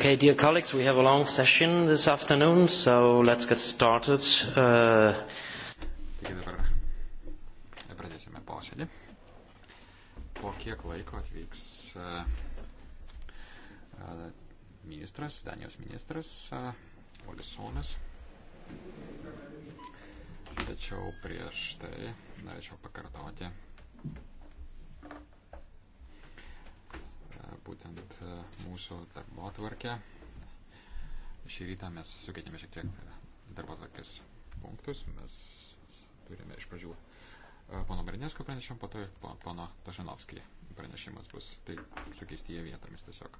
Okay, dear colleagues, we have a long session this afternoon, so let's get started. Uh... Taigi dabar pradėsime posėdį. Po kiek laiko atvyks uh, uh, ministras, Danijos ministras uh, Olisonas. Tačiau prieš tai norėčiau pakartoti būtent e, mūsų darbo atvarkę. Šį rytą mes sukeitėme šiek tiek e, darbo atvarkės punktus. Mes turime iš pradžių e, pono Barinesko pranešimą, po to ir pono Tošanovskį pranešimas bus. Tai sukeisti jie vietomis tiesiog.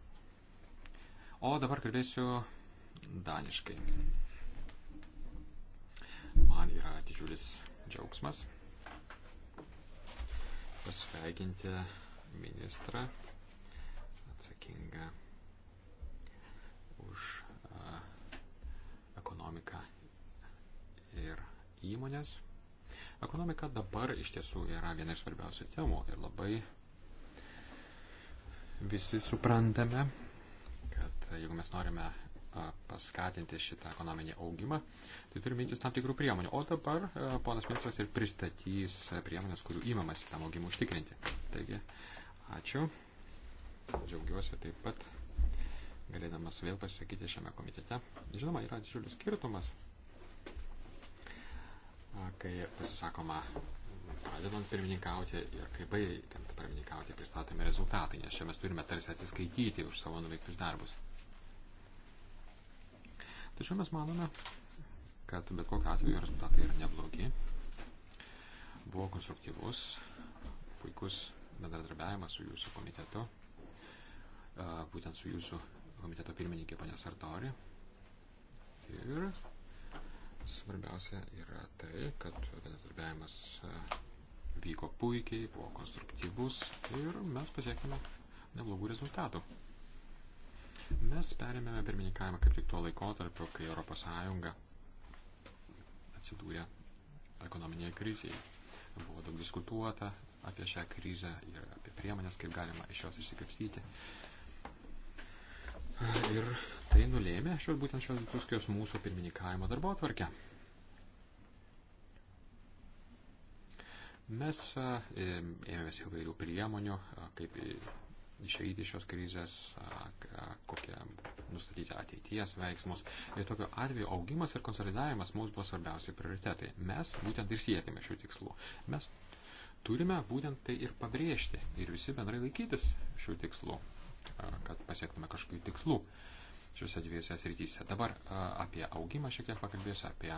O dabar kalbėsiu daniškai. Man yra didžiulis džiaugsmas pasveikinti ministrą atsakinga už ekonomiką ir įmonės. Ekonomika dabar iš tiesų yra viena iš svarbiausių temų ir labai visi suprantame, kad jeigu mes norime paskatinti šitą ekonominį augimą, tai turime imtis tam tikrų priemonių. O dabar ponas ministras ir pristatys priemonės, kurių įmamas tam augimui užtikrinti. Taigi, ačiū džiaugiuosi taip pat galėdamas vėl pasisakyti šiame komitete. Žinoma, yra didžiulis skirtumas, kai pasisakoma pradedant pirmininkauti ir kai baigiant pirmininkauti pristatomi rezultatai, nes čia mes turime tarsi atsiskaityti už savo nuveiktus darbus. Tačiau mes manome, kad bet kokiu atveju rezultatai yra neblogi. Buvo konstruktyvus, puikus bendradarbiavimas su jūsų komitetu būtent su jūsų komiteto pirmininkė panė Sartori. Ir svarbiausia yra tai, kad bendradarbiavimas vyko puikiai, buvo konstruktyvus ir mes pasiekime neblogų rezultatų. Mes perėmėme pirmininkavimą kaip tik tuo laikotarpiu, kai ES atsidūrė ekonominėje krizėje. Buvo daug diskutuota apie šią krizę ir apie priemonės, kaip galima iš jos išsikapstyti. Ir tai nulėmė šios, būtent šios diskusijos mūsų pirmininkavimo darbo atvarkę. Mes e, ėmėmės įvairių priemonių, kaip išeiti iš šios krizės, kokie nustatyti ateities veiksmus. Ir tokiu atveju augimas ir konsolidavimas mums buvo svarbiausi prioritetai. Mes būtent ir siekime šių tikslų. Mes turime būtent tai ir pabrėžti ir visi bendrai laikytis šių tikslų kad pasiektume kažkokių tikslų šiuose dviejose srityse. Dabar apie augimą šiek tiek pakalbėsiu, apie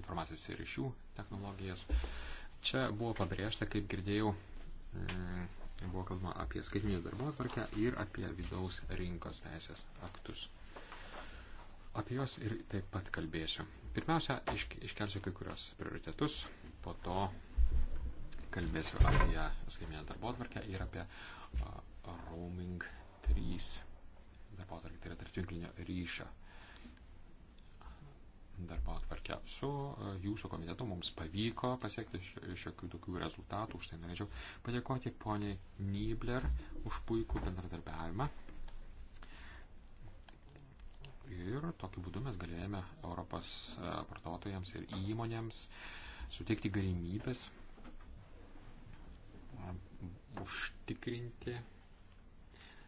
informacijos ir ryšių technologijas. Čia buvo pabrėžta, kaip girdėjau, mm, buvo kalbama apie skaitminį darbo atvarkę ir apie vidaus rinkos teisės aktus. Apie juos ir taip pat kalbėsiu. Pirmiausia, iškelsiu kai kurios prioritetus, po to kalbėsiu apie skaitminę darbo atvarkę ir apie roaming 3 darbo atvarkė, tai yra tarptinklinio ryšio darbo atvarkė. Su e, jūsų komitetu mums pavyko pasiekti šiokių tokių rezultatų, už tai norėčiau padėkoti poniai Nibler už puikų bendradarbiavimą. Ir tokiu būdu mes galėjome Europos e, vartotojams ir įmonėms suteikti galimybės užtikrinti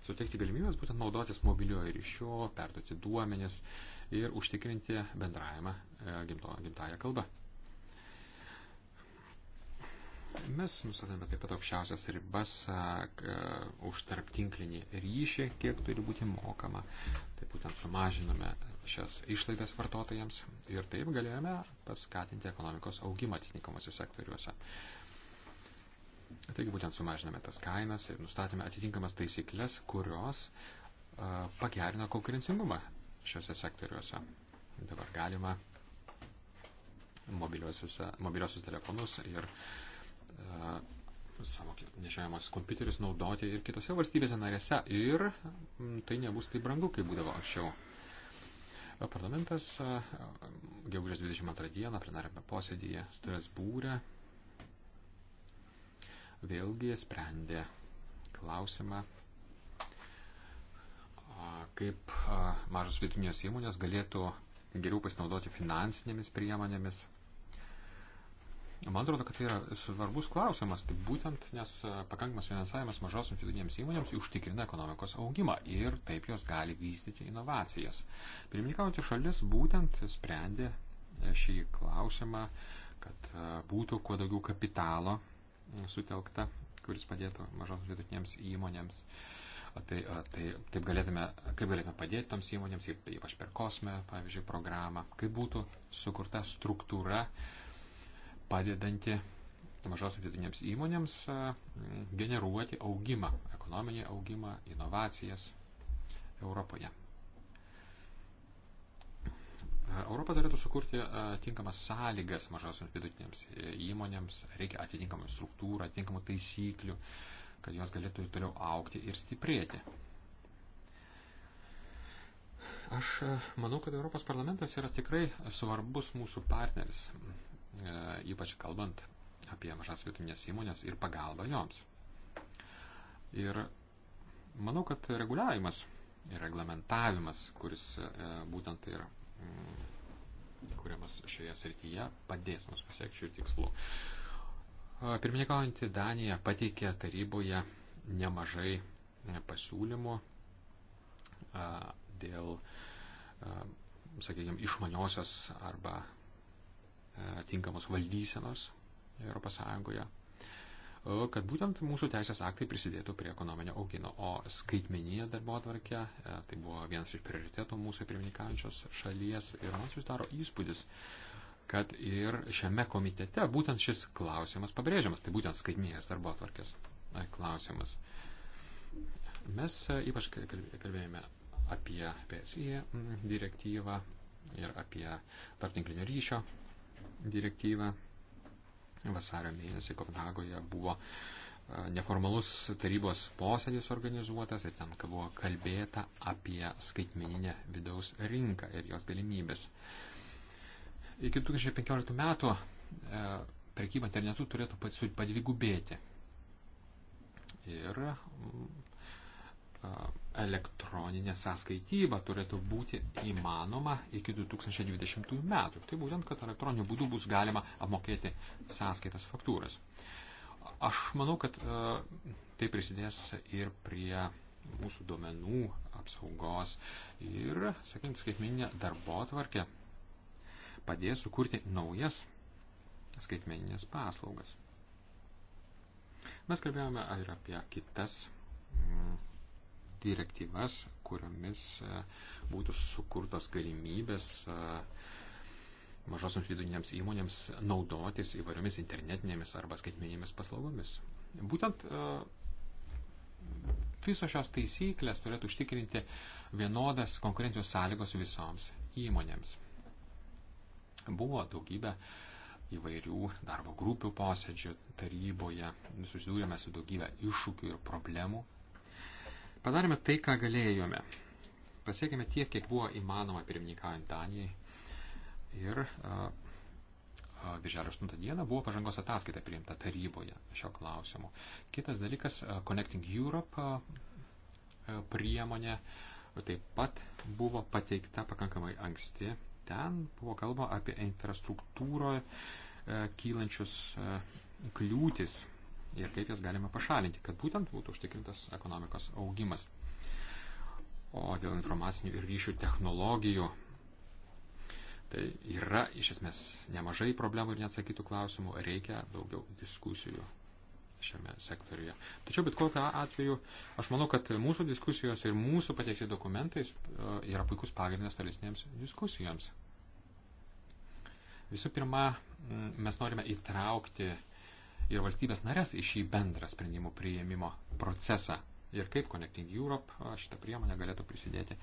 suteikti galimybės būtent naudotis mobiliojo ryšiu, perduoti duomenis ir užtikrinti bendravimą e, gimto, gimtają kalbą. Mes nustatėme taip pat aukščiausias ribas e, e, už tarptinklinį ryšį, kiek turi būti mokama. Tai būtent sumažinome šias išlaidas vartotojams ir taip galėjome paskatinti ekonomikos augimą atitinkamuose sektoriuose. Uh, Taigi būtent sumažiname tas kainas ir nustatėme atitinkamas taisyklės, kurios pagerina konkurencingumą šiuose sektoriuose. Dabar galima mobiliosius telefonus ir uh, savo nešiojamas kompiuterius naudoti ir kitose valstybėse narėse ir tai nebus taip brangu, kaip būdavo anksčiau. Parlamentas uh, gegužės 22 dieną plenarėme posėdėje Strasbūrė vėlgi sprendė klausimą, kaip mažos vidutinės įmonės galėtų geriau pasinaudoti finansinėmis priemonėmis. Man atrodo, kad tai yra svarbus klausimas, tai būtent nes pakankamas finansavimas mažosioms vidutinėms įmonėms užtikrina ekonomikos augimą ir taip jos gali vystyti inovacijas. Pirmininkaujantį šalis būtent sprendė šį klausimą, kad būtų kuo daugiau kapitalo sutelkta, kuris padėtų mažoms vidutinėms įmonėms. Tai, tai taip galėtume, kaip galėtume padėti toms įmonėms, ypač per kosmę, pavyzdžiui, programą, kaip būtų sukurta struktūra padedanti mažos vidutinėms įmonėms generuoti augimą, ekonominį augimą, inovacijas Europoje. Europa turėtų sukurti e, tinkamas sąlygas mažosioms vidutinėms e, įmonėms, reikia atitinkamų struktūrų, atitinkamų taisyklių, kad jos galėtų ir toliau aukti ir stiprėti. Aš e, manau, kad Europos parlamentas yra tikrai svarbus mūsų partneris, ypač kalbant apie mažas vidutinės įmonės ir pagalbą joms. Ir manau, kad reguliavimas ir reglamentavimas, kuris būtent ir Mm, kuriamas šioje srityje, padės mums pasiekti šių tikslų. Pirmininkaujantį Daniją pateikė taryboje nemažai e, pasiūlymų dėl, sakykime, išmaniosios arba e, tinkamos valdysenos ES kad būtent mūsų teisės aktai prisidėtų prie ekonominio augino. O skaitmeninė darbo atvarkė, e, tai buvo vienas iš prioritetų mūsų pirmininkaujančios šalies ir man susidaro įspūdis, kad ir šiame komitete būtent šis klausimas pabrėžiamas, tai būtent skaitminės darbo atvarkės e, klausimas. Mes e, ypač kalbėjome apie PSI direktyvą ir apie tarptinklinio ryšio direktyvą Vasario mėnesį Kopenhagoje buvo e, neformalus tarybos posėdis organizuotas ir ten buvo kalbėta apie skaitmeninę vidaus rinką ir jos galimybės. Iki 2015 metų e, prekyba internetu turėtų padvigubėti. Ir elektroninė sąskaityba turėtų būti įmanoma iki 2020 metų. Tai būtent, kad elektroniniu būdu bus galima apmokėti sąskaitas faktūras. Aš manau, kad tai prisidės ir prie mūsų duomenų apsaugos ir, sakykime, skaitmeninė darbo tvarkė padės sukurti naujas skaitmeninės paslaugas. Mes kalbėjome ir apie kitas mm, direktyvas, kuriomis e, būtų sukurtos galimybės e, mažosioms vidutinėms įmonėms naudotis įvairiomis internetinėmis arba skaitmeninėmis paslaugomis. Būtent e, visos šios taisyklės turėtų užtikrinti vienodas konkurencijos sąlygos visoms įmonėms. Buvo daugybė įvairių darbo grupių posėdžių taryboje, susidūrėme su daugybė iššūkių ir problemų Padarėme tai, ką galėjome. Pasiekėme tiek, kiek buvo įmanoma pirmininkaujant Danijai. Ir Birželio 8 dieną buvo pažangos ataskaita priimta taryboje šio klausimu. Kitas dalykas, a, Connecting Europe a, a, priemonė taip pat buvo pateikta pakankamai anksti. Ten buvo kalba apie infrastruktūroje kylančius kliūtis ir kaip jas galima pašalinti, kad būtent būtų užtikrintas ekonomikos augimas. O dėl informacinių ir ryšių technologijų, tai yra iš esmės nemažai problemų ir neatsakytų klausimų, reikia daugiau diskusijų šiame sektoriuje. Tačiau bet kokiu atveju, aš manau, kad mūsų diskusijos ir mūsų pateikti dokumentai e, yra puikus pagrindas tolesnėms diskusijoms. Visų pirma, mes norime įtraukti ir valstybės narės į šį bendrą sprendimų prieimimo procesą ir kaip Connecting Europe šitą priemonę galėtų prisidėti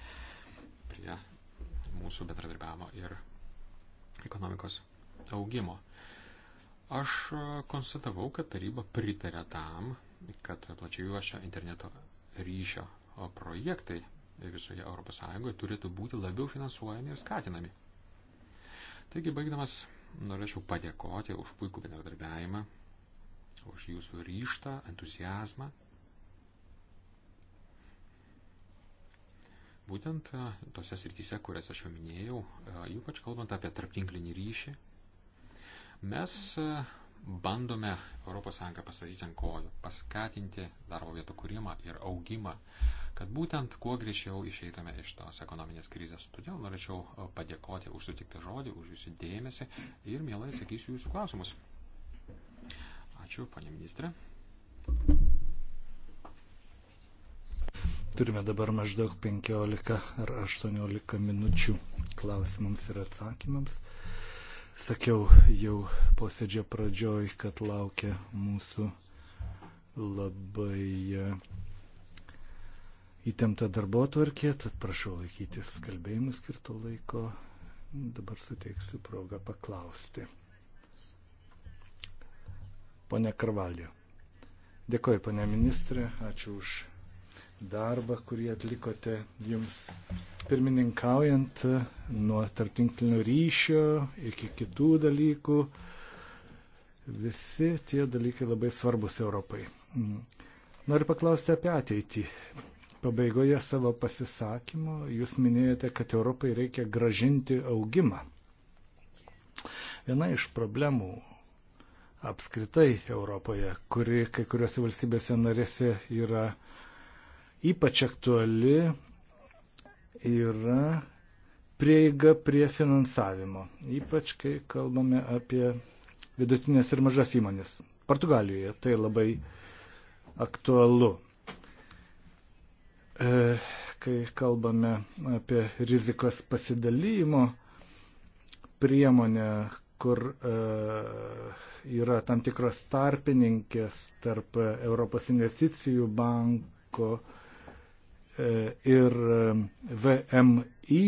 prie mūsų bendradarbiavimo ir ekonomikos augimo. Aš konstatavau, kad taryba pritarė tam, kad plačiajuošio interneto ryšio projektai visoje ES turėtų būti labiau finansuojami ir skatinami. Taigi, baigdamas, norėčiau padėkoti už puikų bendradarbiavimą už jūsų ryštą, entuzijazmą. Būtent e, tose srityse, kurias aš jau minėjau, e, ypač kalbant apie tarptinklinį ryšį, mes e, bandome ES pastatyti ant kojų, paskatinti darbo vietų kūrimą ir augimą, kad būtent kuo greičiau išeitume iš tos ekonominės krizės. Todėl norėčiau padėkoti už sutiktą žodį, už jūsų dėmesį ir mielai sakysiu jūsų klausimus. Ačiū, panė ministrė. Turime dabar maždaug 15 ar 18 minučių klausimams ir atsakymams. Sakiau jau posėdžio pradžioj, kad laukia mūsų labai e, įtempta darbo tvarkė, tad prašau laikytis kalbėjimų skirto laiko. Dabar suteiksiu progą paklausti. Pone Karvalio. Dėkoju, pane ministrė, ačiū už darbą, kurį atlikote jums pirmininkaujant nuo tarptinklinio ryšio iki kitų dalykų. Visi tie dalykai labai svarbus Europai. Noriu paklausti apie ateitį. Pabaigoje savo pasisakymo jūs minėjote, kad Europai reikia gražinti augimą. Viena iš problemų, apskritai Europoje, kuri kai kuriuose valstybėse narėse yra ypač aktuali, yra prieiga prie finansavimo, ypač kai kalbame apie vidutinės ir mažas įmonės. Portugalijoje tai labai aktualu. E, kai kalbame apie rizikos pasidalymo priemonę, kur e, yra tam tikros tarpininkės tarp Europos investicijų banko e, ir e, VMI,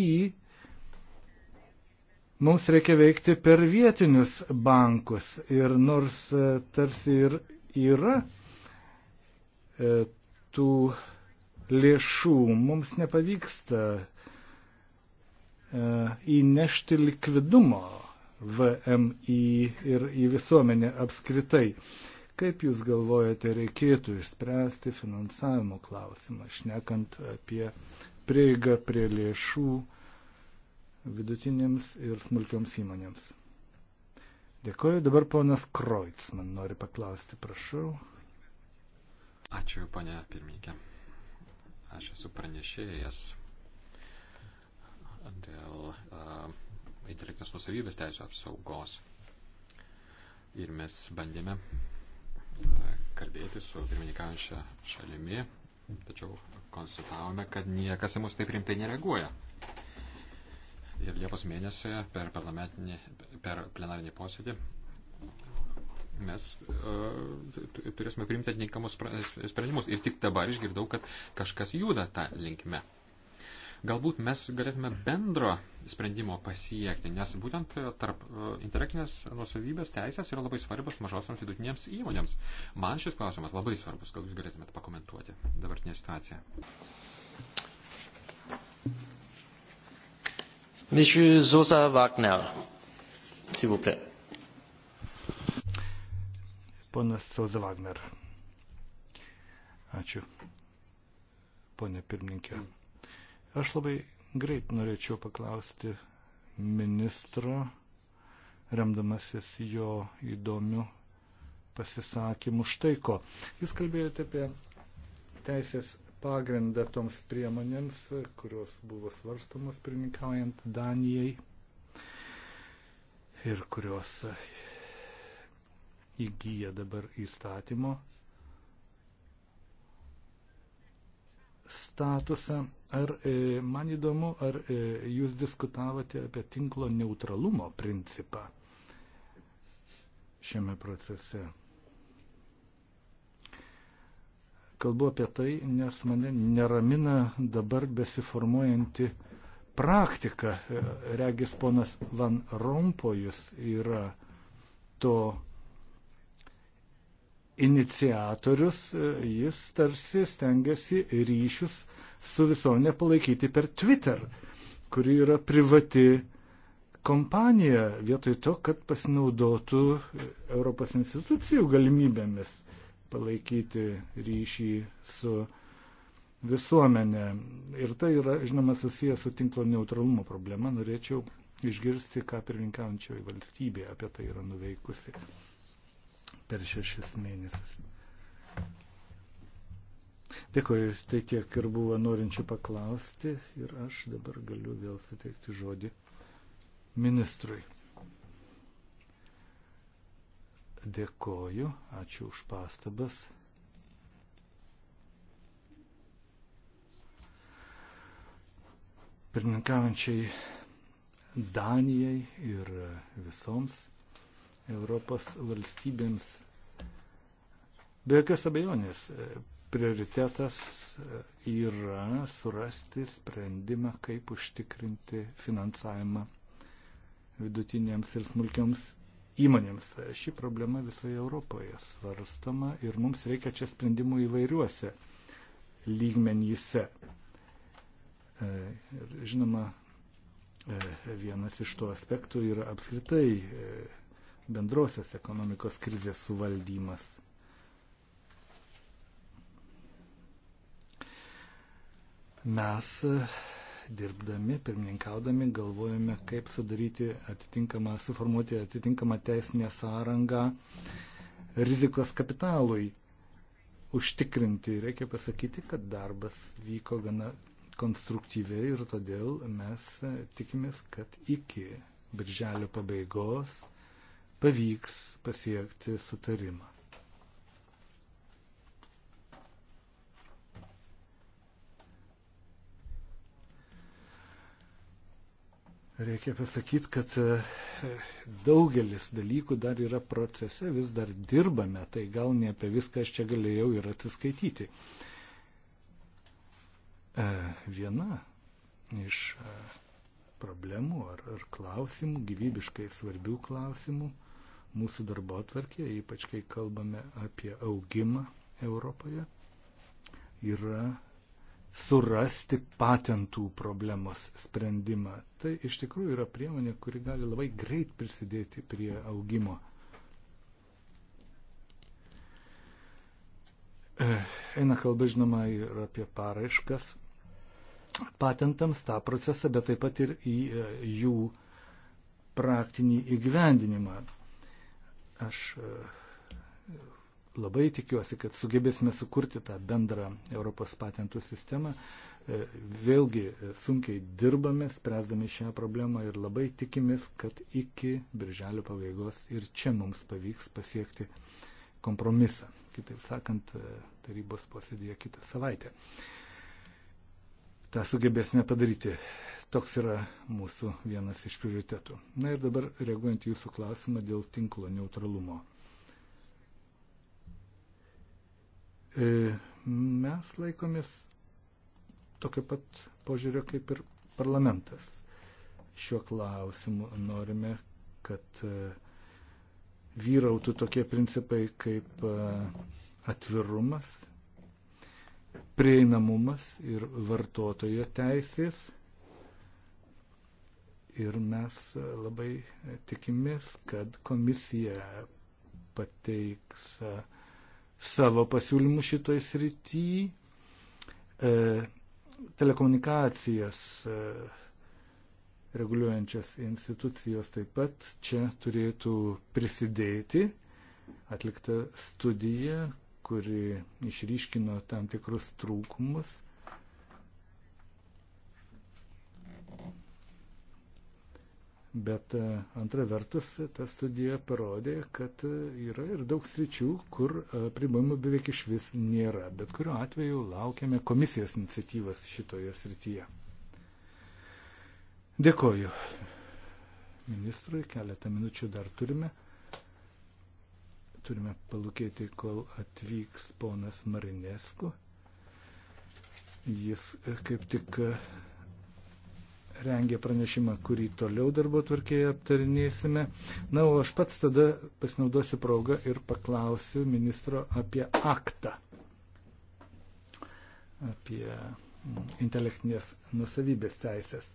mums reikia veikti per vietinius bankus. Ir nors tarsi ir yra tų lėšų, mums nepavyksta įnešti likvidumo VMI ir į visuomenę apskritai. Kaip Jūs galvojate, reikėtų išspręsti finansavimo klausimą, šnekant apie prieigą prie lėšų vidutinėms ir smulkioms įmonėms? Dėkoju, dabar ponas Kroits man nori paklausti, prašau. Ačiū, ponė pirmininkė. Aš esu pranešėjas dėl. Uh, intelektinės nusavybės teisų apsaugos. Ir mes bandėme e, kalbėti su pirmininkaujančia šalimi, tačiau konstatavome, kad niekas į mus taip rimtai nereaguoja. Ir Liepos mėnesį per, per plenarinį posėdį mes uh, turėsime priimti atitinkamus sprendimus. Ir tik dabar išgirdau, kad kažkas juda tą linkme. Uh, Galbūt mes galėtume bendro sprendimo pasiekti, nes būtent e, tarp e, intelektinės nuosavybės teisės yra labai svarbios mažosioms vidutinėms įmonėms. Man šis klausimas labai svarbus, gal jūs galėtumėte pakomentuoti dabartinę situaciją. Monsieur Zosa Wagner, s'il vous plaît. Ponas Sauza Wagner. Ačiū. Pone pirmininkė. Mm. Aš labai greit norėčiau paklausti ministro, remdamasis jo įdomiu pasisakymu štai ko. Jūs kalbėjote apie teisės pagrindą toms priemonėms, kurios buvo svarstomos pirmininkaujant Danijai ir kurios įgyja dabar įstatymo statusą. Ar e, man įdomu, ar e, jūs diskutavote apie tinklo neutralumo principą šiame procese? Kalbu apie tai, nes mane neramina dabar besiformuojanti praktika. E, regis ponas Van Rompojus yra to iniciatorius, e, jis tarsi stengiasi ryšius su visuomenė palaikyti per Twitter, kuri yra privati kompanija, vietoj to, kad pasinaudotų Europos institucijų galimybėmis palaikyti ryšį su visuomenė. Ir tai yra, žinoma, susijęs su tinklo neutralumo problema. Norėčiau išgirsti, ką pirminkaujančioji valstybė apie tai yra nuveikusi per šešis mėnesius. Dėkuoju, tai tiek ir buvo norinčių paklausti ir aš dabar galiu vėl suteikti žodį ministrui. Dėkoju, ačiū už pastabas. Pirmininkavančiai Danijai ir visoms Europos valstybėms. Be jokios abejonės, e, prioritetas e, yra surasti sprendimą, kaip užtikrinti finansavimą vidutinėms ir smulkiams įmonėms. E, ši problema visoje Europoje svarstama ir mums reikia čia sprendimų įvairiuose lygmenyse. Ir žinoma, vienas iš tų aspektų yra apskritai bendrosios ekonomikos krizės suvaldymas. Mes e, dirbdami, pirmininkaudami, galvojame, kaip sudaryti atitinkamą, suformuoti atitinkamą teisinę sąrangą rizikos kapitalui užtikrinti. Reikia pasakyti, kad darbas vyko gana konstruktyviai ir todėl mes e, tikimės, kad iki birželio pabaigos pavyks pasiekti sutarimą. Reikia pasakyti, kad e, daugelis dalykų dar yra procese, vis dar dirbame, tai gal ne apie viską aš čia galėjau ir atsiskaityti. E, viena iš e, problemų ar, ar klausimų, gyvybiškai svarbių klausimų, mūsų darbo atvarkė, ypač kai kalbame apie augimą Europoje, yra surasti patentų problemos sprendimą. Tai iš tikrųjų yra priemonė, kuri gali labai greit prisidėti prie augimo. Eh, eina kalba, žinoma, ir apie paraiškas patentams tą procesą, bet taip pat ir į eh, jų praktinį įgyvendinimą. Aš e, labai tikiuosi, kad sugebėsime sukurti tą bendrą Europos patentų sistemą. E, vėlgi e, sunkiai dirbame, spręsdami šią problemą ir labai tikimės, kad iki birželio pabaigos ir čia mums pavyks pasiekti kompromisą. Kitaip sakant, tarybos posėdėje kitą savaitę tą sugebėsime padaryti. Toks yra mūsų vienas iš prioritetų. Na ir dabar reaguojant jūsų klausimą dėl tinklo neutralumo. E, mes laikomės tokio pat požiūrio kaip ir parlamentas. Šiuo klausimu norime, kad e, vyrautų tokie principai kaip e, atvirumas, prieinamumas ir vartotojo teisės. Ir mes labai tikimės, kad komisija pateiks e, savo pasiūlymų šitoj srity. E, telekomunikacijas e, reguliuojančias institucijos taip pat čia turėtų prisidėti. Atlikta studija, kuri išryškino tam tikrus trūkumus. Bet e, antra vertus, ta studija parodė, kad e, yra ir daug sričių, kur e, pribojimų beveik iš vis nėra. Bet kuriuo atveju laukiame komisijos iniciatyvas šitoje srityje. Dėkoju. Ministrui keletą minučių dar turime. Turime palūkėti, kol atvyks ponas Marinesku. Jis e, kaip tik e, rengė pranešimą, kurį toliau darbo tvarkėje aptarinėsime. Na, o aš pats tada pasinaudosiu progą ir paklausiu ministro apie aktą, apie mm, intelektinės nusavybės teisės.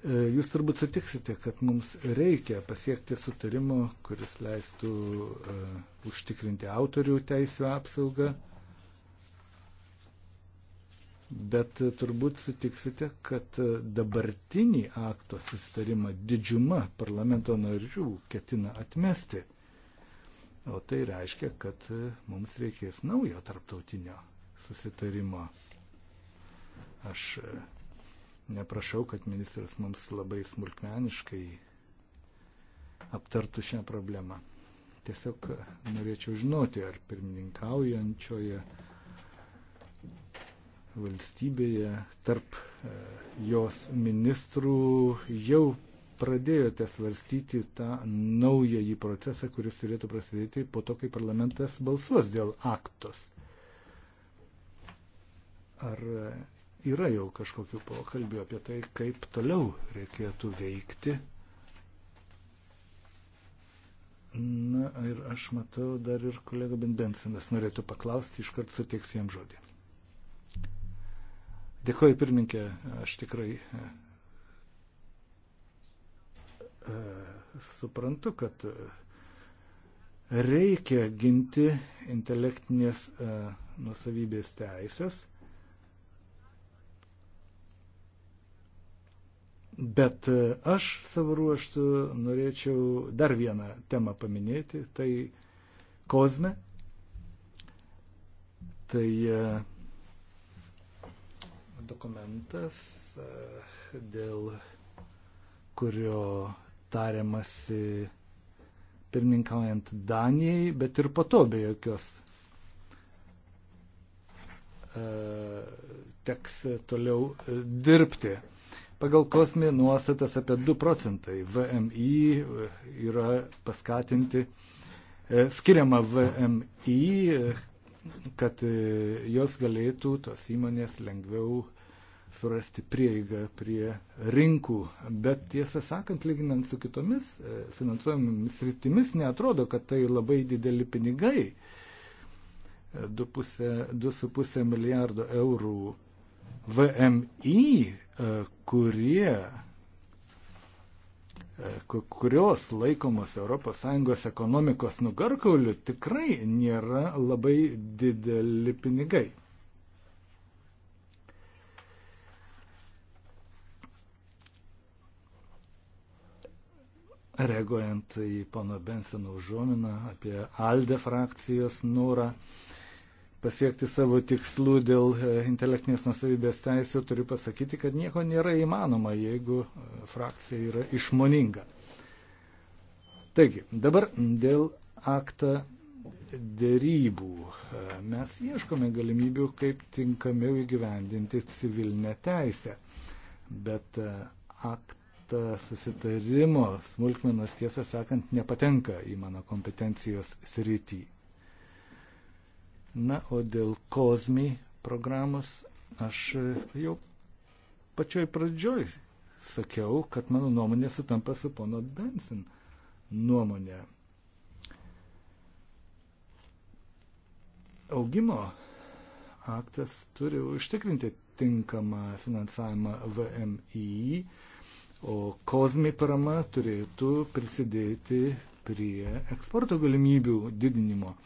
E, jūs turbūt sutiksite, kad mums reikia pasiekti sutarimo, kuris leistų uh, užtikrinti autorių teisų apsaugą, bet turbūt sutiksite, kad dabartinį akto susitarimą didžiuma parlamento narių ketina atmesti. O tai reiškia, kad mums reikės naujo tarptautinio susitarimo. Aš uh, neprašau, kad ministras mums labai smulkmeniškai aptartų šią problemą. Tiesiog norėčiau žinoti, ar pirmininkaujančioje valstybėje tarp e, jos ministrų jau pradėjote svarstyti tą naująjį procesą, kuris turėtų prasidėti po to, kai parlamentas balsuos dėl aktos. Ar Yra jau kažkokių pokalbių apie tai, kaip toliau reikėtų veikti. Na ir aš matau, dar ir kolega Bendensinas norėtų paklausti, iškart suteiks jam žodį. Dėkuoju pirminkė, aš tikrai e, suprantu, kad e, reikia ginti intelektinės e, nusavybės teisės, Bet e, aš savo ruoštų norėčiau dar vieną temą paminėti, tai kozme. Tai e, dokumentas, e, dėl kurio tariamasi pirmininkaujant Danijai, bet ir po to be jokios teks toliau dirbti. Pagal kosmį nuostatas apie 2 procentai VMI e, yra paskatinti, e, skiriama VMI, e, kad jos galėtų tos įmonės lengviau surasti prieigą prie rinkų. Bet tiesą sakant, lyginant su kitomis finansuojamomis rytimis, netrodo, kad tai labai dideli pinigai. 2,5 milijardo eurų VMI E, kurie e, kurios laikomos ES ekonomikos nugarkauliu, tikrai nėra labai dideli pinigai. reaguojant į pono Bensino užuominą apie Alde frakcijos norą pasiekti savo tikslų dėl e, intelektinės nusavybės teisų, turiu pasakyti, kad nieko nėra įmanoma, jeigu e, frakcija yra išmoninga. Taigi, dabar dėl aktą dėrybų. E, mes ieškome galimybių, kaip tinkamiau įgyvendinti civilinę teisę. Bet aktą susitarimo smulkmenas, tiesą sakant, nepatenka į mano kompetencijos srityje. Na, o dėl kozmi programos aš jau pačioj pradžioj sakiau, kad mano nuomonė sutampa su pono Bensin nuomonė. Augimo aktas turi užtikrinti tinkamą finansavimą VMI, o kozmi parama turėtų prisidėti prie eksporto galimybių didinimo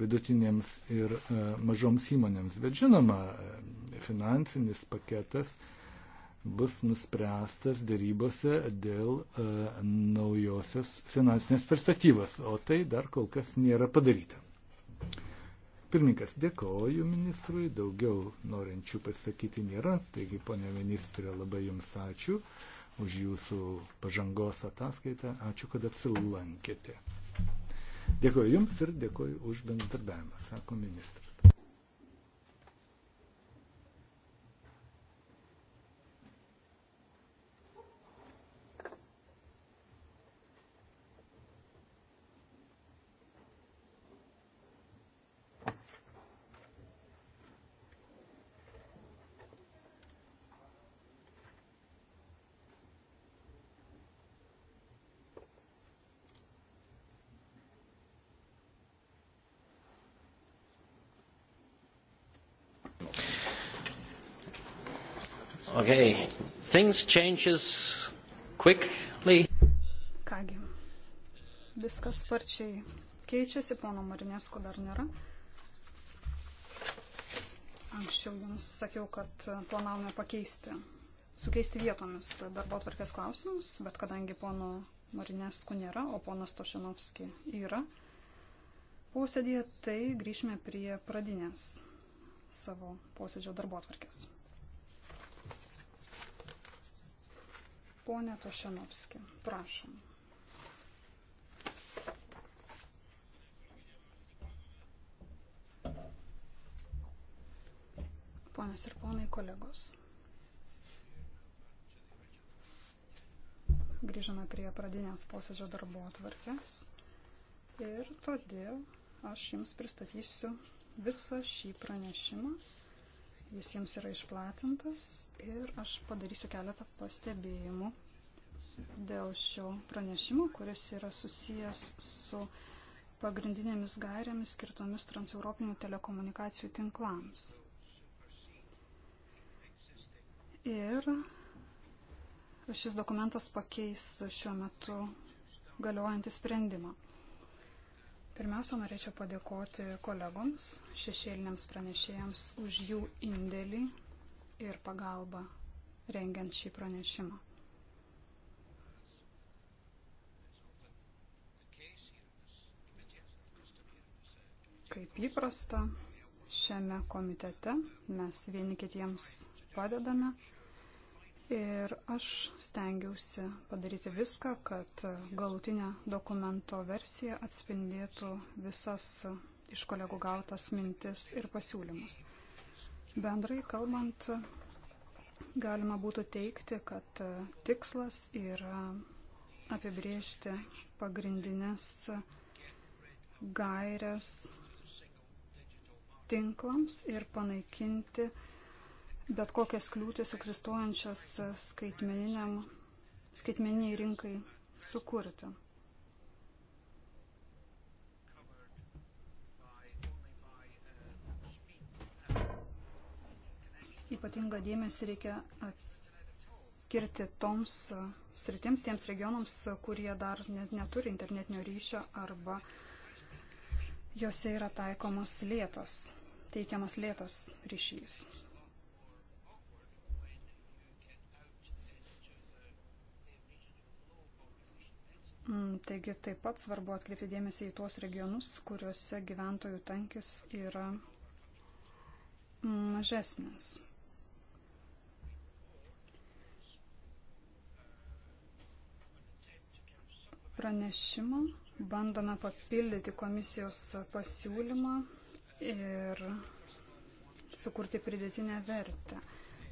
vidutinėms ir e, mažoms įmonėms. Bet žinoma, e, finansinis paketas bus nuspręstas dėrybose dėl e, naujosios finansinės perspektyvos, o tai dar kol kas nėra padaryta. Pirmininkas, dėkoju ministrui, daugiau norinčių pasakyti nėra, taigi ponia ministrė, labai jums ačiū už jūsų pažangos ataskaitą, ačiū, kad apsilankėte. Dėkuoju Jums ir dėkuoju už bendradarbiavimą, sako ministras. Okay. Things changes quickly. Kągi, viskas sparčiai keičiasi, pono Marinesko dar nėra. Anksčiau jums sakiau, kad planavome pakeisti, sukeisti vietomis darbo atvarkės klausimus, bet kadangi pono Marinesko nėra, o ponas Tošinovski yra posėdėje, tai grįžime prie pradinės savo posėdžio darbo atvarkės. Pone Tošenovski, prašom. Ponas ir ponai kolegos. Grįžome prie pradinės posėdžio darbo atvarkės ir todėl aš jums pristatysiu visą šį pranešimą jis jiems yra išplatintas ir aš padarysiu keletą pastebėjimų dėl šio pranešimo, kuris yra susijęs su pagrindinėmis gairėmis skirtomis transeuropinių telekomunikacijų tinklams. Ir šis dokumentas pakeis šiuo metu galiojantį sprendimą. Pirmiausia, norėčiau padėkoti kolegoms, šešėliniams pranešėjams už jų indėlį ir pagalbą rengiant šį pranešimą. Kaip įprasta, šiame komitete mes vieni kitiems padedame Ir aš stengiausi padaryti viską, kad galutinė dokumento versija atspindėtų visas iš kolegų gautas mintis ir pasiūlymus. Bendrai kalbant, galima būtų teikti, kad tikslas yra apibriežti pagrindinės gairias tinklams ir panaikinti uh, bet kokias kliūtis egzistuojančias skaitmeniniam, skaitmeniniai rinkai sukurti. Ypatinga dėmesį reikia atskirti toms sritims, tiems regionams, kurie dar neturi internetinio ryšio arba jose yra taikomas lėtos, teikiamas lėtos ryšys. Mm, taigi taip pat svarbu atkreipti dėmesį į tuos regionus, kuriuose gyventojų tankis yra mažesnis. Pranešimą bandome papildyti komisijos pasiūlymą ir sukurti pridėtinę vertę.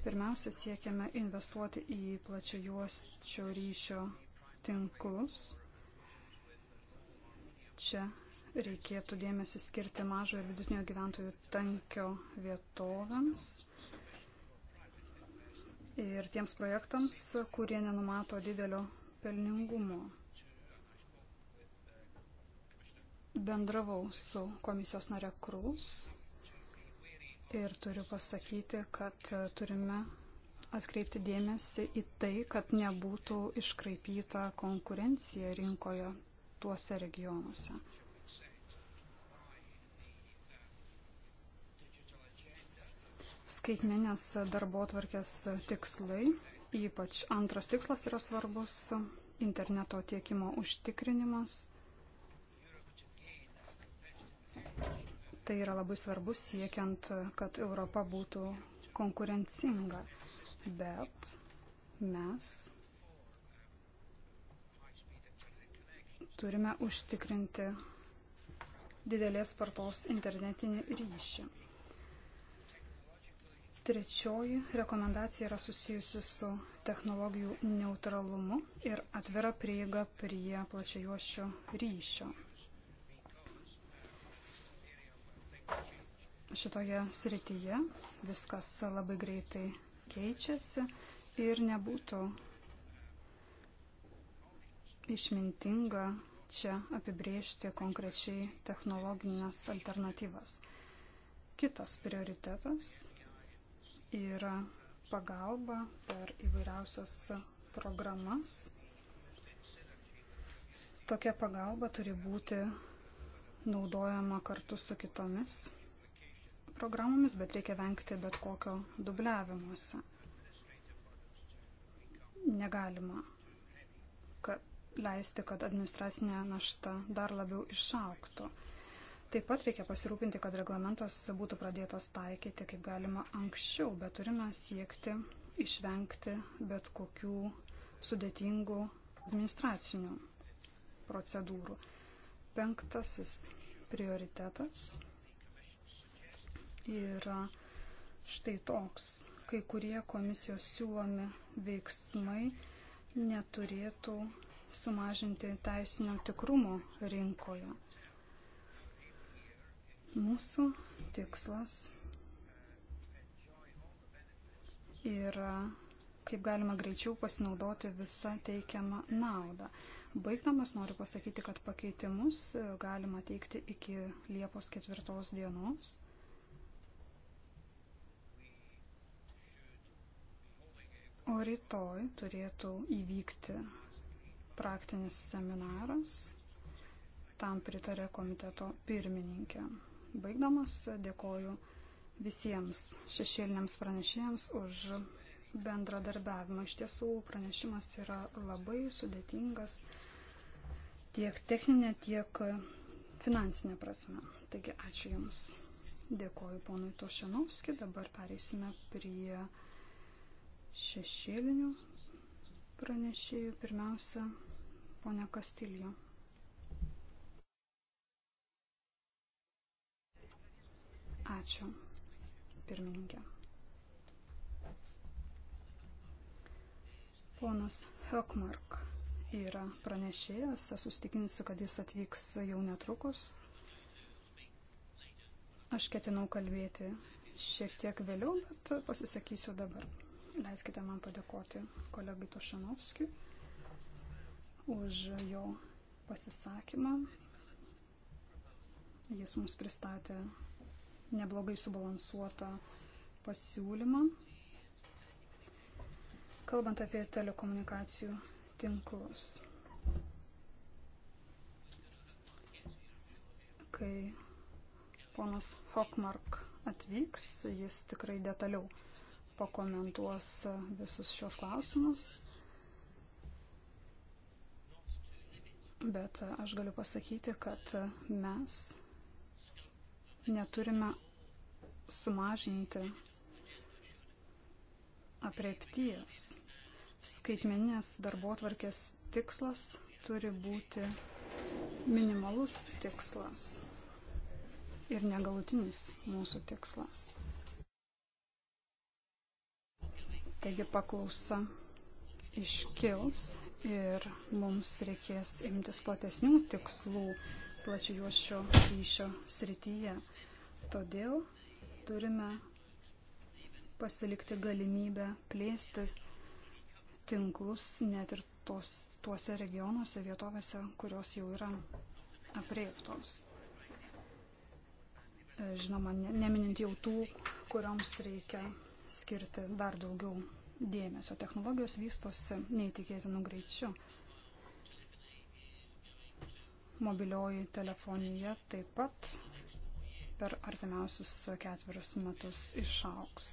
Pirmiausia, siekiame investuoti į plačiojuosčio ryšio tinklus Čia reikėtų dėmesį skirti mažo ir vidutinio gyventojų tankio vietovėms ir tiems projektams, kurie nenumato didelio pelningumo. Bendravau su komisijos nare Krūs ir turiu pasakyti, kad turime atkreipti dėmesį į tai, kad nebūtų iškraipyta konkurencija rinkoje tuose regionuose. Skaitmenės darbo tvarkės tikslai, ypač antras tikslas yra svarbus - interneto tiekimo užtikrinimas. Tai yra labai svarbus siekiant, kad Europa būtų konkurencinga, bet mes Turime užtikrinti didelės spartos internetinį ryšį. Trečioji rekomendacija yra susijusi su technologijų neutralumu ir atvira prieiga prie plačiajuošio ryšio. Šitoje srityje viskas labai greitai keičiasi ir nebūtų išmintinga čia apibriežti konkrečiai technologinės alternatyvas. Kitas prioritetas yra pagalba per įvairiausias programas. Tokia pagalba turi būti naudojama kartu su kitomis programomis, bet reikia vengti bet kokio dubliavimuose. Negalima leisti, kad administracinė našta dar labiau išauktų. Taip pat reikia pasirūpinti, kad reglamentas būtų pradėtas taikyti kaip galima anksčiau, bet turime siekti išvengti bet kokių sudėtingų administracinių procedūrų. Penktasis prioritetas yra štai toks. Kai kurie komisijos siūlomi veiksmai neturėtų sumažinti teisinio tikrumo rinkoje. Mūsų tikslas yra kaip galima greičiau pasinaudoti visą teikiamą naudą. Baigdamas noriu pasakyti, kad pakeitimus galima teikti iki Liepos ketvirtos dienos. O rytoj turėtų įvykti praktinis seminaras. Tam pritarė komiteto pirmininkė. Baigdamas dėkoju visiems šešėliniams pranešėjams už bendradarbiavimą. Iš tiesų pranešimas yra labai sudėtingas tiek techninė, tiek finansinė prasme. Taigi ačiū Jums. Dėkoju ponui Tošenovski. Dabar pereisime prie šešėlinių pranešėjų. Pirmiausia, ponia Kastilijo. Ačiū, pirmininkė. Ponas Hökmark yra pranešėjas, esu stikinusi, kad jis atvyks jau netrukus. Aš ketinau kalbėti šiek tiek vėliau, bet pasisakysiu dabar. Leiskite man padėkoti kolegai Tošanovskiui už jo pasisakymą. Jis mums pristatė neblogai subalansuotą pasiūlymą. Kalbant apie telekomunikacijų tinklus. Kai ponas Hokmark atvyks, jis tikrai detaliau pakomentuos visus šios klausimus. Bet aš galiu pasakyti, kad mes neturime sumažinti apriepties. Skaitmeninės darbotvarkės tikslas turi būti minimalus tikslas ir negalutinis mūsų tikslas. Taigi paklausa iškils ir mums reikės imtis platesnių tikslų plačiuošio ryšio srityje. Todėl turime pasilikti galimybę plėsti tinklus net ir tos, tuose regionuose, vietovėse, kurios jau yra apreiptos. Žinoma, neminint jau tų, kurioms reikia skirti dar daugiau dėmesio. Technologijos vystosi neįtikėtinų greičių. Mobilioji telefonija taip pat per artimiausius ketverius metus išauks.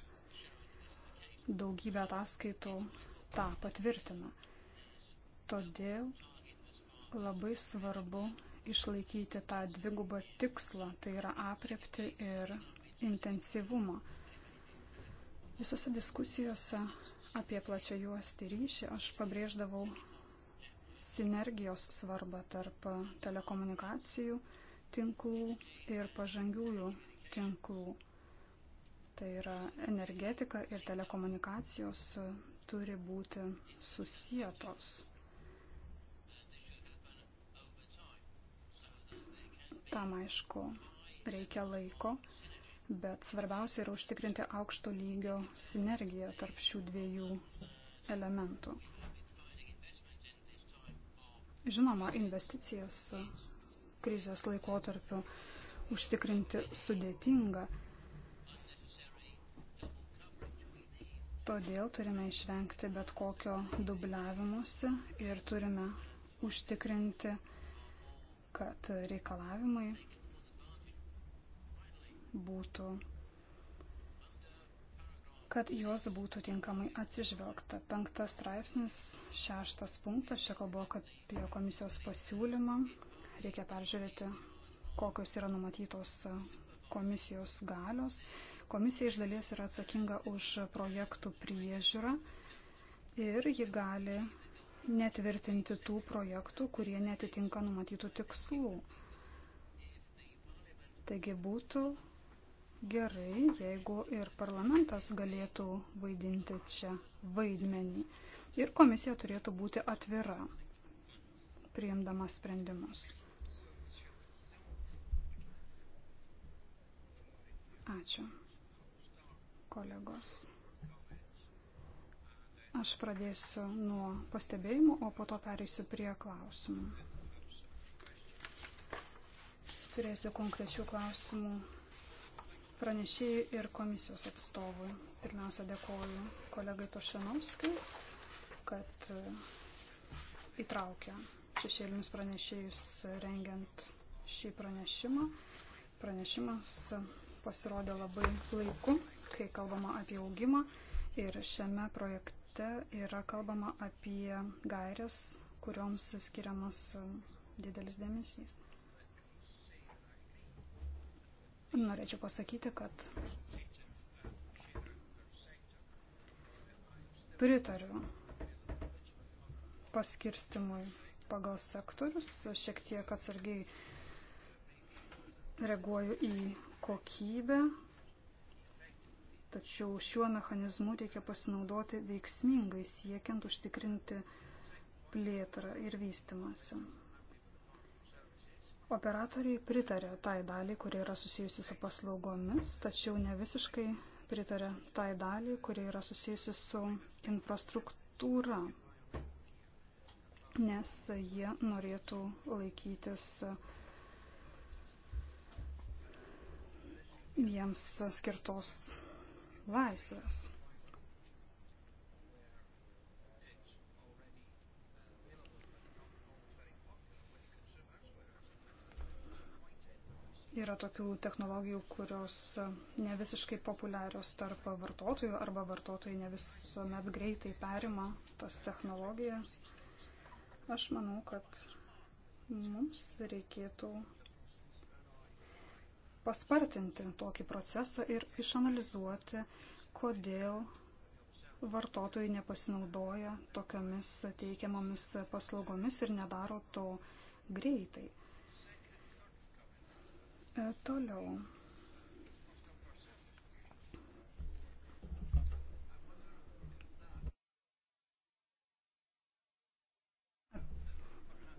Daugybė ataskaitų tą patvirtina. Todėl labai svarbu išlaikyti tą dvigubą tikslą, tai yra apriepti ir intensyvumą. Visose diskusijose apie plačią juostį ryšį aš pabrėždavau sinergijos svarbą tarp telekomunikacijų tinklų ir pažangiųjų tinklų. Tai yra energetika ir telekomunikacijos turi būti susijėtos. Tam aišku reikia laiko bet svarbiausia yra užtikrinti aukšto lygio sinergiją tarp šių dviejų elementų. Žinoma, investicijas krizės laikotarpiu užtikrinti sudėtinga. Todėl turime išvengti bet kokio dubliavimuose ir turime užtikrinti, kad reikalavimai būtų, kad juos būtų tinkamai atsižvelgta. Penktas straipsnis, šeštas punktas, čia kalbu apie komisijos pasiūlymą, reikia peržiūrėti, kokios yra numatytos komisijos galios. Komisija iš dalies yra atsakinga už projektų priežiūrą ir ji gali netvirtinti tų projektų, kurie netitinka numatytų tikslų. Taigi būtų gerai, jeigu ir parlamentas galėtų vaidinti čia vaidmenį. Ir komisija turėtų būti atvira, priimdama sprendimus. Ačiū, kolegos. Aš pradėsiu nuo pastebėjimų, o po to pereisiu prie klausimų. Turėsiu konkrečių klausimų pranešėjai ir komisijos atstovui. Pirmiausia, dėkoju kolegai Tošinovskui, kad e, įtraukė šešėlinius pranešėjus rengiant šį pranešimą. Pranešimas pasirodė labai laiku, kai kalbama apie augimą ir šiame projekte yra kalbama apie gairias, kurioms skiriamas e, didelis dėmesys norėčiau pasakyti, kad pritariu paskirstimui pagal sektorius, šiek tiek atsargiai reaguoju į kokybę, tačiau šiuo mechanizmu reikia pasinaudoti veiksmingai siekiant užtikrinti plėtrą ir vystimąsi. Operatoriai pritarė tai daliai, kuri yra susijusi su paslaugomis, tačiau ne visiškai pritarė tai daliai, kuri yra susijusi su infrastruktūra, nes jie norėtų laikytis jiems skirtos laisvės. Yra tokių technologijų, kurios ne visiškai populiarios tarp vartotojų arba vartotojai ne visuomet greitai perima tas technologijas. Aš manau, kad mums reikėtų paspartinti tokį procesą ir išanalizuoti, kodėl vartotojai nepasinaudoja tokiamis teikiamomis paslaugomis ir nedaro to greitai. E, toliau.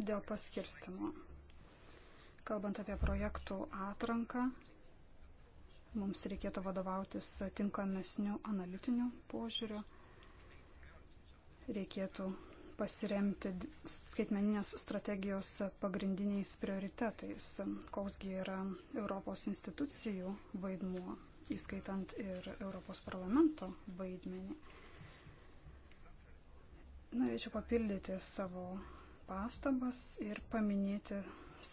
Dėl paskirstimo. Kalbant apie projektų atranką, mums reikėtų vadovautis tinkamesnių analitinių požiūrių. Reikėtų pasiremti skaitmeninės strategijos pagrindiniais prioritetais, koksgi yra Europos institucijų vaidmuo, įskaitant ir Europos parlamento vaidmenį. Norėčiau papildyti savo pastabas ir paminėti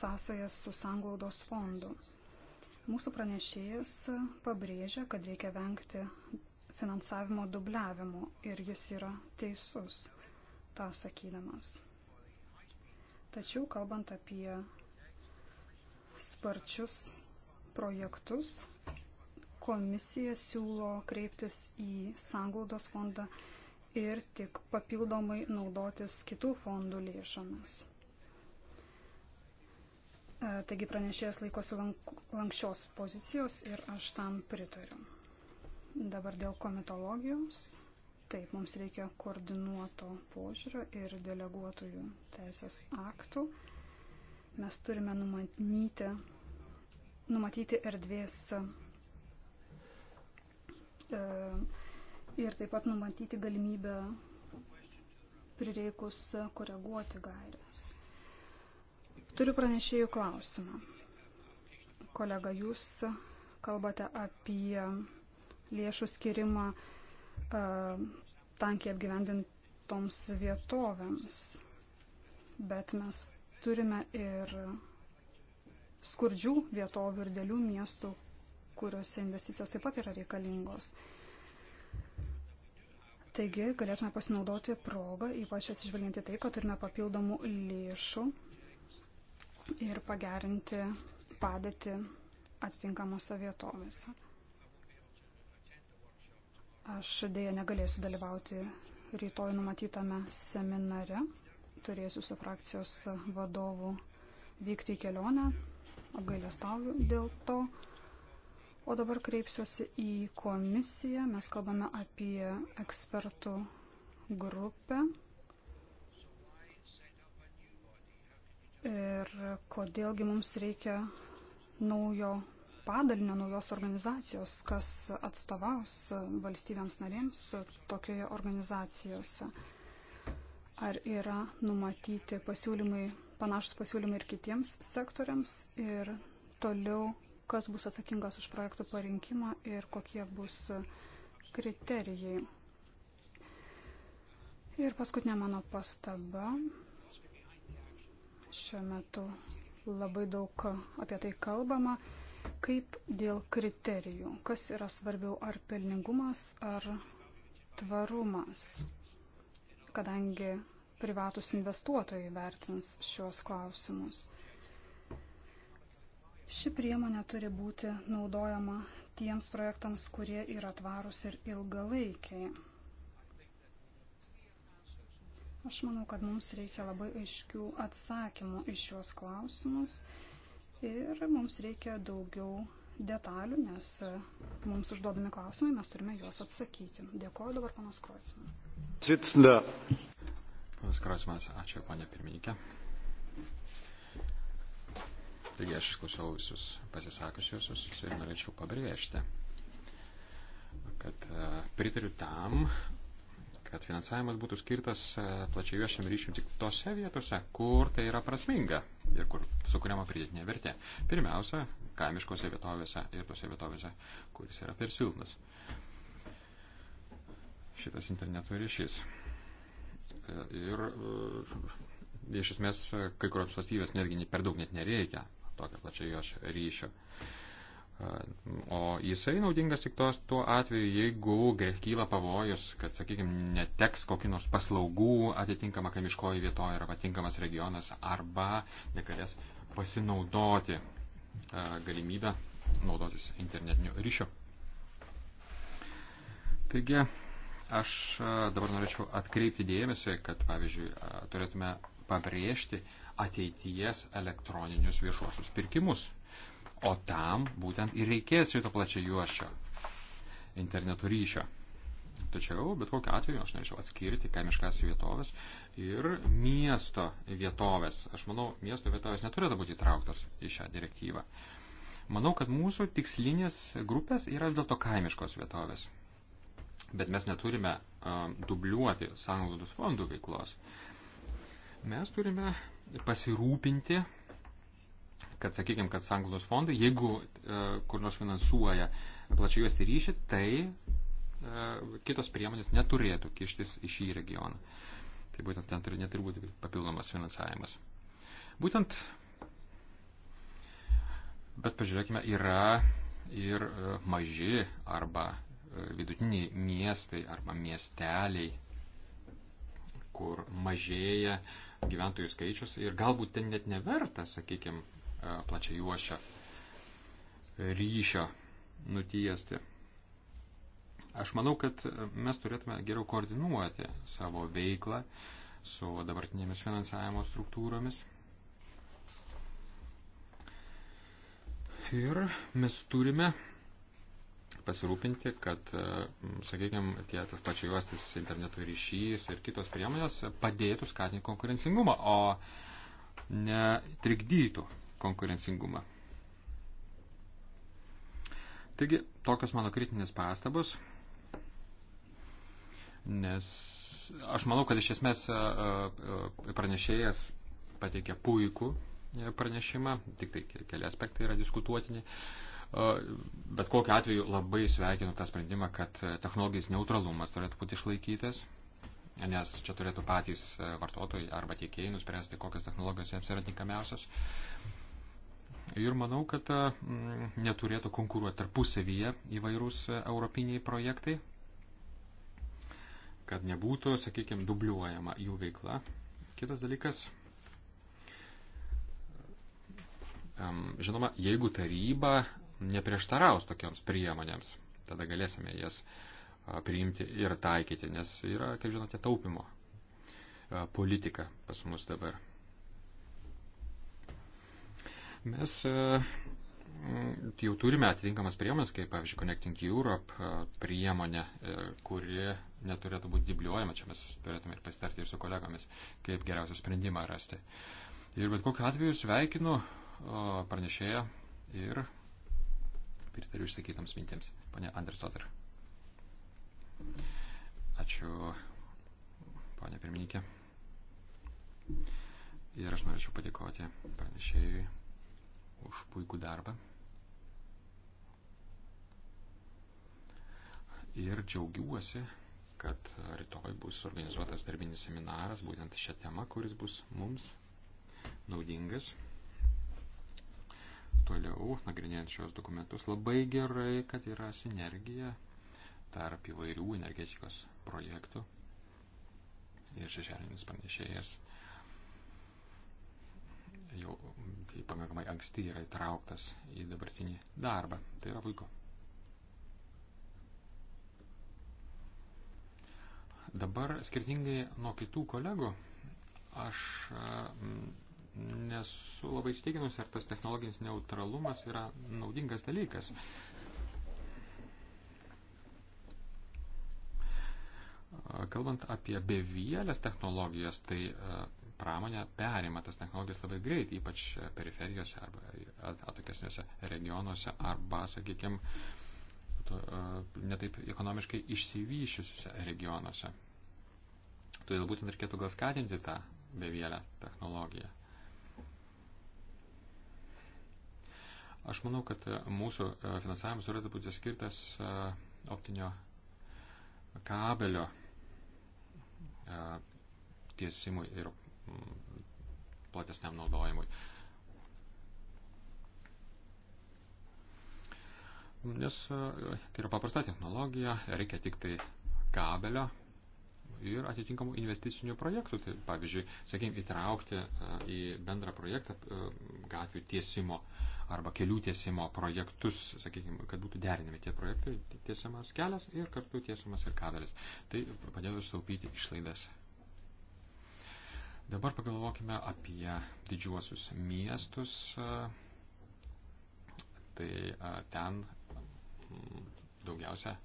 sąsajas su sanglaudos fondu. Mūsų pranešėjas pabrėžia, kad reikia vengti finansavimo dubliavimo ir jis yra teisus tą sakydamas. Tačiau kalbant apie sparčius projektus, komisija siūlo kreiptis į sanglaudos fondą ir tik papildomai naudotis kitų fondų lėšomis. E, taigi pranešėjas laikosi lankščios pozicijos ir aš tam pritariu. Dabar dėl komitologijos Taip, mums reikia koordinuoto požiūrio ir deleguotojų teisės aktų. Mes turime numatyti, numatyti erdvės e, ir taip pat numatyti galimybę prireikus koreguoti gairias. Turiu pranešėjų klausimą. Kolega, jūs kalbate apie lėšų skirimą E, tankiai apgyvendintoms vietovėms. Bet mes turime ir skurdžių vietovių ir dėlių miestų, kuriuose investicijos taip pat yra reikalingos. Taigi galėtume pasinaudoti progą, ypač atsižvelginti tai, kad turime papildomų lėšų ir pagerinti padėtį atitinkamose vietovėse. Aš dėja negalėsiu dalyvauti rytoj numatytame seminare. Turėsiu su frakcijos vadovu vykti į kelionę. Apgailestauju dėl to. O dabar kreipsiuosi į komisiją. Mes kalbame apie ekspertų grupę. Ir kodėlgi mums reikia naujo padalinio, naujos organizacijos, kas atstovaus valstybėms narėms tokioje organizacijose. Ar yra numatyti pasiūlymai, panašus pasiūlymai ir kitiems sektoriams ir toliau, kas bus atsakingas už projektų parinkimą ir kokie bus kriterijai. Ir paskutinė mano pastaba. Šiuo metu labai daug apie tai kalbama. Kaip dėl kriterijų? Kas yra svarbiau, ar pelningumas, ar tvarumas? Kadangi privatus investuotojai vertins šios klausimus. Ši priemonė turi būti naudojama tiems projektams, kurie yra tvarūs ir ilgalaikiai. Aš manau, kad mums reikia labai aiškių atsakymų iš šios klausimus. Ir mums reikia daugiau detalių, nes mums užduodami klausimai, mes turime juos atsakyti. Dėkuoju dabar panas Kroicman. Sitsna. Panas Kroicmanas, ačiū, panė pirmininkė. Taigi aš išklausiau visus pasisakusiuosius ir norėčiau pabrėžti, kad e, pritariu tam, kad finansavimas būtų skirtas e, plačiai juošiam ryšiam tik tose vietose, kur tai yra prasminga ir kur sukuriama pridėtinė vertė. Pirmiausia, kaimiškose vietovėse ir tose vietovėse, kuris yra per silpnas. Šitas interneto ryšys. E, ir e, iš esmės kai kurios valstybės netgi per daug net nereikia tokio plačiai juoš ryšio. Uh, O jisai naudingas tik tos, tuo atveju, jeigu kyla pavojus, kad, sakykime, neteks kokį nors paslaugų atitinkama kaimiškoji vietoja arba tinkamas regionas arba negalės pasinaudoti e, galimybę naudotis internetiniu ryšiu. Taigi, aš e, dabar norėčiau atkreipti dėmesį, kad, pavyzdžiui, e, turėtume pabrėžti ateities elektroninius viešuosius pirkimus. O tam būtent ir reikės šito plačia juoščio interneto ryšio. Tačiau, bet kokiu atveju, aš norėčiau atskirti kaimiškas vietovės ir miesto vietovės. Aš manau, miesto vietovės neturėtų būti įtrauktos į šią direktyvą. Manau, kad mūsų tikslinės grupės yra vis dėlto kaimiškos vietovės. Bet mes neturime um, dubliuoti sąnaudos fondų veiklos. Mes turime pasirūpinti kad, sakykime, kad sanglaudos fondai, jeigu e, kur nors finansuoja plačiai juosti ryšį, tai e, kitos priemonės neturėtų kištis į šį regioną. Tai būtent ten turi, neturi būti papildomas finansavimas. Būtent, bet pažiūrėkime, yra ir e, maži arba e, vidutiniai miestai arba miesteliai, kur mažėja gyventojų skaičius ir galbūt ten net neverta, sakykime, plačia juošio ryšio nutiesti. Aš manau, kad mes turėtume geriau koordinuoti savo veiklą su dabartinėmis finansavimo struktūromis. Ir mes turime pasirūpinti, kad, sakykime, tie tas plačiajuostis interneto ryšys ir kitos priemonės padėtų skatinti konkurencingumą, o ne trikdytų konkurencingumą. Taigi, tokios mano kritinės pastabos, nes aš manau, kad iš esmės pranešėjas pateikė puikų e, pranešimą, tik tai keli aspektai yra diskutuotini. Bet kokiu atveju labai sveikinu tą sprendimą, kad technologijos neutralumas turėtų būti išlaikytas, nes čia turėtų patys e, vartotojai arba tiekėjai nuspręsti, kokios technologijos jiems yra tinkamiausios. Ir manau, kad e, neturėtų konkuruoti tarpusavyje įvairūs e, europiniai projektai, kad nebūtų, sakykime, dubliuojama jų veikla. Kitas dalykas, žinoma, jeigu taryba neprieštaraus tokioms priemonėms, tada galėsime jas priimti ir taikyti, nes yra, kaip žinote, taupimo politika pas mus dabar. Mes e, mm, jau turime atitinkamas priemonės, kaip pavyzdžiui Connecting Europe e, priemonė, e, kuri neturėtų būti dibliuojama, čia mes turėtume ir pasitarti ir su kolegomis, kaip geriausią sprendimą rasti. Ir bet kokiu atveju sveikinu pranešėją ir pritariu išsakytams mintims, ponė Andresotar. Ačiū, ponė pirmininkė. Ir aš norėčiau padėkoti pranešėjui už puikų darbą. Ir džiaugiuosi, kad rytoj bus organizuotas darbinis seminaras būtent šią temą, kuris bus mums naudingas. Toliau, nagrinėjant šios dokumentus, labai gerai, kad yra sinergija tarp įvairių energetikos projektų ir šešėlinis pranešėjas jau jisai pakankamai anksti yra įtrauktas į dabartinį darbą. Tai yra puiku. Dabar skirtingai nuo kitų kolegų, aš nesu labai įsitikinus, ar tas technologinis neutralumas yra naudingas dalykas. Kalbant apie bevėlės technologijas, tai pramonė perima tas technologijas labai greit, ypač periferijose arba atokesniuose regionuose arba, sakykime, netaip ekonomiškai išsivyšiusiuose regionuose. Todėl būtent reikėtų gal skatinti tą bevėlę technologiją. Aš manau, kad mūsų e, finansavimas turėtų būti skirtas e, optinio kabelio e, tiesimui ir platesniam naudojimui. Nes e, tai yra paprasta technologija, reikia tik tai kabelio ir atitinkamų investicinių projektų. Tai, pavyzdžiui, sakykime, įtraukti e, į bendrą projektą e, gatvių tiesimo arba kelių tiesimo projektus, sakykime, kad būtų derinami tie projektai, tiesiamas kelias ir kartu tiesiamas ir kabelis. Tai padėtų sutaupyti išlaidas Dabar pagalvokime apie didžiuosius miestus. Tai ten daugiausia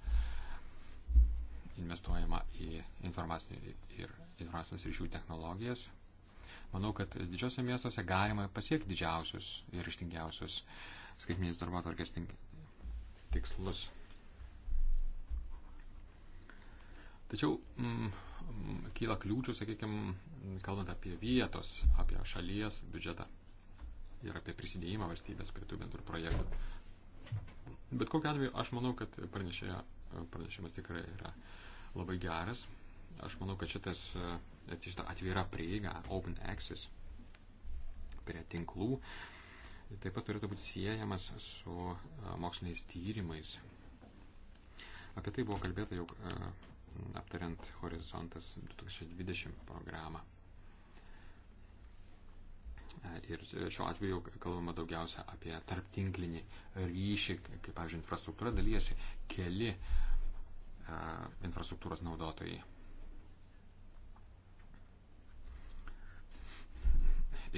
investuojama į informacinių ir informacinės ryšių technologijas. Manau, kad didžiosiuose miestuose galima pasiekti didžiausius ir ištingiausius skaitminės darbo atvarkės tikslus. Tačiau m, kyla kliūčių, sakykime, kalbant apie vietos, apie šalies biudžetą ir apie prisidėjimą valstybės prie tų bendrų projektų. Bet kokiu atveju aš manau, kad pranešėja, pranešimas tikrai yra labai geras. Aš manau, kad šitas, e, šita atvira prieiga, open access prie tinklų, taip pat turėtų būti siejamas su e, moksliniais tyrimais. Apie tai buvo kalbėta jau e, aptariant Horizontas 2020 programą. Ir šiuo atveju kalbama daugiausia apie tarptinklinį ryšį, kaip, pavyzdžiui, infrastruktūra dalyjasi keli a, infrastruktūros naudotojai.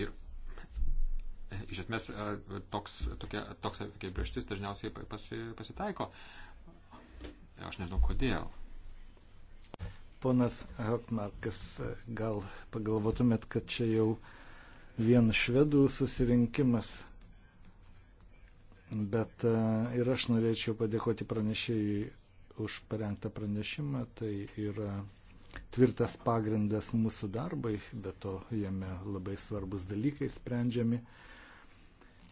Ir e, iš esmės a, toks, tokia, toks apibrieštis dažniausiai pasi, pasitaiko. Aš nežinau kodėl. Ponas Hokmarkas, gal pagalvotumėt, kad čia jau uh, vien švedų susirinkimas. Bet e, ir aš norėčiau padėkoti pranešėjai už parengtą pranešimą. Tai yra tvirtas pagrindas mūsų darbai, bet to jame labai svarbus dalykai sprendžiami.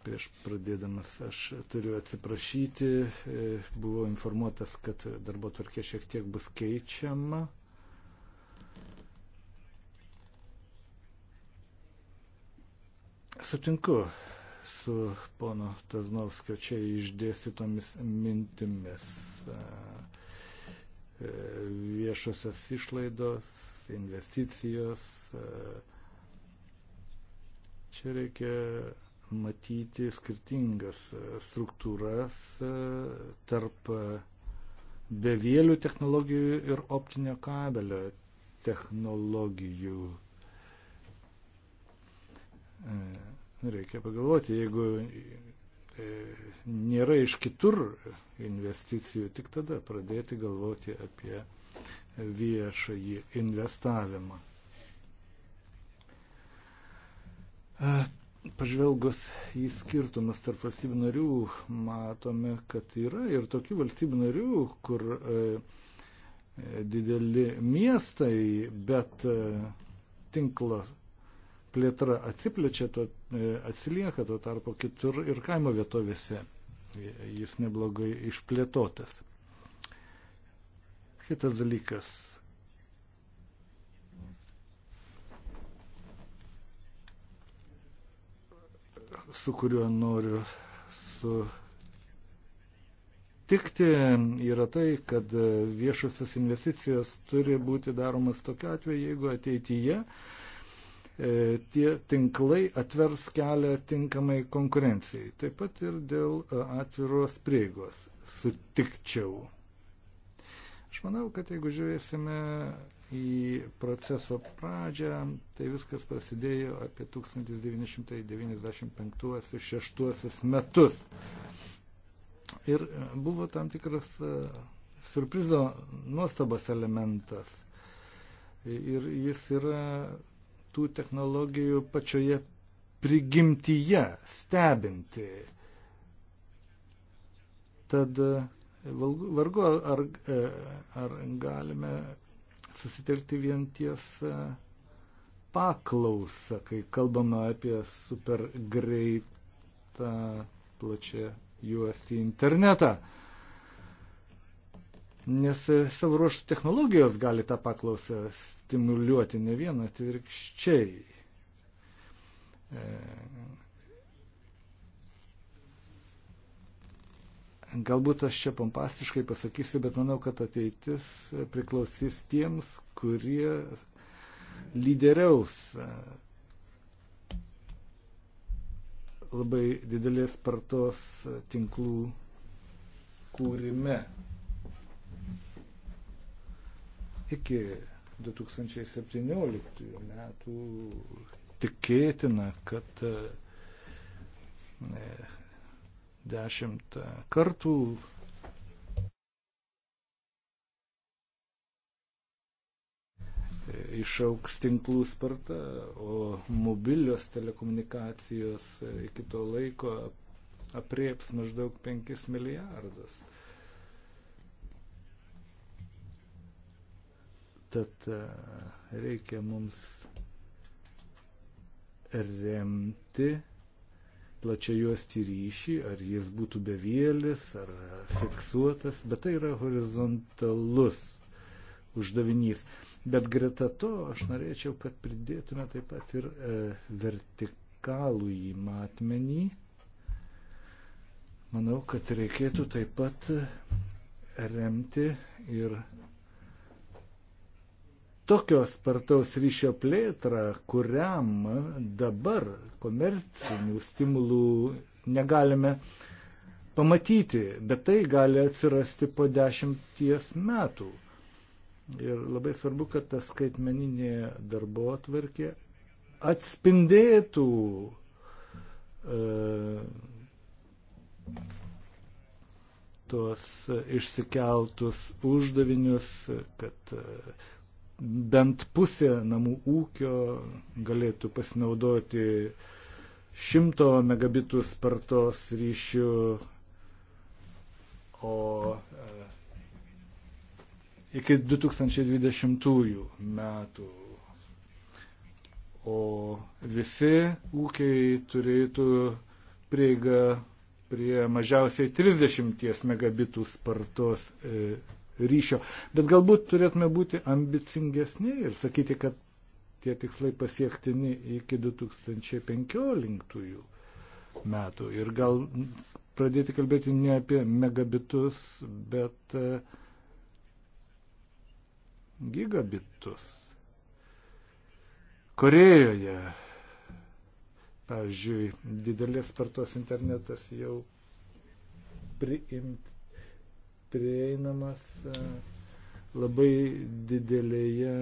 Prieš pradėdamas aš turiu atsiprašyti, e, buvau informuotas, kad darbo tvarkė šiek tiek bus keičiama. Sutinku su pono Taznovskio čia išdėstytomis mintimis. E, e, viešosios išlaidos, investicijos. E, čia reikia matyti skirtingas struktūras tarp bevėlių technologijų ir optinio kabelio technologijų. E, reikia pagalvoti, jeigu e, nėra iš kitur investicijų, tik tada pradėti galvoti apie viešąjį investavimą. E, pažvelgus į skirtumus tarp valstybių narių, matome, kad yra ir tokių valstybių narių, kur dideli miestai, bet tinklas plėtra atsiplečia, to, e, atsilieka tuo tarpu kitur ir kaimo vietovėse e, jis neblogai išplėtotas. Kitas dalykas. su kuriuo noriu sutikti, yra tai, kad viešusios investicijos turi būti daromas tokiu atveju, jeigu ateityje uh, E, tie tinklai atvers kelią tinkamai konkurencijai. Taip pat ir dėl e, atviros prieigos sutikčiau. Aš manau, kad jeigu žiūrėsime į proceso pradžią, tai viskas prasidėjo apie 1995-1996 metus. Ir e, buvo tam tikras surprizo nuostabos elementas. Ir jis yra tų technologijų pačioje prigimtyje stebinti. Tad e, vargu ar, e, ar galime susitelkti vien ties e, paklausą, kai kalbama apie super greitą plačią juostį internetą. Uh, nes savo ruoštų technologijos gali tą paklausą stimuliuoti ne vieną atvirkščiai. E, galbūt aš čia pompastiškai pasakysiu, bet manau, kad ateitis priklausys tiems, kurie lyderiaus e, labai didelės partos tinklų kūrime. Iki 2017 metų tikėtina, kad e, dešimt kartų išauks tinklų sparta, o mobilios telekomunikacijos iki to laiko aprieps maždaug 5 milijardus. Tad e, reikia mums remti plačia juosti ryšį, ar jis būtų bevėlis, ar fiksuotas, bet tai yra horizontalus uždavinys. Bet greta to aš norėčiau, kad pridėtume taip pat ir e, vertikalų į matmenį. Manau, kad reikėtų taip pat e, remti ir tokio spartaus ryšio plėtrą, kuriam dabar komercinių stimulų negalime pamatyti, bet tai gali atsirasti po dešimties metų. Ir labai svarbu, kad ta skaitmeninė darbo atvarkė atspindėtų e, tuos išsikeltus uždavinius, kad e, bent pusė namų ūkio galėtų pasinaudoti 100 megabitų spartos ryšių, o e, iki 2020 metų. O visi ūkiai turėtų prieigą prie mažiausiai 30 megabitų spartos e, ryšio. Bet galbūt turėtume būti ambicingesni ir sakyti, kad tie tikslai pasiektini iki 2015 metų. Ir gal pradėti kalbėti ne apie megabitus, bet e, gigabitus. Korejoje, pavyzdžiui, didelės spartos internetas jau priimti prieinamas e, labai didelėje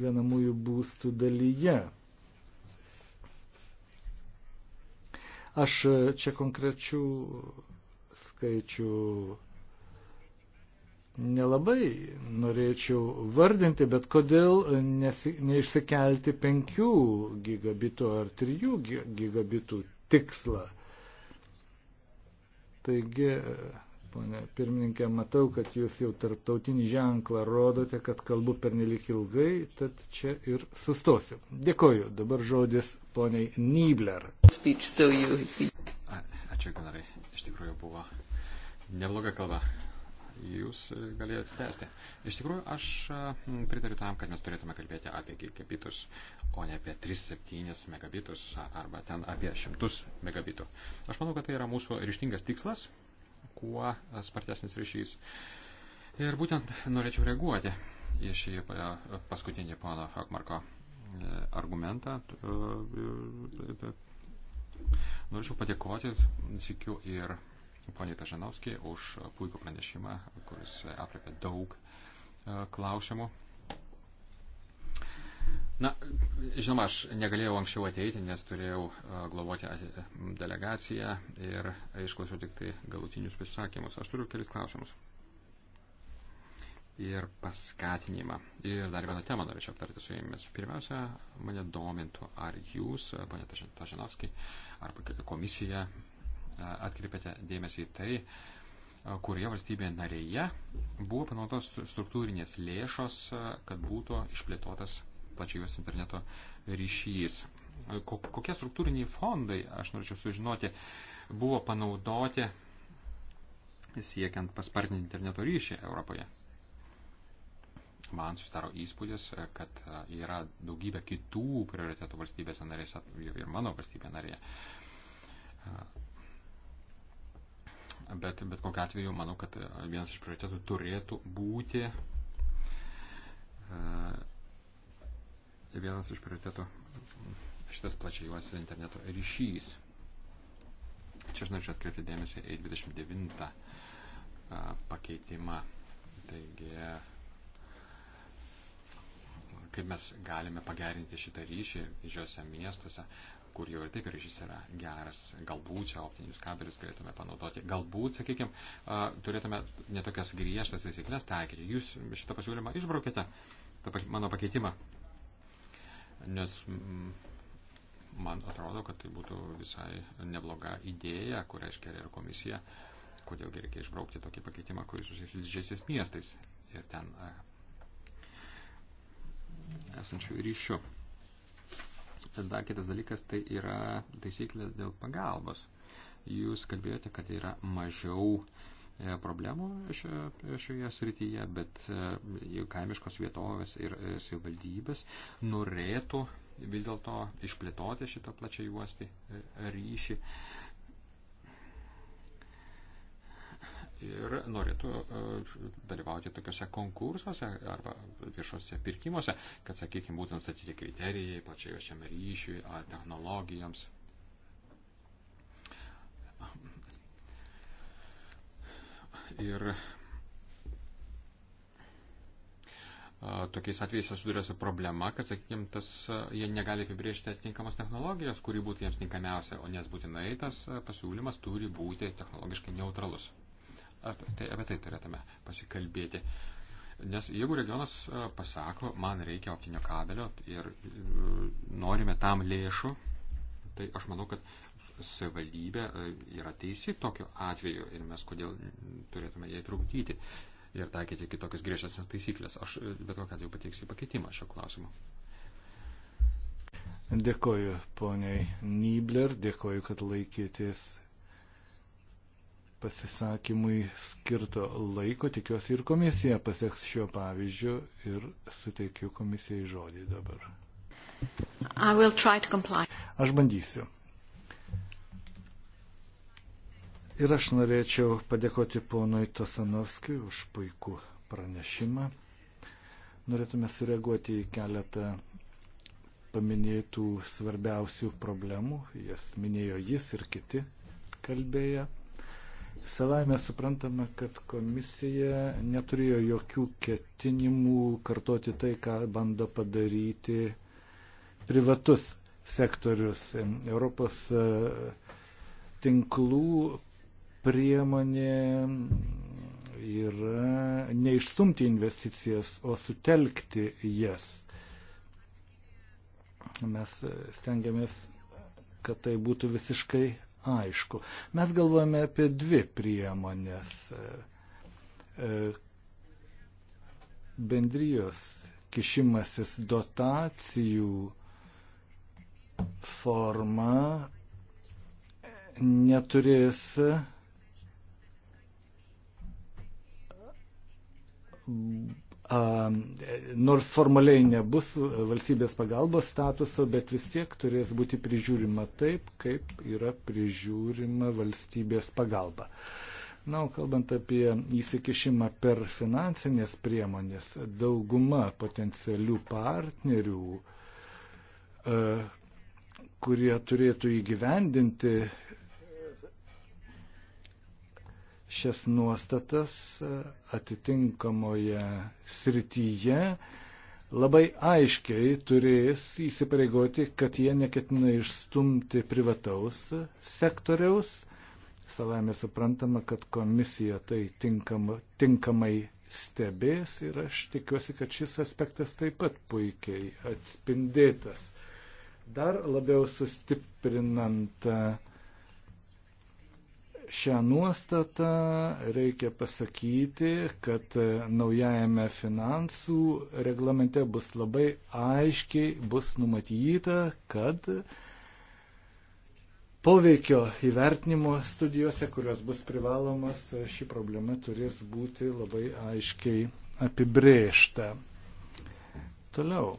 gyvenamųjų būstų dalyje. Aš čia konkrečių skaičių nelabai norėčiau vardinti, bet kodėl nesi, neišsikelti 5 gigabitų ar 3 gigabitų tikslą? Taigi, ponė pirmininkė, matau, kad jūs jau tarptautinį ženklą rodote, kad kalbu pernelik ilgai, tad čia ir sustosiu. Dėkoju. Dabar žodis poniai Nibler. Speech, so you... A, ačiū, Gunarai. Iš tikrųjų buvo nebloga kalba jūs galėjote tęsti. Iš tikrųjų, aš pritariu tam, kad mes turėtume kalbėti apie gigabitus, o ne apie 3-7 megabitus arba ten apie 100 megabitų. Aš manau, kad tai yra mūsų ryštingas tikslas, kuo spartesnis ryšys. Ir būtent norėčiau reaguoti į šį paskutinį pono Hakmarko argumentą. Norėčiau padėkoti, sikiu, ir poniai Tažanovskijai už puikų pranešimą, kuris apriepia daug e, klausimų. Na, žinoma, aš negalėjau anksčiau ateiti, nes turėjau e, globoti e, delegaciją ir išklausiau tik tai galutinius pasisakymus. Aš turiu kelis klausimus. Ir paskatinimą. Ir dar vieną temą norėčiau aptarti su jumis. Pirmiausia, mane domintų, ar jūs, ponė Tažinovskai, ar komisija atkreipėte dėmesį į tai, kurioje valstybėje narėje buvo panaudotos struktūrinės lėšos, kad būtų išplėtotas plačiajos interneto ryšys. Kokie struktūriniai fondai, aš norėčiau sužinoti, buvo panaudoti siekiant paspartinti interneto ryšį Europoje? man susidaro įspūdis, kad e, yra daugybė kitų prioritetų valstybėse narėse ir mano valstybė narėje bet bet kokiu atveju manau, kad e, vienas iš prioritetų turėtų būti e, vienas iš prioritetų šitas plačiai juos interneto ryšys. Čia aš norėčiau atkreipti dėmesį į 29 e, pakeitimą. Taigi, kaip mes galime pagerinti šitą ryšį didžiosiuose miestuose. Uh, kur jau ir taip ryšys yra geras, galbūt čia optinius kabelius galėtume panaudoti, galbūt, sakykime, turėtume netokias griežtas taisyklės taikyti. Jūs šitą pasiūlymą išbraukėte, tą mano pakeitimą, nes man atrodo, kad tai būtų visai nebloga idėja, kurią iškelia ir komisija, kodėlgi reikia išbraukti tokį pakeitimą, kuris susijęs su didžiaisiais miestais ir ten esančių ryšių. Tada kitas dalykas tai yra taisyklės dėl pagalbos. Jūs kalbėjote, kad yra mažiau e, problemų šioje, šioje srityje, bet e, kaimiškos vietovės ir e, savivaldybės norėtų vis dėlto išplėtoti šitą plačią juostį ryšį. E, ir norėtų e, dalyvauti tokiuose konkursuose arba viešuose pirkimuose, kad, sakykime, būtų nustatyti kriterijai plačiajuosiam ryšiui, technologijams. Ir tokiais atvejais jie suduria su problema, kad, sakykime, tas, jie negali apibriežti atitinkamos technologijos, kuri būtų jiems tinkamiausia, o nes būtinai tas pasiūlymas turi būti technologiškai neutralus. Apie tai, apie tai turėtume pasikalbėti. Nes jeigu regionas e, pasako, man reikia optinio kabelio ir e, norime tam lėšų, tai aš manau, kad savivaldybė e, yra teisi tokiu atveju ir mes kodėl turėtume jai trukdyti ir taikyti kitokias griežtesnės taisyklės. Aš bet kokią atveju pateiksiu pakeitimą šio klausimu. Dėkoju poniai Nibler, dėkoju, kad laikytės pasisakymui skirto laiko. Tikiuosi ir komisija pasieks šiuo pavyzdžiu ir suteikiu komisijai žodį dabar. Aš bandysiu. Ir aš norėčiau padėkoti ponui Tosanovskijui už puikų pranešimą. Norėtume sureaguoti į keletą paminėtų svarbiausių problemų. Jas minėjo jis ir kiti kalbėję. Savaime suprantama, kad komisija neturėjo jokių ketinimų kartoti tai, ką bando padaryti privatus sektorius. Europos e, tinklų priemonė yra neišstumti investicijas, o sutelkti jas. Mes e, stengiamės, kad tai būtų visiškai aišku. Mes galvojame apie dvi priemonės. E, e, bendrijos kišimasis dotacijų forma neturės nors formaliai nebus valstybės pagalbos statuso, bet vis tiek turės būti prižiūrima taip, kaip yra prižiūrima valstybės pagalba. Na, o kalbant apie įsikišimą per finansinės priemonės, dauguma potencialių partnerių, e, kurie turėtų įgyvendinti šias nuostatas e, atitinkamoje srityje, labai aiškiai turės įsipareigoti, kad jie neketina išstumti privataus sektoriaus. Savame suprantama, kad komisija tai tinkama, tinkamai stebės ir aš tikiuosi, kad šis aspektas taip pat puikiai atspindėtas. Dar labiau sustiprinant uh, šią nuostatą reikia pasakyti, kad naujajame finansų reglamente bus labai aiškiai bus numatyta, kad poveikio įvertinimo studijose, kurios bus privalomas, ši problema turės būti labai aiškiai apibrėžta. Toliau,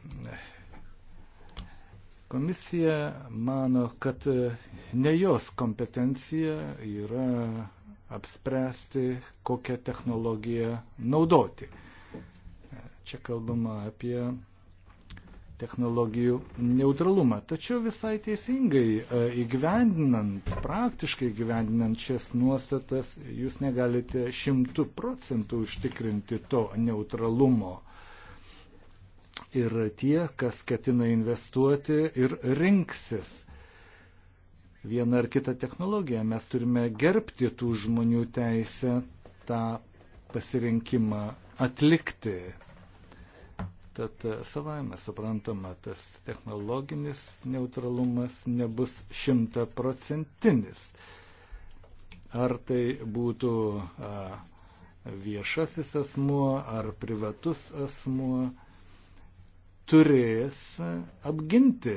Komisija mano, kad ne jos kompetencija yra apspręsti, kokią technologiją naudoti. Čia kalbama apie technologijų neutralumą. Tačiau visai teisingai e, įgyvendinant, praktiškai įgyvendinant šias nuostatas, jūs negalite šimtų procentų užtikrinti to neutralumo. Uh, ir tie, kas ketina investuoti ir rinksis vieną ar kitą technologiją. Mes turime gerbti tų žmonių teisę tą pasirinkimą atlikti. Tad e, savaime suprantama, tas technologinis neutralumas nebus šimtaprocentinis. Ar tai būtų a, e, viešasis asmuo, ar privatus asmuo, turės apginti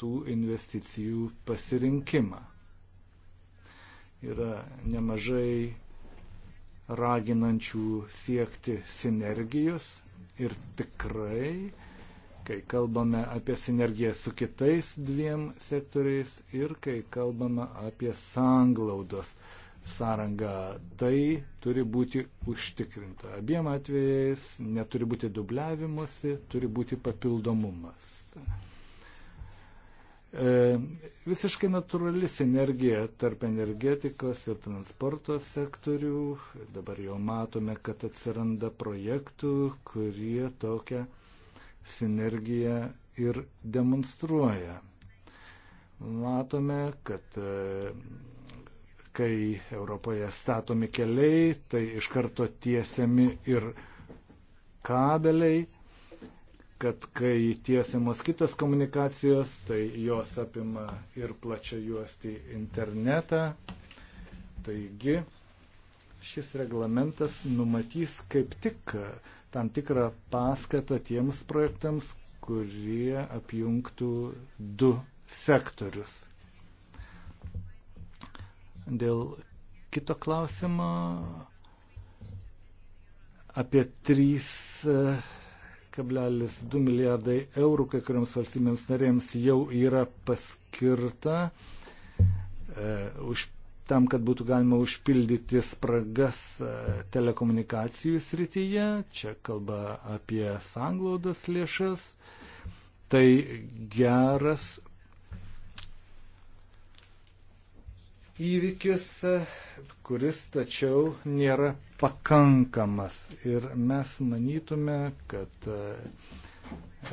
tų investicijų pasirinkimą. Yra nemažai raginančių siekti sinergijos ir tikrai, kai kalbame apie sinergiją su kitais dviem sektoriais ir kai kalbame apie sanglaudos sąrangą. Tai turi būti užtikrinta. Abiem atvejais neturi būti dubliavimuose, turi būti papildomumas. E, visiškai natūrali sinergija tarp energetikos ir transporto sektorių. Dabar jau matome, kad atsiranda projektų, kurie tokią sinergiją ir demonstruoja. Matome, kad e, Kai Europoje statomi keliai, tai iš karto tiesiami ir kabeliai, kad kai tiesiamos kitos komunikacijos, tai jos apima ir plačia juosti internetą. Taigi, šis reglamentas numatys kaip tik tam tikrą paskatą tiems projektams, kurie apjungtų du sektorius. Dėl kito klausimo apie 3,2 e, milijardai eurų kai kuriams valstybėms narėms jau yra paskirta e, už, tam, kad būtų galima užpildyti spragas e, telekomunikacijų srityje. Čia kalba apie sanglaudos lėšas. Tai geras įvykis, kuris tačiau nėra pakankamas. Ir mes manytume, kad e,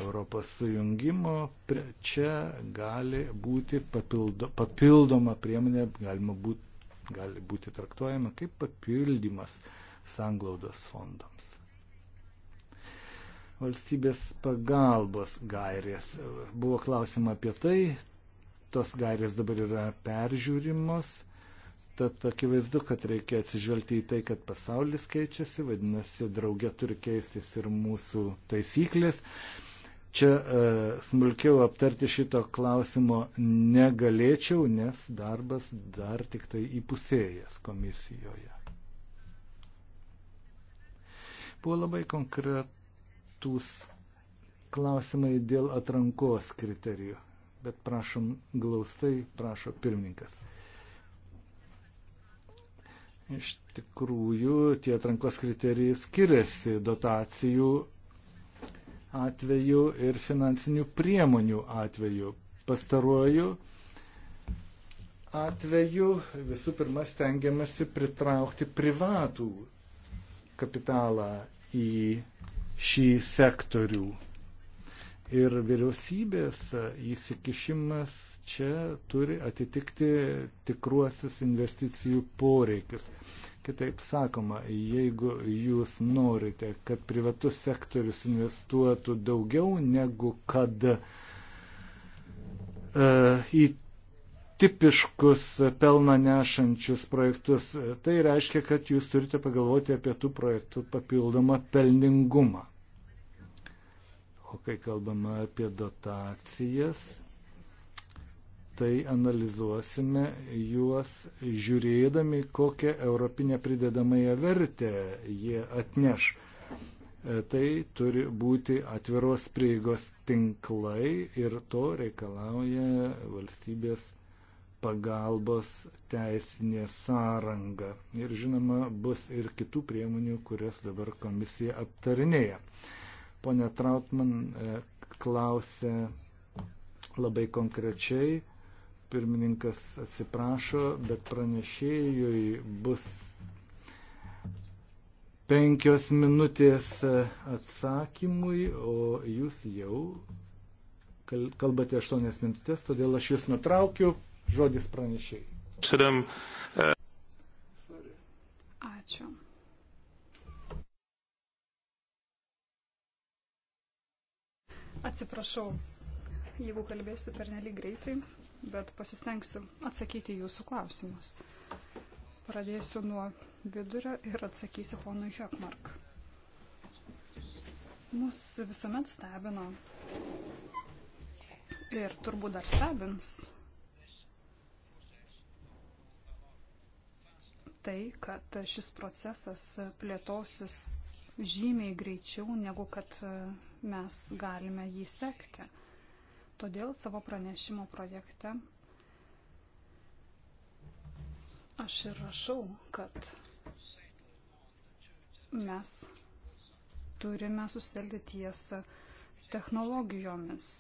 Europos sujungimo čia gali būti papildo, papildoma priemonė, galima būti, gali būti traktuojama kaip papildymas sanglaudos fondams. Valstybės pagalbos gairės. Buvo klausima apie tai, tos gairės dabar yra peržiūrimos, tad akivaizdu, kad reikia atsižvelgti į tai, kad pasaulis keičiasi, vadinasi, draugė turi keistis ir mūsų taisyklės. Čia e, smulkiau aptarti šito klausimo negalėčiau, nes darbas dar tik tai įpusėjęs komisijoje. Buvo labai konkretus klausimai dėl atrankos kriterijų bet prašom glaustai, prašo pirmininkas. Iš tikrųjų, tie atrankos kriterijai skiriasi dotacijų atveju ir finansinių priemonių atveju. Pastaruoju atveju visų pirma stengiamasi pritraukti privatų kapitalą į šį sektorių. Ir vyriausybės įsikišimas čia turi atitikti tikruosius investicijų poreikius. Kitaip sakoma, jeigu jūs norite, kad privatus sektorius investuotų daugiau negu kad uh, į tipiškus pelną nešančius projektus, tai reiškia, kad jūs turite pagalvoti apie tų projektų papildomą pelningumą dalykų, kai kalbame apie dotacijas, tai analizuosime juos žiūrėdami, kokią europinę pridedamąją vertę jie atneš. E, tai turi būti atviros prieigos tinklai ir to reikalauja valstybės pagalbos teisinė sąranga. Ir žinoma, bus ir kitų priemonių, kurias dabar komisija aptarinėja. Pone Trautman e, klausė labai konkrečiai. Pirmininkas atsiprašo, bet pranešėjui bus penkios minutės atsakymui, o jūs jau kalbate aštuonias minutės, todėl aš jūs nutraukiu. Žodis pranešėjai. Atsiprašau, jeigu kalbėsiu per nelį greitai, bet pasistengsiu atsakyti jūsų klausimus. Pradėsiu nuo vidurio ir atsakysiu ponui Hekmark. Mus visuomet stebino ir turbūt dar stebins tai, kad šis procesas plėtosis žymiai greičiau negu kad mes galime jį sekti. Todėl savo pranešimo projekte aš ir rašau, kad mes turime susitelkti ties technologijomis.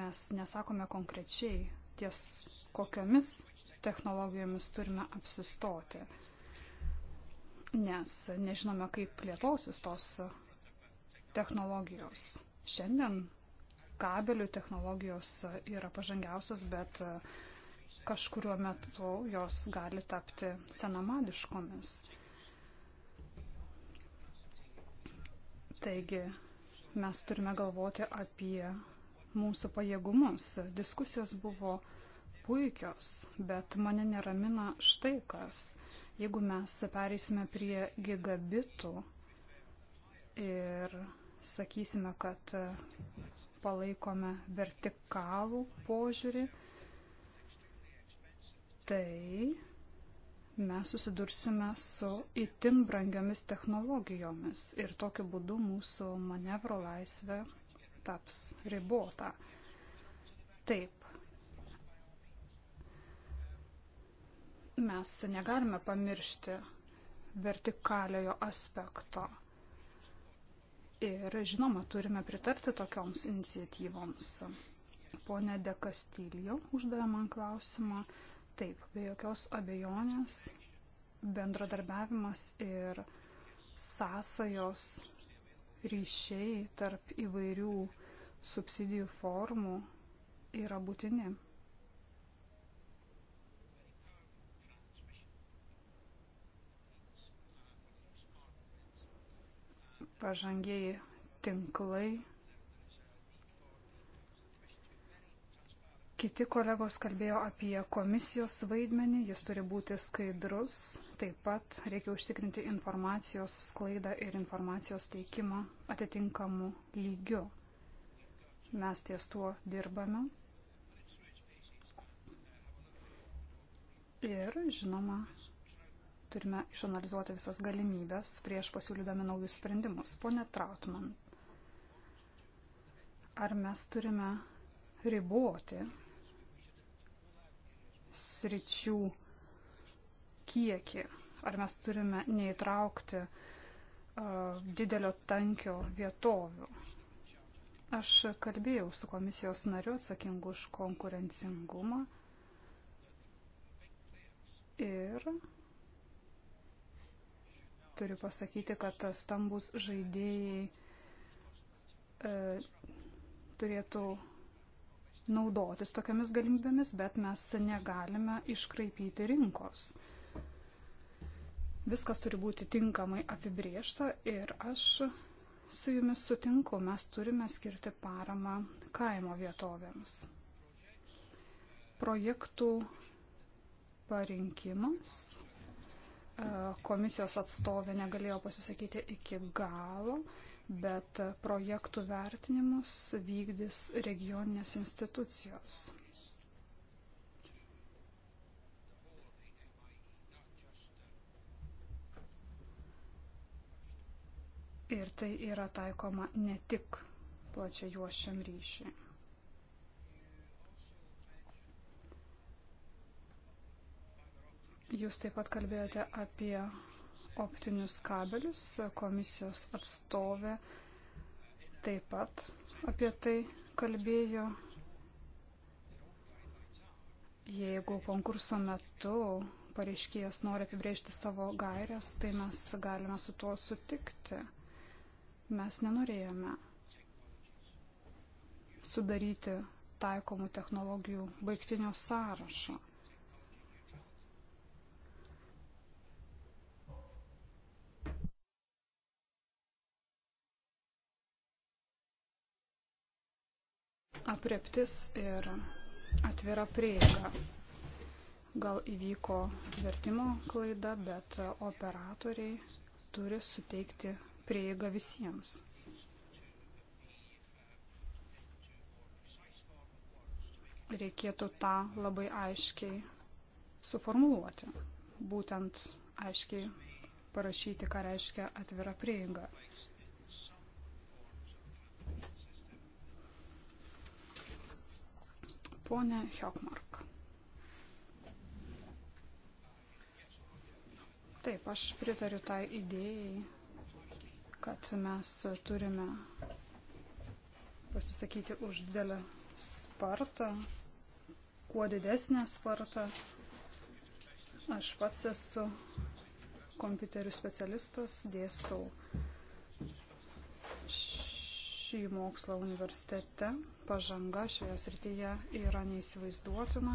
Mes nesakome konkrečiai, ties kokiomis technologijomis turime apsistoti, nes nežinome, kaip plėtosis tos technologijos technologijos. Šiandien kabelių technologijos yra pažangiausios, bet e, kažkuriuo metu jos gali tapti senamadiškomis. Taigi mes turime galvoti apie mūsų pajėgumus. Diskusijos buvo puikios, bet mane neramina štai kas. Jeigu mes pereisime prie gigabitų ir sakysime, kad e, palaikome vertikalų požiūrį, tai mes susidursime su itin brangiomis technologijomis ir tokiu būdu mūsų manevro laisvė taps ribota. Taip, mes negalime pamiršti vertikaliojo aspekto. Ir žinoma, turime pritarti tokioms iniciatyvoms. Pone De Castillo uždavė man klausimą. Taip, be jokios abejonės, bendradarbiavimas ir sąsajos ryšiai tarp įvairių subsidijų formų yra būtini. pažangiai tinklai. Kiti kolegos kalbėjo apie komisijos vaidmenį, jis turi būti skaidrus, taip pat reikia užtikrinti informacijos sklaidą ir informacijos teikimą atitinkamu lygiu. Mes ties tuo dirbame. Ir, žinoma, turime išanalizuoti visas galimybės prieš pasiūlydami naujus sprendimus. Pone Trautman, ar mes turime riboti sričių kiekį? Ar mes turime neįtraukti uh, didelio tankio vietovių? Aš kalbėjau su komisijos nariu atsakingu už konkurencingumą ir turiu pasakyti, kad stambus žaidėjai e, turėtų naudotis tokiamis galimybėmis, bet mes negalime iškraipyti rinkos. Viskas turi būti tinkamai apibriešta ir aš su jumis sutinku, mes turime skirti paramą kaimo vietovėms. Projektų parinkimas komisijos atstovė negalėjo pasisakyti iki galo, bet projektų vertinimus vykdys regioninės institucijos. Ir tai yra taikoma ne tik plačiajuošiam ryšiui. Jūs taip pat kalbėjote apie optinius kabelius, komisijos atstovė taip pat apie tai kalbėjo. Jeigu konkurso metu pareiškėjas nori apibrėžti savo gairias, tai mes galime su tuo sutikti. Mes nenorėjome sudaryti taikomų technologijų baigtinio sąrašo. apreptis ir atvira prieiga. Gal įvyko vertimo klaida, bet operatoriai turi suteikti prieigą visiems. Reikėtų tą labai aiškiai suformuluoti, būtent aiškiai parašyti, ką reiškia atvira prieiga. Pone Hekmark. Taip, aš pritariu tai idėjai, kad mes turime pasisakyti už didelę spartą, kuo didesnę spartą. Aš pats esu kompiuterių specialistas, dėstau šį mokslą universitete. Pažanga šioje srityje yra neįsivaizduotina.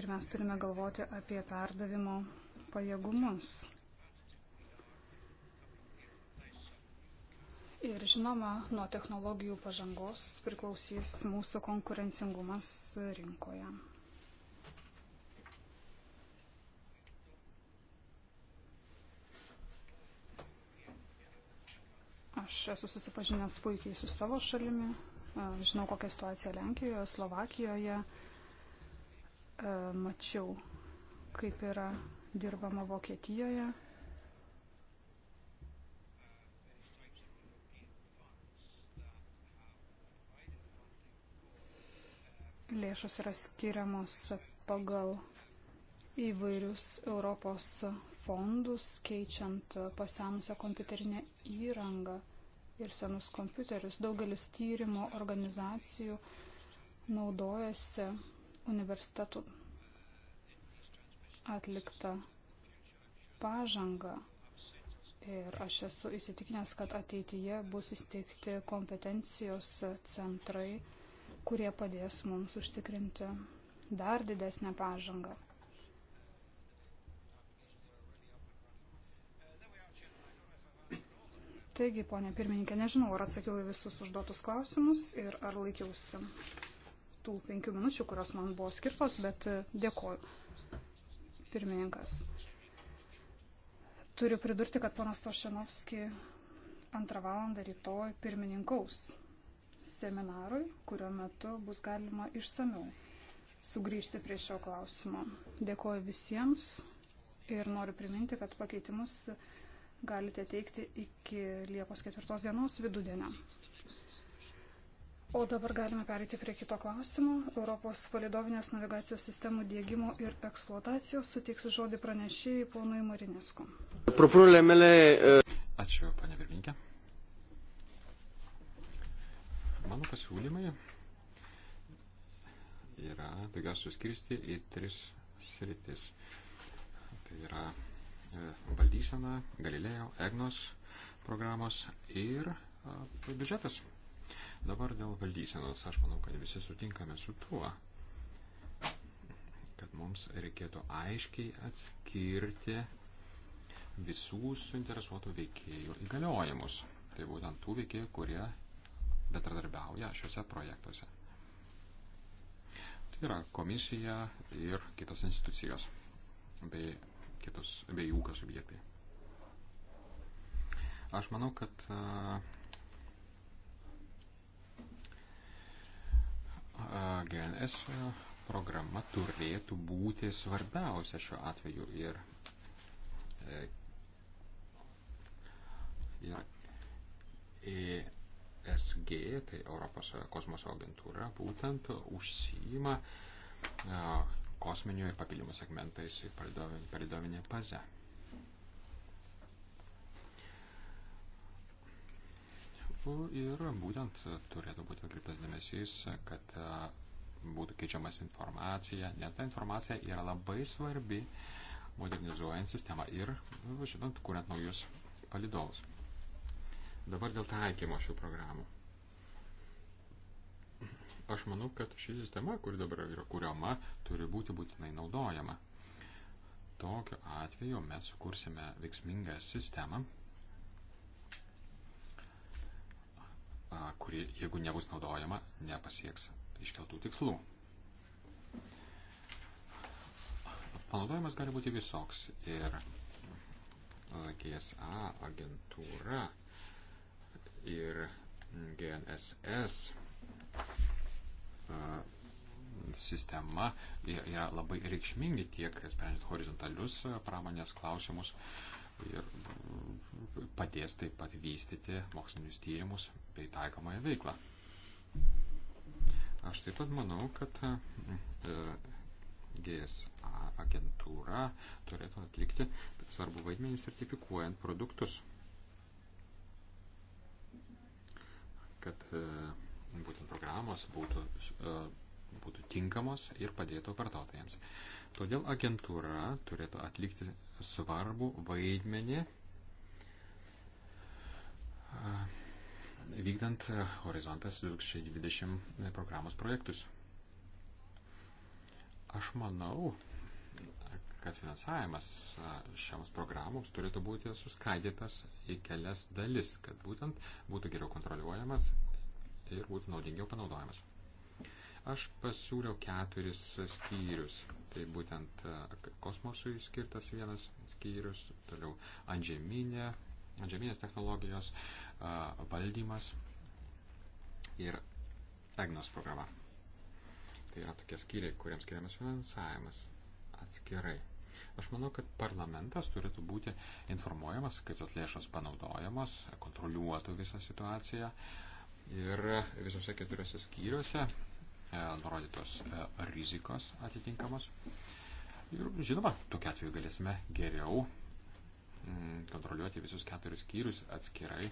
Ir mes turime galvoti apie perdavimo pajėgumus. Ir žinoma, nuo technologijų pažangos priklausys mūsų konkurencingumas rinkoje. Aš esu susipažinęs puikiai su savo šalimi, žinau kokią situaciją Lenkijoje, Slovakijoje, mačiau, kaip yra dirbama Vokietijoje. Lėšos yra skiriamos pagal įvairius Europos fondus, keičiant pasenusią kompiuterinę įrangą ir senus kompiuterius. Daugelis tyrimo organizacijų naudojasi universitetų atliktą pažangą. Ir aš esu įsitikinęs, kad ateityje bus įsteigti kompetencijos centrai, kurie padės mums užtikrinti dar didesnę pažangą. Taigi, ponė pirmininkė, nežinau, ar atsakiau į visus užduotus klausimus ir ar laikiausi tų penkių minučių, kurios man buvo skirtos, bet e, dėkoju. Pirmininkas. Turiu pridurti, kad ponas Tošinovski antrą valandą rytoj pirmininkaus seminarui, kurio metu bus galima išsamiau sugrįžti prie šio klausimo. Dėkoju visiems ir noriu priminti, kad pakeitimus galite teikti iki Liepos 4 dienos vidudienio. O dabar galime pereiti prie kito klausimo. Europos palidovinės navigacijos sistemų dėgymo ir eksploatacijos suteiksiu žodį pranešėjai ponui Marinesku. E, Ačiū, panė Virminkė. Mano pasiūlymai yra daugiausiai suskirsti į tris sritis. Tai yra valdysena, Galilėjo, EGNOS programos ir biudžetas. Dabar dėl valdysenos aš manau, kad visi sutinkame su tuo, kad mums reikėtų aiškiai atskirti visų suinteresuotų veikėjų įgaliojimus. Tai būtent tų veikėjų, kurie bendradarbiauja šiuose projektuose. Tai yra komisija ir kitos institucijos bei kitus bei ūkio subjektai. Aš manau, kad GNS programa turėtų būti svarbiausia šiuo atveju ir, e, ir ESG, tai Europos kosmoso agentūra, būtent užsijima kosminių ir papildymų segmentais į palidovinę bazę. Nu ir būtent turėtų būti atkreiptas dėmesys, kad būtų keičiamas informacija, nes ta informacija yra labai svarbi modernizuojant sistemą ir, žinant, kuriant naujus palidovus. Dabar dėl taikymo šių programų. Aš manau, kad ši sistema, kuri dabar yra kuriama, turi būti būtinai naudojama. Tokiu atveju mes sukursime veiksmingą sistemą, kuri, jeigu nebus naudojama, nepasieks iškeltų tikslų. Panaudojimas gali būti visoks ir GSA agentūra ir GNSS sistema yra labai reikšmingi tiek sprendžiant horizontalius pramonės klausimus ir padės taip pat vystyti mokslinius tyrimus bei taikomąją veiklą. Aš taip pat manau, kad GSA e, agentūra turėtų atlikti svarbu vaidmenį sertifikuojant produktus. Kad e, būtent programos būtų, e, būtų tinkamos ir padėtų vartotojams. Todėl agentūra turėtų atlikti svarbų vaidmenį e, vykdant Horizontas 2020 programos projektus. Aš manau, kad finansavimas e, šiams programoms turėtų būti suskaidytas į kelias dalis, kad būtent būtų geriau kontroliuojamas, Tai ir būtų naudingiau panaudojamas. Aš pasiūliau keturis skyrius. Tai būtent e, kosmosui skirtas vienas skyrius, toliau antžeminė, antžeminės technologijos, e, valdymas ir EGNOS programa. Tai yra tokie skyriai, kuriems skiriamas finansavimas atskirai. Aš manau, kad parlamentas turėtų būti informuojamas, kaip tos lėšos panaudojamos, kontroliuotų visą situaciją. Uh, ir visose keturiose skyriuose e, nurodytos e, rizikos atitinkamos. Ir žinoma, tokiu atveju galėsime geriau mm, kontroliuoti visus keturis skyrius atskirai,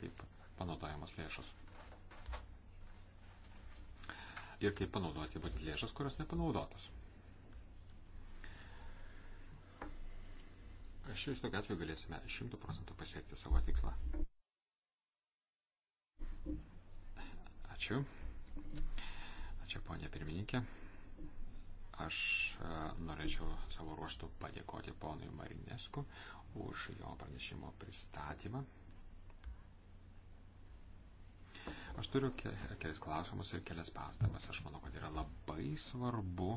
kaip panaudojamos lėšos. Ir kaip panaudoti vat, lėšas, kurios nepanaudotos. Aš iš tokio atveju galėsime 100 procentų pasiekti savo tikslą. Ačiū. Ačiū, ponė pirmininkė. Aš e, norėčiau savo ruoštų padėkoti ponui Marinesku už jo pranešimo pristatymą. Aš turiu ke kelias klausimus ir kelias pastabas. Aš manau, kad yra labai svarbu,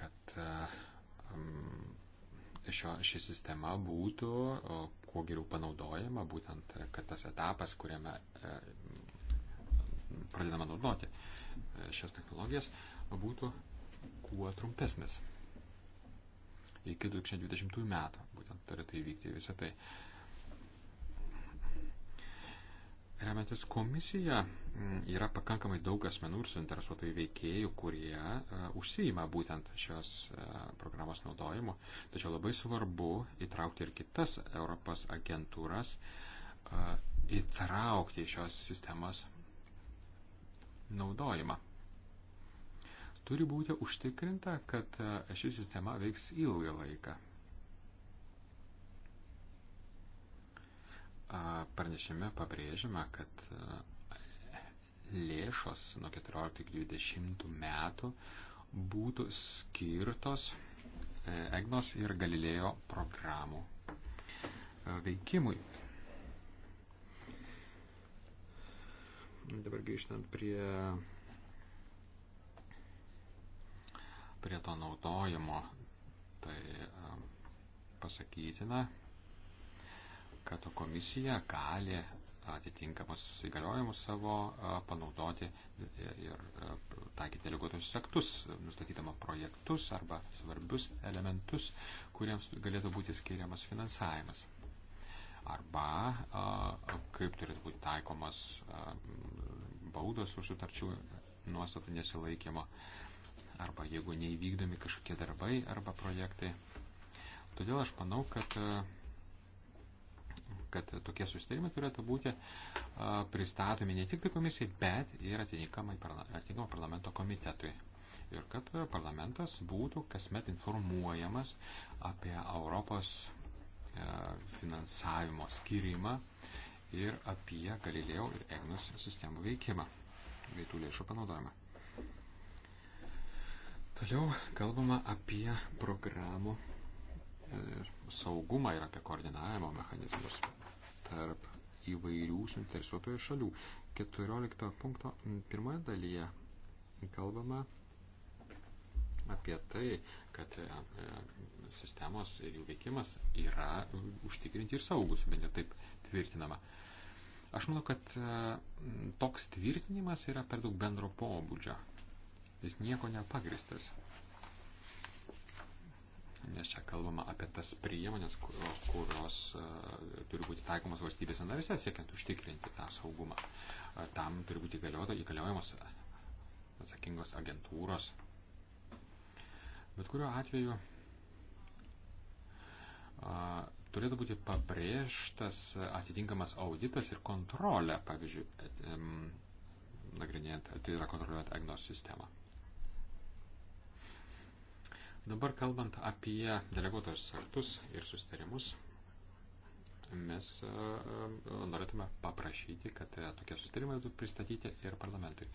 kad um, šio, ši sistema būtų kuo geriau panaudojama, būtent, e, kad tas etapas, kuriame e, pradedama naudoti e, šias technologijas, būtų kuo trumpesnis. Iki 2020 metų būtent turi tai vykti visą tai. Uh, Remiantis komisija mm, yra pakankamai daug asmenų ir suinteresuotojų veikėjų, kurie uh, e, užsijima būtent šios uh, programos naudojimu, tačiau labai svarbu įtraukti ir kitas Europos agentūras, uh, įtraukti šios sistemos naudojimą. Turi būti užtikrinta, kad uh, ši sistema veiks ilgą laiką. pranešime pabrėžiama, kad e, lėšos nuo 14-20 metų būtų skirtos e, Egnos ir Galilėjo programų e, veikimui. Dabar grįžtant prie, prie to naudojimo, tai pasakytina, kad komisija gali atitinkamus įgaliojimus savo panaudoti ir taikyti deleguotusius aktus, nustatydama projektus arba svarbius elementus, kuriems galėtų būti skiriamas finansavimas. Arba kaip turėtų būti taikomas baudos už sutarčių nuostatų nesilaikymą, arba jeigu neįvykdomi kažkokie darbai arba projektai. Todėl aš manau, kad kad tokie susitarimai turėtų būti pristatomi ne tik tai komisijai, bet ir atitinkamai parlamento komitetui. Ir kad parlamentas būtų kasmet informuojamas apie Europos e, finansavimo skirimą ir apie Galileo ir Egnus sistemų veikimą bei tų lėšų panaudojimą. Toliau kalbama apie programų saugumą ir apie koordinavimo mechanizmus tarp įvairių suinteresuotojų šalių. 14 punkto pirmoje dalyje kalbama apie tai, kad e, e, sistemos ir jų veikimas yra užtikrinti ir saugus, bent jau taip tvirtinama. Aš manau, kad e, toks tvirtinimas yra per daug bendro pobūdžio. Jis nieko nepagristas nes čia kalbama apie tas priemonės, kurios e, turi būti taikomas valstybėse narėse, siekiant užtikrinti tą saugumą. E, tam turi būti įgaliojamos atsakingos agentūros. Bet kuriuo atveju e, turėtų būti pabrėžtas atitinkamas auditas ir kontrolė, pavyzdžiui, nagrinėjant, tai yra kontroliuojant EGNOS sistemą. Dabar kalbant apie deleguotojus aktus ir sustarimus, mes e, e, norėtume paprašyti, kad e, tokie sustarimai būtų pristatyti ir parlamentui.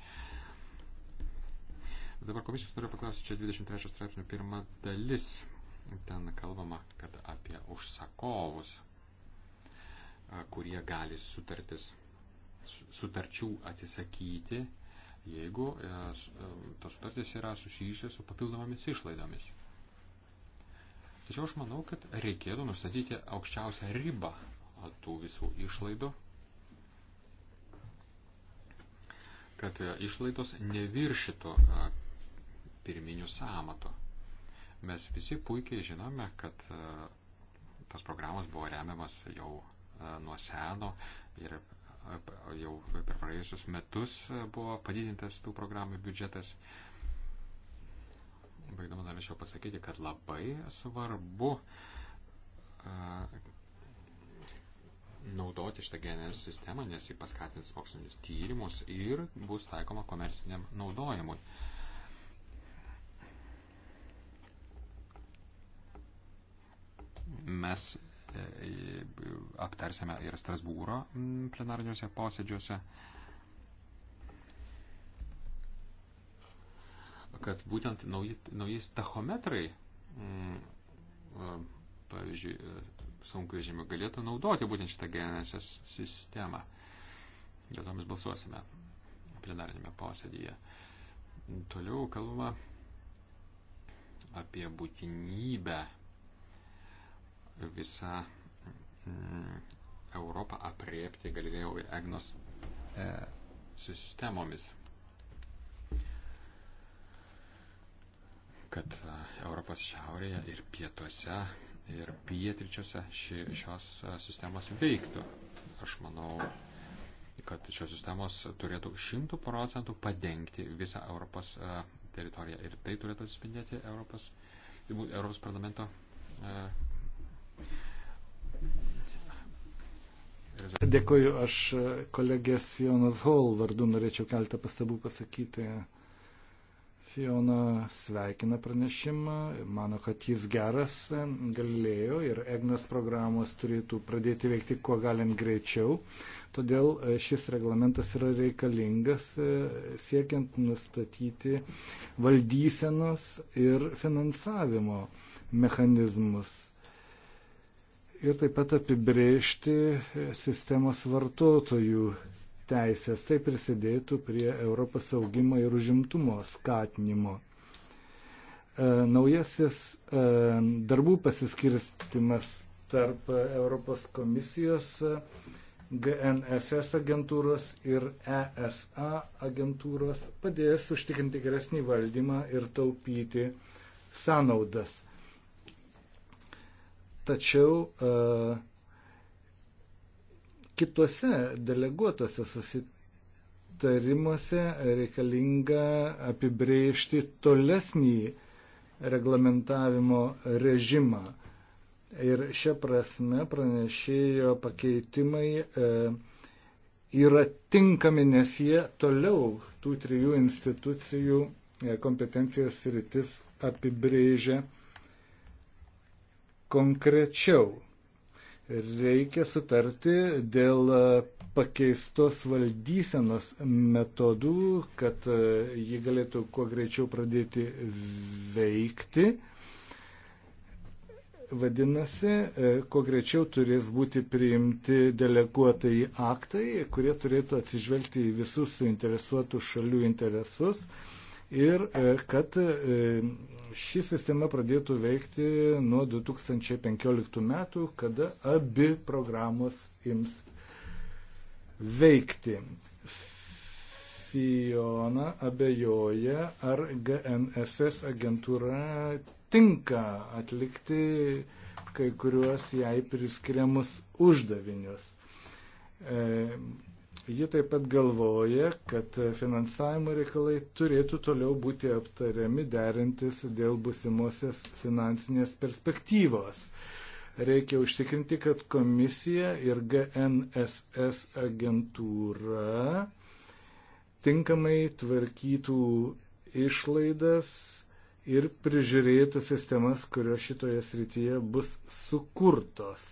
Dabar komisijos noriu paklausyti, čia 23 straipsnių pirma dalis, ten kalbama, kad apie užsakovus, kurie gali sutartis, sutarčių atsisakyti, jeigu tos sutartys yra susijusios su papildomomis išlaidomis. Tačiau aš manau, kad reikėtų nustatyti aukščiausią ribą tų visų išlaidų, kad išlaidos neviršito pirminių samato. Mes visi puikiai žinome, kad tas programas buvo remiamas jau nuo seno ir jau per praėjusius metus buvo padidintas tų programų biudžetas. Baigdama norėčiau pasakyti, kad labai svarbu uh, naudoti šitą GNS sistemą, nes jį paskatins mokslinius tyrimus ir bus taikoma komerciniam naudojimui. Mes e, e, aptarsime ir Strasbūro plenariniuose posėdžiuose. Uh, kad būtent nauji, naujais tachometrai, mm, pavyzdžiui, e, sunkvežimių galėtų naudoti būtent šitą GNSS sistemą. Dėl to mes balsuosime plenarinėme posėdėje. Toliau kalbama apie būtinybę visą mm, Europą apriepti Galilėjo ir Egnos e, sistemomis. kad e, Europos šiaurėje ir pietuose ir pietričiuose ši, šios e, sistemos veiktų. Aš manau, kad šios sistemos turėtų šimtų procentų padengti visą Europos e, teritoriją ir tai turėtų atspindėti Europos, Europos parlamento Dėkuoju, aš kolegės Jonas Hall vardu norėčiau keltą pastabų pasakyti. Fiona sveikina pranešimą, mano, kad jis geras, galėjo ir EGNAS programos turėtų pradėti veikti kuo galint greičiau. Todėl e, šis reglamentas yra reikalingas e, siekiant nustatyti valdysenos ir finansavimo mechanizmus ir taip pat apibrėžti e, sistemos vartotojų teisės. Tai prisidėtų prie Europos saugimo ir užimtumo skatinimo. E, naujasis e, darbų pasiskirstimas tarp Europos komisijos, GNSS agentūros ir ESA agentūros padės užtikrinti geresnį valdymą ir taupyti sąnaudas. Tačiau uh, Kitose deleguotose susitarimuose reikalinga apibrėžti tolesnį reglamentavimo režimą. Ir šia prasme pranešėjo pakeitimai e, yra tinkami, nes jie toliau tų trijų institucijų e, kompetencijos rytis apibrėžia konkrečiau reikia sutarti dėl e, pakeistos valdysenos metodų, kad e, ji galėtų kuo greičiau pradėti veikti. Vadinasi, e, kuo greičiau turės būti priimti deleguotai aktai, kurie turėtų atsižvelgti į visus suinteresuotų šalių interesus ir e, kad e, ši sistema pradėtų veikti nuo 2015 metų, kada abi programos ims veikti. Fiona abejoja, ar GNSS agentūra tinka atlikti kai kuriuos jai priskiriamus uždavinius. E, Ji taip pat galvoja, kad finansavimo reikalai turėtų toliau būti aptariami derintis dėl busimosios finansinės perspektyvos. Reikia užtikrinti, kad komisija ir GNSS agentūra tinkamai tvarkytų išlaidas ir prižiūrėtų sistemas, kurios šitoje srityje bus sukurtos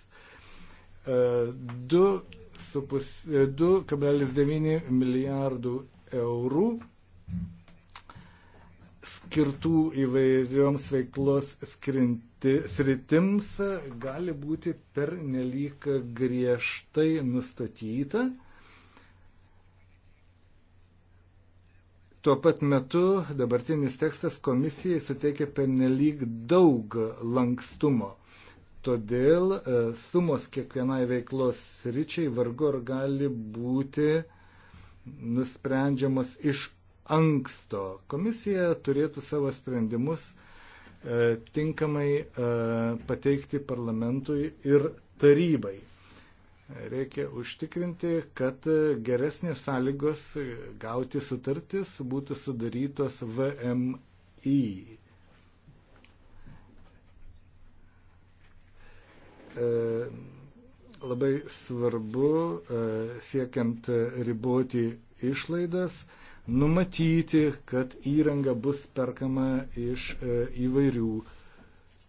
2,9 e, milijardų eurų skirtų įvairioms veiklos skrinti, sritims gali būti per nelyg griežtai nustatyta. Tuo pat metu dabartinis tekstas komisijai suteikia per nelyg daug lankstumo. Todėl e, sumos kiekvienai veiklos ryčiai vargu ar gali būti nusprendžiamas iš anksto. Komisija turėtų savo sprendimus e, tinkamai e, pateikti parlamentui ir tarybai. Reikia užtikrinti, kad geresnės sąlygos gauti sutartis būtų sudarytos VMI. E, labai svarbu e, siekiant riboti išlaidas, numatyti, kad įranga bus perkama iš e, įvairių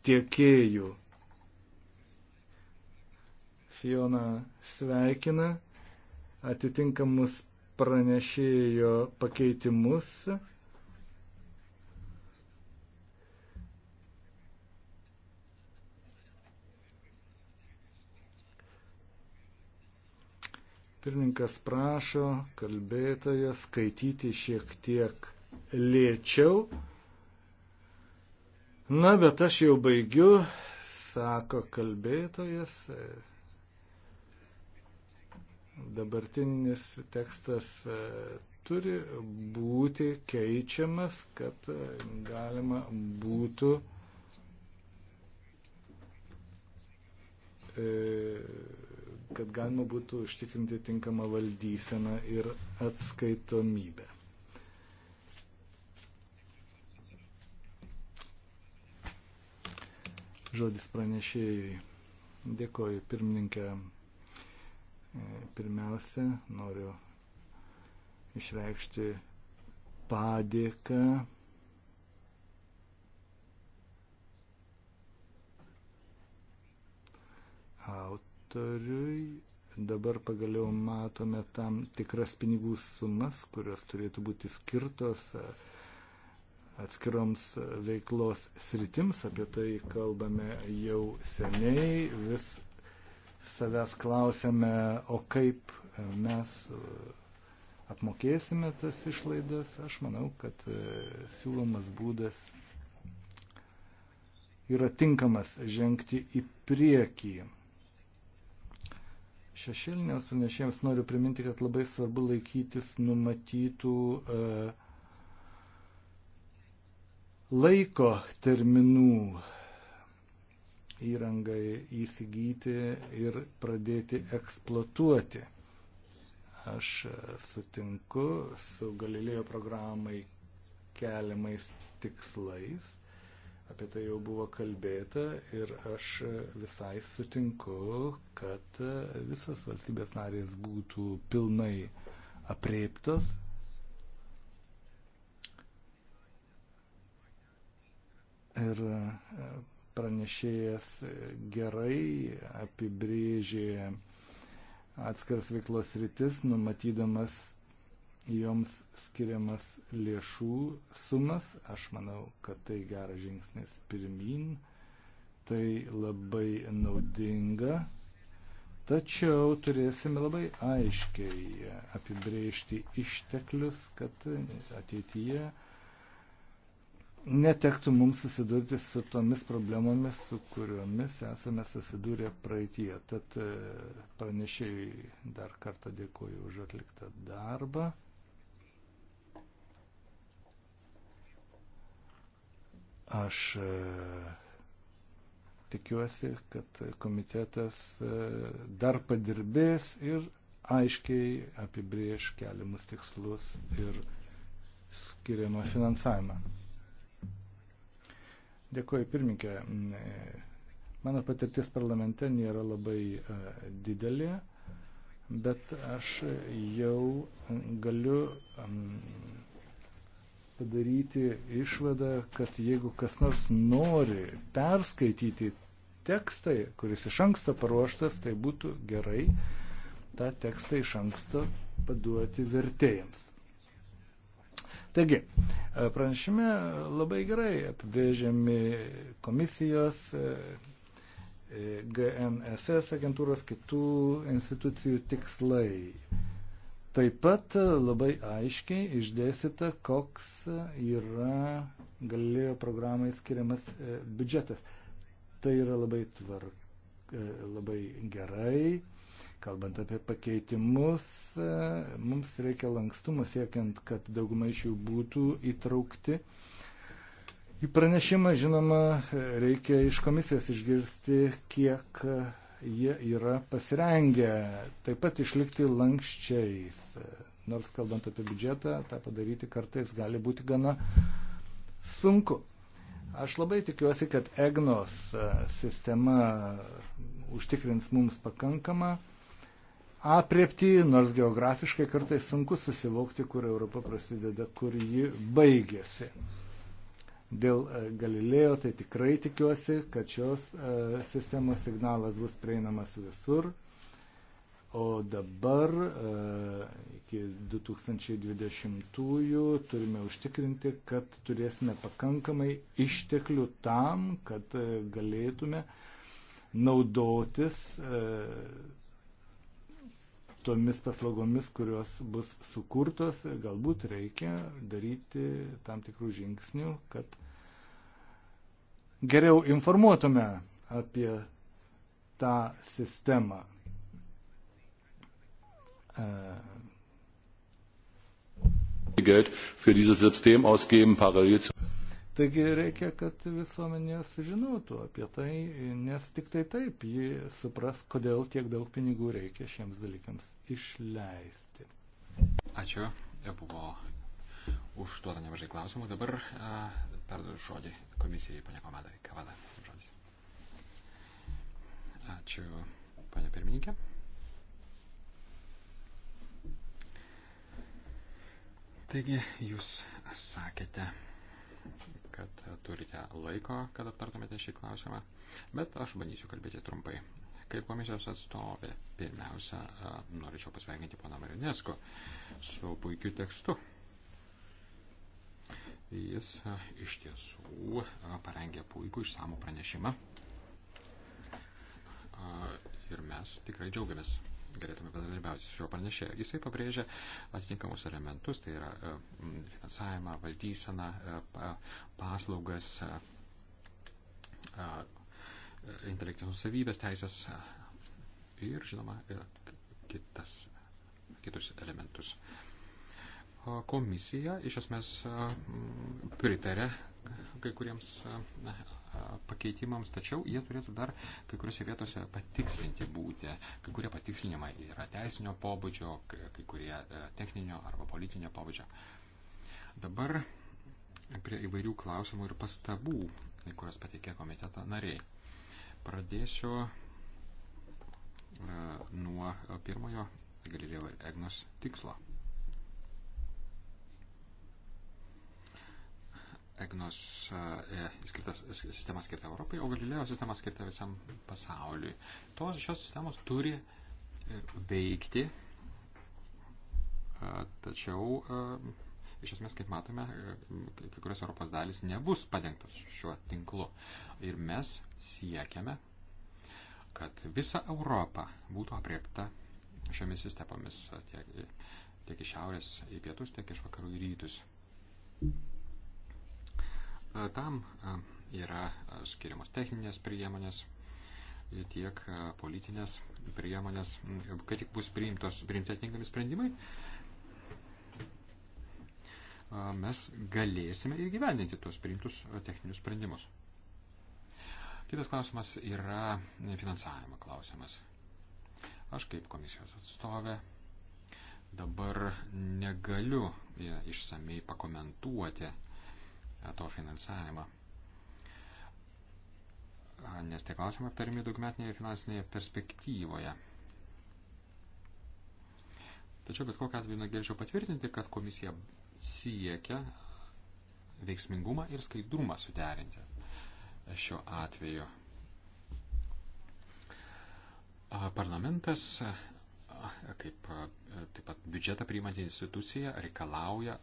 tiekėjų. Fiona sveikina atitinkamus pranešėjo pakeitimus Pirmininkas prašo kalbėtojo skaityti šiek tiek lėčiau. Na, bet aš jau baigiu, sako kalbėtojas. Dabartinis tekstas e, turi būti keičiamas, kad e, galima būtų e, kad galima būtų užtikrinti tinkamą valdyseną ir atskaitomybę. Žodis pranešėjai. Dėkoju pirmininkė. E, pirmiausia, noriu išreikšti padėką aut sektoriui. Dabar pagaliau matome tam tikras pinigų sumas, kurios turėtų būti skirtos e, atskiroms veiklos sritims. Apie tai kalbame jau seniai, vis savęs klausėme, o kaip mes e, apmokėsime tas išlaidas, aš manau, kad e, siūlomas būdas yra tinkamas žengti į priekį. Šešėliniams pranešėjams noriu priminti, kad labai svarbu laikytis numatytų e, laiko terminų įrangai įsigyti ir pradėti eksploatuoti. Aš e, sutinku su Galilėjo programai keliamais tikslais Apie tai jau buvo kalbėta ir aš visai sutinku, kad visas valstybės narės būtų pilnai apreiptos. Ir pranešėjas gerai apibrėžė atskiras veiklos rytis, numatydamas joms skiriamas lėšų sumas. Aš manau, kad tai geras žingsnis pirmin, tai labai naudinga. Tačiau turėsime labai aiškiai apibrėžti išteklius, kad ateityje netektų mums susidurti su tomis problemomis, su kuriomis esame susidūrę praeitie. Tad e, pranešėjai dar kartą dėkuoju už atliktą darbą. Aš e, tikiuosi, kad komitetas e, dar padirbės ir aiškiai apibrieš keliamus tikslus ir skiriamą finansavimą. Dėkuoju, pirmininkė. E, mano patirtis parlamente nėra labai didelė, bet aš jau galiu padaryti išvadą, kad jeigu kas nors nori perskaityti tekstą, kuris iš anksto paruoštas, tai būtų gerai tą tekstą iš anksto paduoti vertėjams. Taigi, pranešime labai gerai apibrėžiami komisijos, e, e, GNSS agentūros, kitų institucijų tikslai. Taip pat labai aiškiai išdėsita, koks yra galėjo programai skiriamas e, biudžetas. Tai yra labai, tvar, e, labai gerai. Kalbant apie pakeitimus, e, mums reikia lankstumo siekiant, kad dauguma iš jų būtų įtraukti. Į pranešimą, žinoma, reikia iš komisijos išgirsti, kiek jie yra pasirengę taip pat išlikti lankščiais. Nors kalbant apie biudžetą, tą padaryti kartais gali būti gana sunku. Aš labai tikiuosi, kad EGNOS e, sistema užtikrins mums pakankamą apriepti, nors geografiškai kartais sunku susivokti, kur Europa prasideda, kur ji baigėsi. Dėl e, Galilėjo tai tikrai tikiuosi, kad šios e, sistemos signalas bus prieinamas visur. O dabar e, iki 2020-ųjų turime užtikrinti, kad turėsime pakankamai išteklių tam, kad galėtume naudotis tomis paslaugomis, kurios bus sukurtos, galbūt reikia daryti tam tikrų žingsnių, kad geriau informuotume apie tą sistemą. Geld für dieses System ausgeben, parallel zu Taigi reikia, kad visuomenė sužinotų apie tai, nes tik tai taip ji supras, kodėl tiek daug pinigų reikia šiems dalykams išleisti. Ačiū, tai buvo užduota nemažai klausimų. Dabar a, perduodu žodį komisijai, ponia Komada, Kavada. Žodis. Ačiū, ponia pirmininkė. Taigi, jūs sakėte, kad turite laiko, kad aptartumėte šį klausimą, bet aš bandysiu kalbėti trumpai. Kaip komisijos atstovė, pirmiausia, norėčiau pasveikinti poną Marinesko su puikiu tekstu. Jis iš tiesų parengė puikų išsamų pranešimą ir mes tikrai džiaugiamės galėtume bendradarbiauti su šiuo pranešėju. Jisai pabrėžia atitinkamus elementus, tai yra e, finansavimą, valdyseną, e, paslaugas, e, intelektinės savybės, teisės ir, žinoma, kitas, kitus elementus. Komisija iš esmės pritarė kai kuriems pakeitimams, tačiau jie turėtų dar kai kuriuose vietose patikslinti būti. Kai kurie patikslinimai yra teisinio pobūdžio, kai kurie e, techninio arba politinio pobūdžio. Dabar prie įvairių klausimų ir pastabų, kurias pateikė komiteto nariai. Pradėsiu e, nuo pirmojo Galilėjo ir Egnos tikslo. EGNOS e, sistema skirta Europai, o Galilėjo sistema skirta visam pasauliui. Tos šios sistemos turi e, veikti, e, tačiau iš esmės, kaip matome, kai kurios Europos dalis nebus padengtos šiuo tinklu. Ir mes siekiame, kad visa Europa būtų apriepta šiomis sistemomis tiek, tiek iš šiaurės į pietus, tiek iš vakarų į rytus. E, tam e, yra e, skiriamos techninės priemonės, tiek politinės priemonės, kai tik bus priimtos, priimti atitinkami sprendimai, mes galėsime ir gyvendinti tuos priimtus techninius sprendimus. Kitas klausimas yra finansavimo klausimas. Aš kaip komisijos atstovė dabar negaliu išsamei pakomentuoti E to finansavimą. Nes tie klausimai aptarimi daugmetinėje finansinėje perspektyvoje. Tačiau bet kokią atveju negalėčiau patvirtinti, kad komisija siekia veiksmingumą ir skaidrumą suderinti šiuo atveju. Parlamentas kaip taip pat biudžetą priimanti institucija reikalauja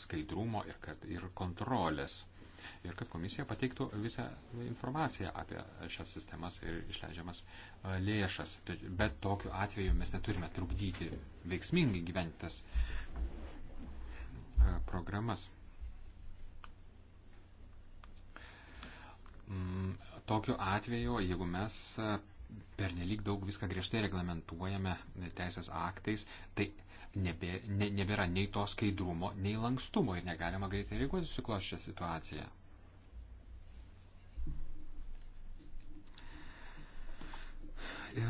skaidrumo ir, kad, ir kontrolės. Ir kad komisija pateiktų visą informaciją apie šias sistemas ir išleidžiamas lėšas. Bet tokiu atveju mes neturime trukdyti veiksmingai gyventas programas. Mm, tokiu atveju, jeigu mes pernelyg daug viską griežtai reglamentuojame teisės aktais, tai nebė, ne, nebėra nei to skaidrumo, nei lankstumo ir negalima greitai reaguoti sukloščią situaciją. E,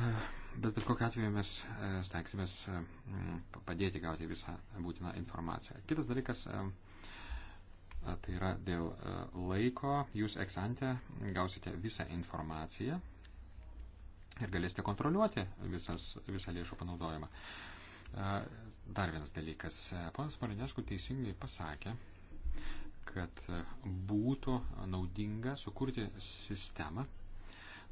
bet bet kokiu atveju mes e, stengsimės e, padėti gauti visą būtiną informaciją. Kitas dalykas tai yra dėl laiko. Jūs eksante gausite visą informaciją ir galėsite kontroliuoti visas, visą lėšų panaudojimą. E, dar vienas dalykas. E, ponas Marinesku teisingai pasakė, kad būtų naudinga sukurti sistemą,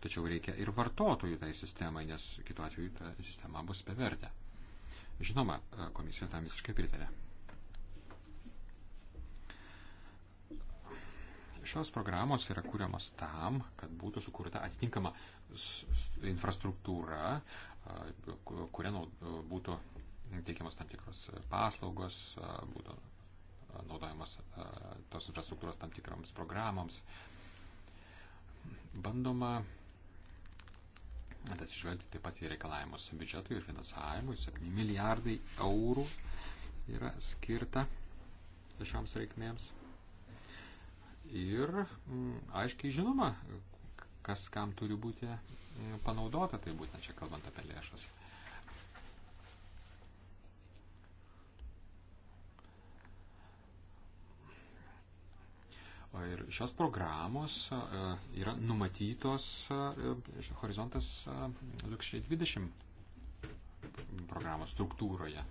tačiau reikia ir vartotojų tai sistemai, nes kitu atveju ta sistema bus bevertė. Žinoma, e, komisija tam visiškai pritarė. Šios programos yra kūriamos tam, kad būtų sukurta atitinkama infrastruktūra, kuria būtų teikiamas tam tikros paslaugos, būtų naudojamas tos infrastruktūros tam tikrams programams. Bandoma atsižvelgti taip pat į reikalavimus biudžetui ir finansavimui. 7 milijardai eurų yra skirta šioms reikmėms ir mm, aiškiai žinoma, kas kam turi būti mm, panaudota, tai būtent čia kalbant apie lėšas. O ir šios programos e, yra numatytos e, horizontas 2020 e, programos struktūroje.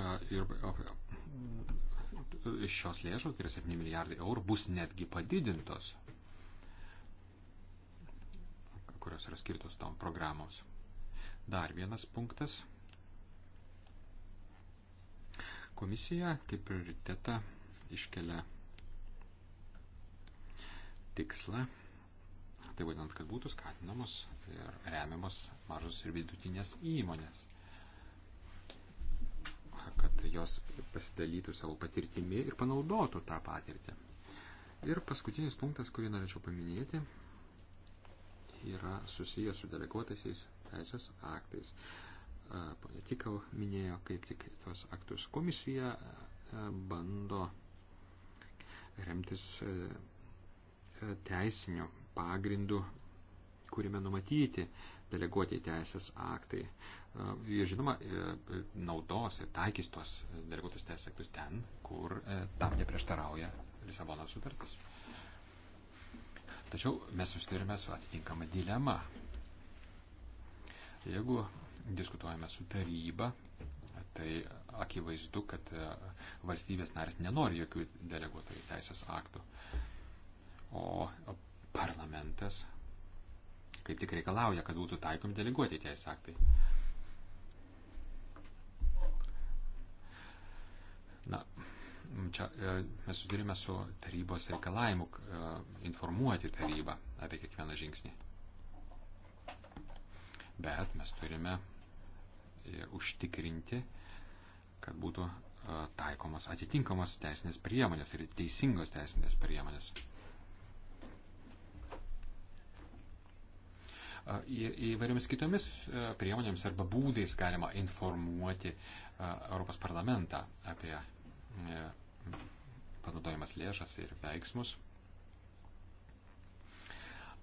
ir šios lėšos, tai yra 7 milijardai eurų, bus netgi padidintos, kurios yra skirtos tom programoms. Dar vienas punktas. Komisija kaip prioritetą iškelia tikslą, tai vadinant, kad būtų skatinamos ir remiamos mažos ir vidutinės įmonės jos pasidalytų savo patirtimi ir panaudotų tą patirtį. Ir paskutinis punktas, kurį norėčiau paminėti, yra susijęs su deleguotaisiais teisės aktais. Pone Tikau minėjo, kaip tik tos aktus komisija bando remtis teisiniu pagrindu, kuriame numatyti deleguotieji teisės aktai jie žinoma e, naudos ir taikys tos deleguotus teisės aktus ten, kur e, tam neprieštarauja Lisabono sutartis. Tačiau mes susidurime su atitinkama dilema. Jeigu diskutuojame su taryba, tai akivaizdu, kad e, valstybės narės nenori jokių deleguotojų teisės aktų. O parlamentas kaip tik reikalauja, kad būtų taikomi deleguoti teisės aktai. Na, čia e, mes susidurime su tarybos reikalavimu e, informuoti tarybą apie kiekvieną žingsnį. Bet mes turime e, užtikrinti, kad būtų taikomas atitinkamas teisinės priemonės ir teisingos teisinės priemonės. Įvairiomis kitomis priemonėmis arba būdais galima informuoti Europos parlamentą apie E, panaudojimas lėšas ir veiksmus.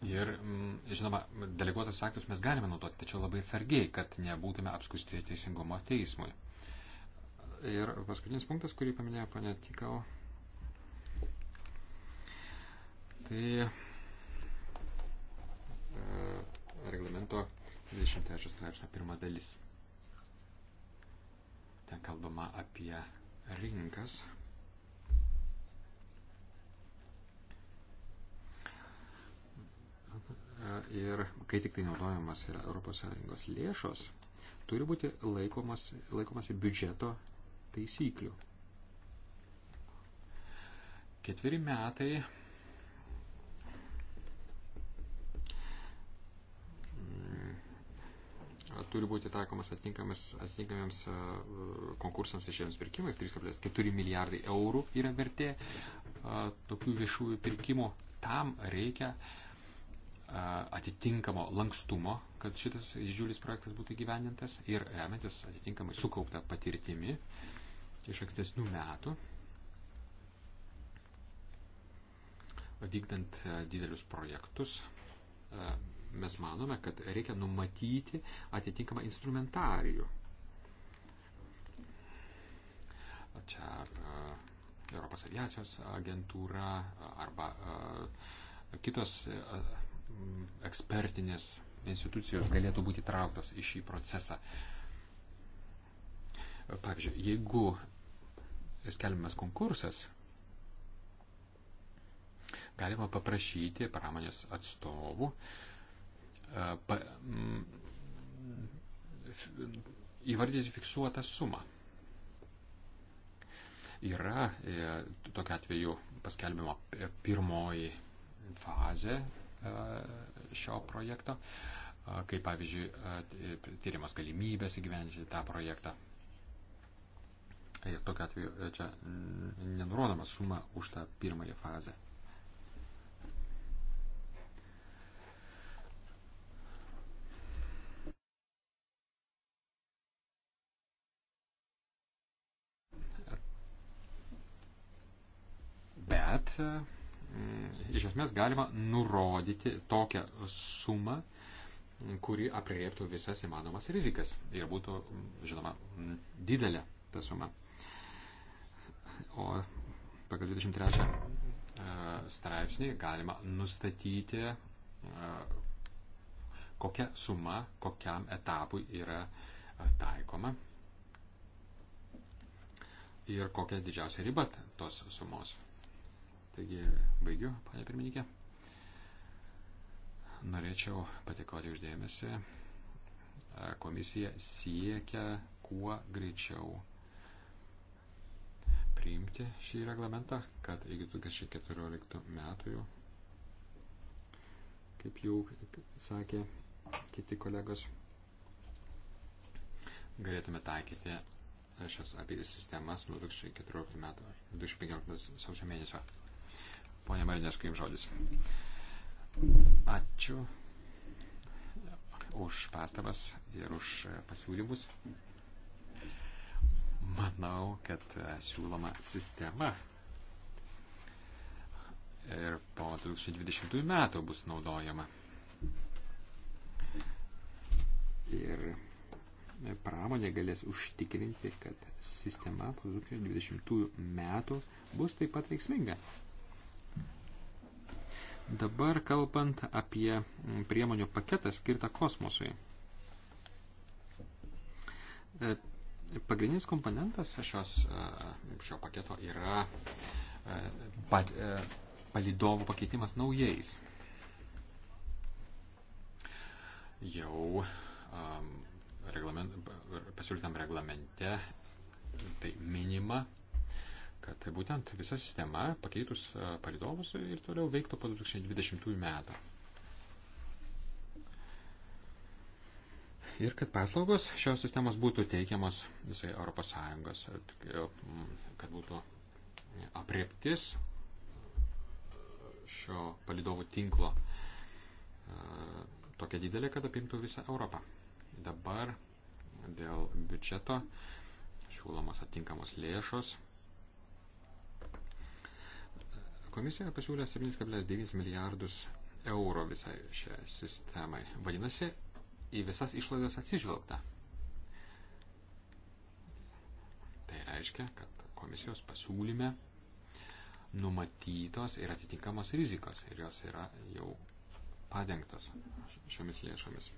Ir, mm, žinoma, deleguotas aktus mes galime naudoti, tačiau labai atsargiai, kad nebūtume apskusti teisingumo teismui. Ir paskutinis punktas, kurį paminėjo ponė Tikau, tai e, reglamento 23 straipsnio pirma dalis. Ten kalbama apie rinkas. Ir kai tik tai naudojamas yra ES lėšos, turi būti laikomas, laikomasi biudžeto taisyklių. Ketveri metai turi būti taikomas atitinkamiems e, konkursams viešiems pirkimais. 3,4 milijardai eurų yra vertė e, tokių viešųjų pirkimų. Tam reikia e, atitinkamo lankstumo, kad šitas didžiulis projektas būtų gyvenintas ir remiantis atitinkamai sukauptą patirtimi iš ankstesnių metų, vykdant didelius projektus, mes manome, kad reikia numatyti atitinkamą instrumentarijų. Čia Europos aviacijos agentūra arba kitos ekspertinės institucijos galėtų būti trauktos į šį procesą. Pavyzdžiui, jeigu skelbiamas konkursas, galima paprašyti pramonės atstovų uh, pa, m, įvardyti fiksuotą sumą. Yra e, tokia atveju paskelbimo pirmoji fazė e, šio projekto, e, kaip pavyzdžiui, e, tyrimas galimybės įgyvendinti tą projektą. Ir tokia atveju e, čia nenurodoma suma už tą pirmąją fazę. bet mm, iš esmės galima nurodyti tokią sumą, kuri apriektų visas įmanomas rizikas ir būtų, žinoma, didelė ta suma. O pagal 23 e, straipsnį galima nustatyti, e, kokia suma, kokiam etapui yra e, taikoma ir kokia didžiausia riba tos sumos. Taigi, baigiu, panė pirmininkė. Norėčiau patikoti uždėmesi. Komisija siekia kuo greičiau priimti šį reglamentą, kad iki 2014 metų, kaip jau sakė kiti kolegos, galėtume taikyti šias abi sistemas nuo 2014 metų 2015 sausio mėnesio. Pone Marinės, kaip žodis. Ačiū už pastabas ir už pasiūlymus. Manau, kad siūloma sistema ir po 2020 metų bus naudojama. Ir pramonė galės užtikrinti, kad sistema po 2020 metų bus taip pat veiksminga. Dabar kalbant apie priemonių paketą skirtą kosmosui. E, pagrindinis komponentas šios, e, šio paketo yra e, pat, palidovų pakeitimas naujais. Jau um, reglament, pasiūlytam reglamente tai minima kad tai būtent visa sistema pakeitus e, palidovus ir toliau veiktų po 2020 metų. Ir kad paslaugos šios sistemos būtų teikiamos visai ES, e, e, kad būtų apriptis šio palidovų tinklo tokia didelė, kad apimtų visą Europą. Dabar dėl biudžeto siūlomos atinkamos lėšos Komisija pasiūlė 7,9 milijardus eurų visai šiai sistemai. Vadinasi, į visas išlaidas atsižvelgta. Tai reiškia, kad komisijos pasiūlyme numatytos ir atitinkamos rizikos ir jos yra jau padengtos šiomis lėšomis.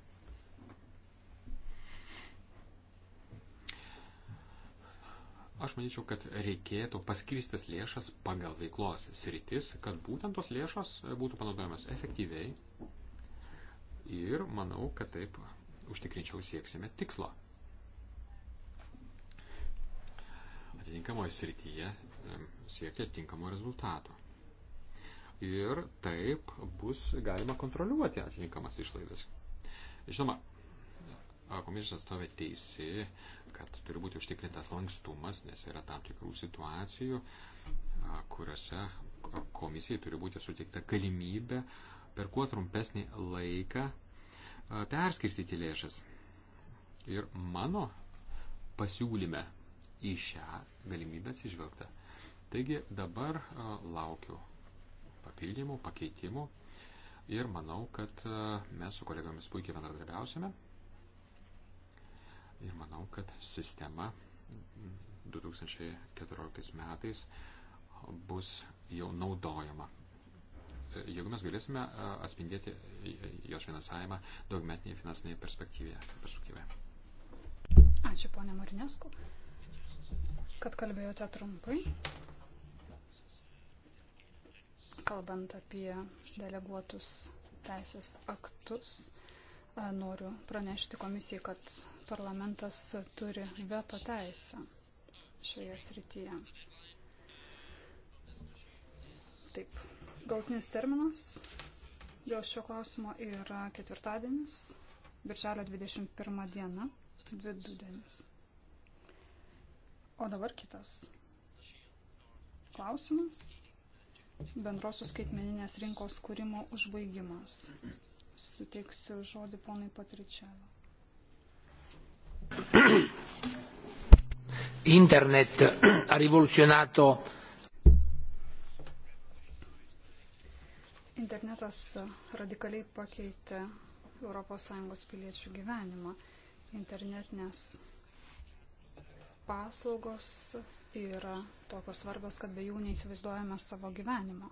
Aš manyčiau, kad reikėtų paskirstas lėšas pagal veiklos sritis, kad būtent tos lėšos būtų panaudojamas efektyviai ir manau, kad taip užtikrinčiau sieksime tikslo. Atitinkamoje srityje siekia tinkamo rezultato. Ir taip bus galima kontroliuoti atitinkamas išlaidas. Žinoma, komisijos atstovė teisi, kad turi būti užtikrintas lankstumas, nes yra tam tikrų situacijų, kuriuose komisijai turi būti suteikta galimybė per kuo trumpesnį laiką perskirstyti lėšas. Ir mano pasiūlyme į šią galimybę atsižvelgta. Taigi dabar laukiu papildymų, pakeitimų ir manau, kad mes su kolegomis puikiai bendradarbiausime Ir manau, kad sistema 2014 metais bus jau naudojama. Jeigu mes galėsime atspindėti jos finansavimą daugmetinėje finansinėje perspektyvoje. Ačiū, ponė Marinesku, kad kalbėjote trumpai. Kalbant apie deleguotus teisės aktus, noriu pranešti komisijai, kad parlamentas turi veto teisę šioje srityje. Taip, galtinis terminas dėl šio klausimo yra ketvirtadienis, birželio 21 diena, vidudienis. O dabar kitas klausimas bendrosios skaitmeninės rinkos kūrimo užbaigimas suteiksiu žodį ponui Patričiavui. Internet ha rivoluzionato. Internetas radikaliai pakeitė ES piliečių gyvenimą. Internetinės paslaugos yra tokios svarbios, kad be jų neįsivaizduojame savo gyvenimo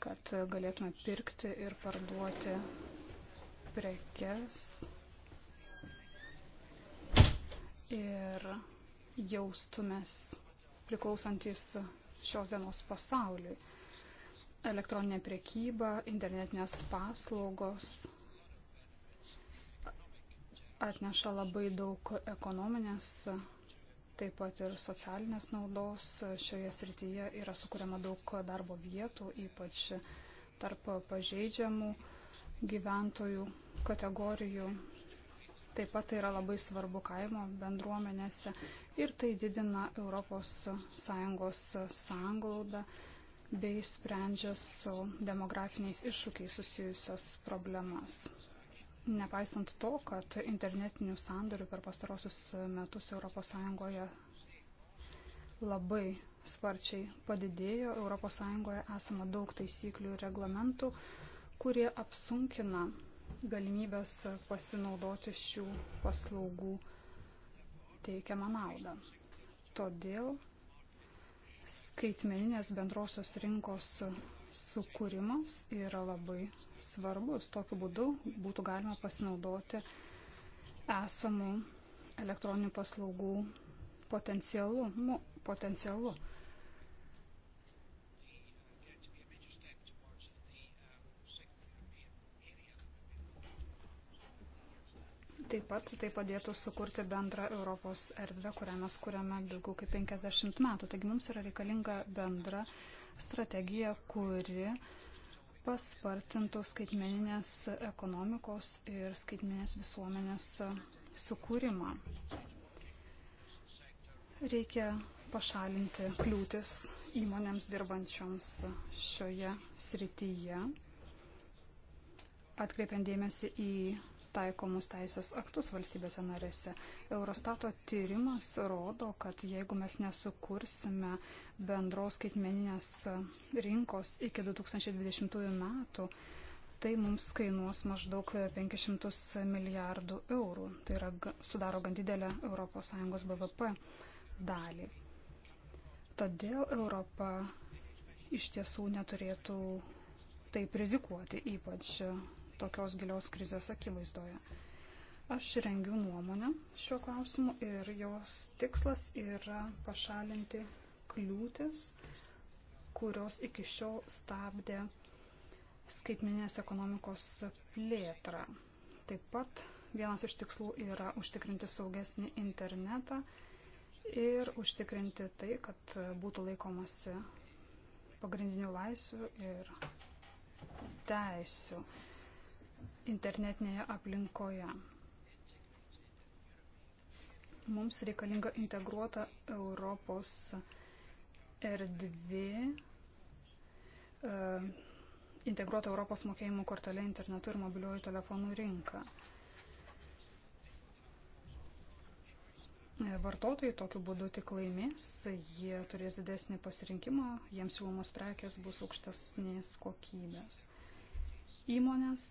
kad galėtume pirkti ir parduoti prekes ir jaustumės priklausantis šios dienos pasauliui. Elektroninė priekyba, internetinės paslaugos atneša labai daug ekonominės taip pat ir socialinės naudos. Šioje srityje yra sukuriama daug darbo vietų, ypač tarp pažeidžiamų gyventojų kategorijų. Taip pat tai yra labai svarbu kaimo bendruomenėse ir tai didina ES sąnglaudą bei sprendžia su demografiniais iššūkiais susijusias problemas. Nepaisant to, kad internetinių sandorių per pastarosius metus ES labai sparčiai padidėjo, ES esama daug taisyklių ir reglamentų, kurie apsunkina galimybės pasinaudoti šių paslaugų teikiamą naudą. Todėl skaitmeninės bendrosios rinkos sukūrimas yra labai svarbus. Tokiu būdu būtų galima pasinaudoti esamų elektroninių paslaugų potencialu. Mu, potencialu. Taip pat tai padėtų sukurti bendrą Europos erdvę, kurią mes kuriame daugiau kaip 50 metų. Taigi mums yra reikalinga bendra uh, strategiją, kuri paspartintų skaitmeninės ekonomikos ir skaitmeninės visuomenės sukūrimą. Reikia pašalinti kliūtis įmonėms dirbančioms šioje srityje, atkreipiant dėmesį į taikomus teisės aktus valstybėse narėse. Eurostato tyrimas rodo, kad jeigu mes nesukursime bendros skaitmeninės rinkos iki 2020 metų, tai mums kainuos maždaug 500 milijardų eurų. Tai yra, sudaro gan didelę ES BVP dalį. Todėl Europa iš tiesų neturėtų taip rizikuoti, ypač tokios gilios krizės akivaizdoje. Aš rengiu nuomonę šiuo klausimu ir jos tikslas yra pašalinti kliūtis, kurios iki šiol stabdė skaitminės ekonomikos plėtrą. Taip pat vienas iš tikslų yra užtikrinti saugesnį internetą ir užtikrinti tai, kad būtų laikomasi pagrindinių laisvių ir teisių internetinėje aplinkoje. Mums reikalinga integruota Europos erdvė, e, integruota Europos mokėjimų kortelė internetu ir mobiliuoju telefonų rinka. E, vartotojai tokiu būdu tik laimės, jie turės didesnį pasirinkimą, jiems siūlomos prekės bus aukštesnės kokybės. Įmonės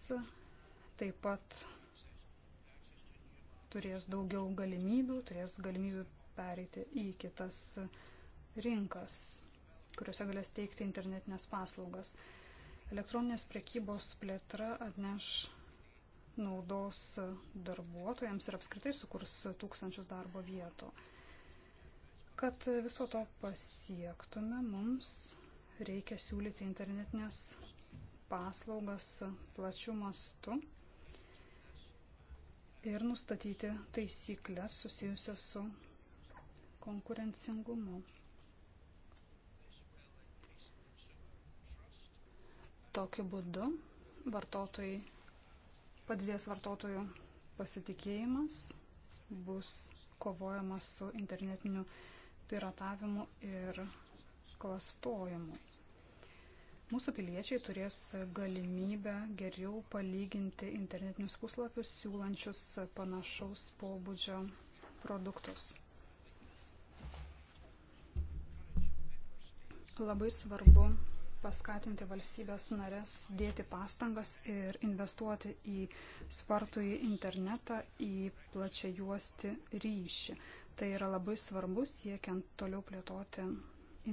taip pat turės daugiau galimybių, turės galimybių pereiti į kitas rinkas, kuriuose galės teikti internetinės paslaugas. Elektroninės prekybos plėtra atneš naudos darbuotojams ir apskritai sukurs tūkstančius darbo vietų. Kad viso to pasiektume, mums reikia siūlyti internetinės paslaugas plačių mastų ir nustatyti taisyklės susijusias su konkurencingumu. Tokiu būdu vartotojai padidės vartotojų pasitikėjimas, bus kovojama su internetiniu piratavimu ir klastojimu. Mūsų piliečiai turės galimybę geriau palyginti internetinius puslapius siūlančius panašaus pobūdžio produktus. Labai svarbu paskatinti valstybės narės dėti pastangas ir investuoti į spartų į internetą, į plačią juosti ryšį. Tai yra labai svarbu siekiant toliau plėtoti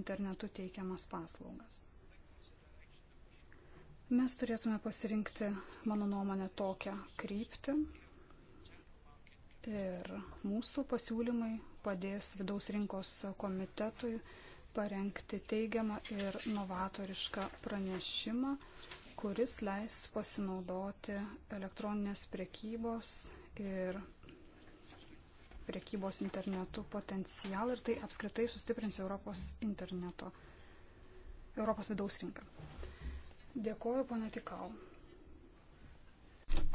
internetu teikiamas paslaugas. Mes turėtume pasirinkti, mano nuomonė, tokią kryptį. Ir mūsų pasiūlymai padės vidaus rinkos komitetui parengti teigiamą ir novatorišką pranešimą, kuris leis pasinaudoti elektroninės prekybos ir prekybos internetu potencialą ir tai apskritai sustiprins Europos interneto, Europos vidaus rinką. Dėkuoju, pana Tikau.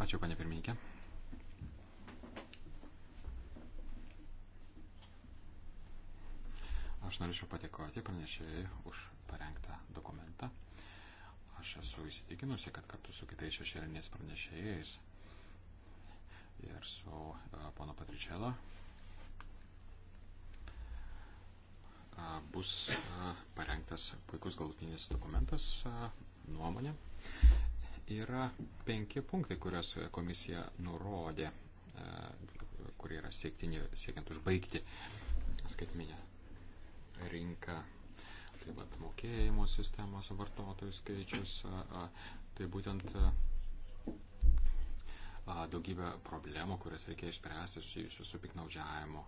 Ačiū, pana pirmininkė. Aš norėčiau padėkoti pranešėjai už parengtą dokumentą. Aš esu įsitikinusi, kad kartu su kitais šešėlinės pranešėjais ir su uh, pono Patričelo uh, bus uh, parengtas puikus galutinis dokumentas, uh, nuomonę. Yra penki punktai, kuriuos komisija nurodė, e, kurie yra siektini, siekiant užbaigti skaitminę rinką. Taip pat mokėjimo sistemos vartotojų skaičius, tai būtent daugybė problemų, kurias reikia išspręsti susijusiu su piknaudžiavimu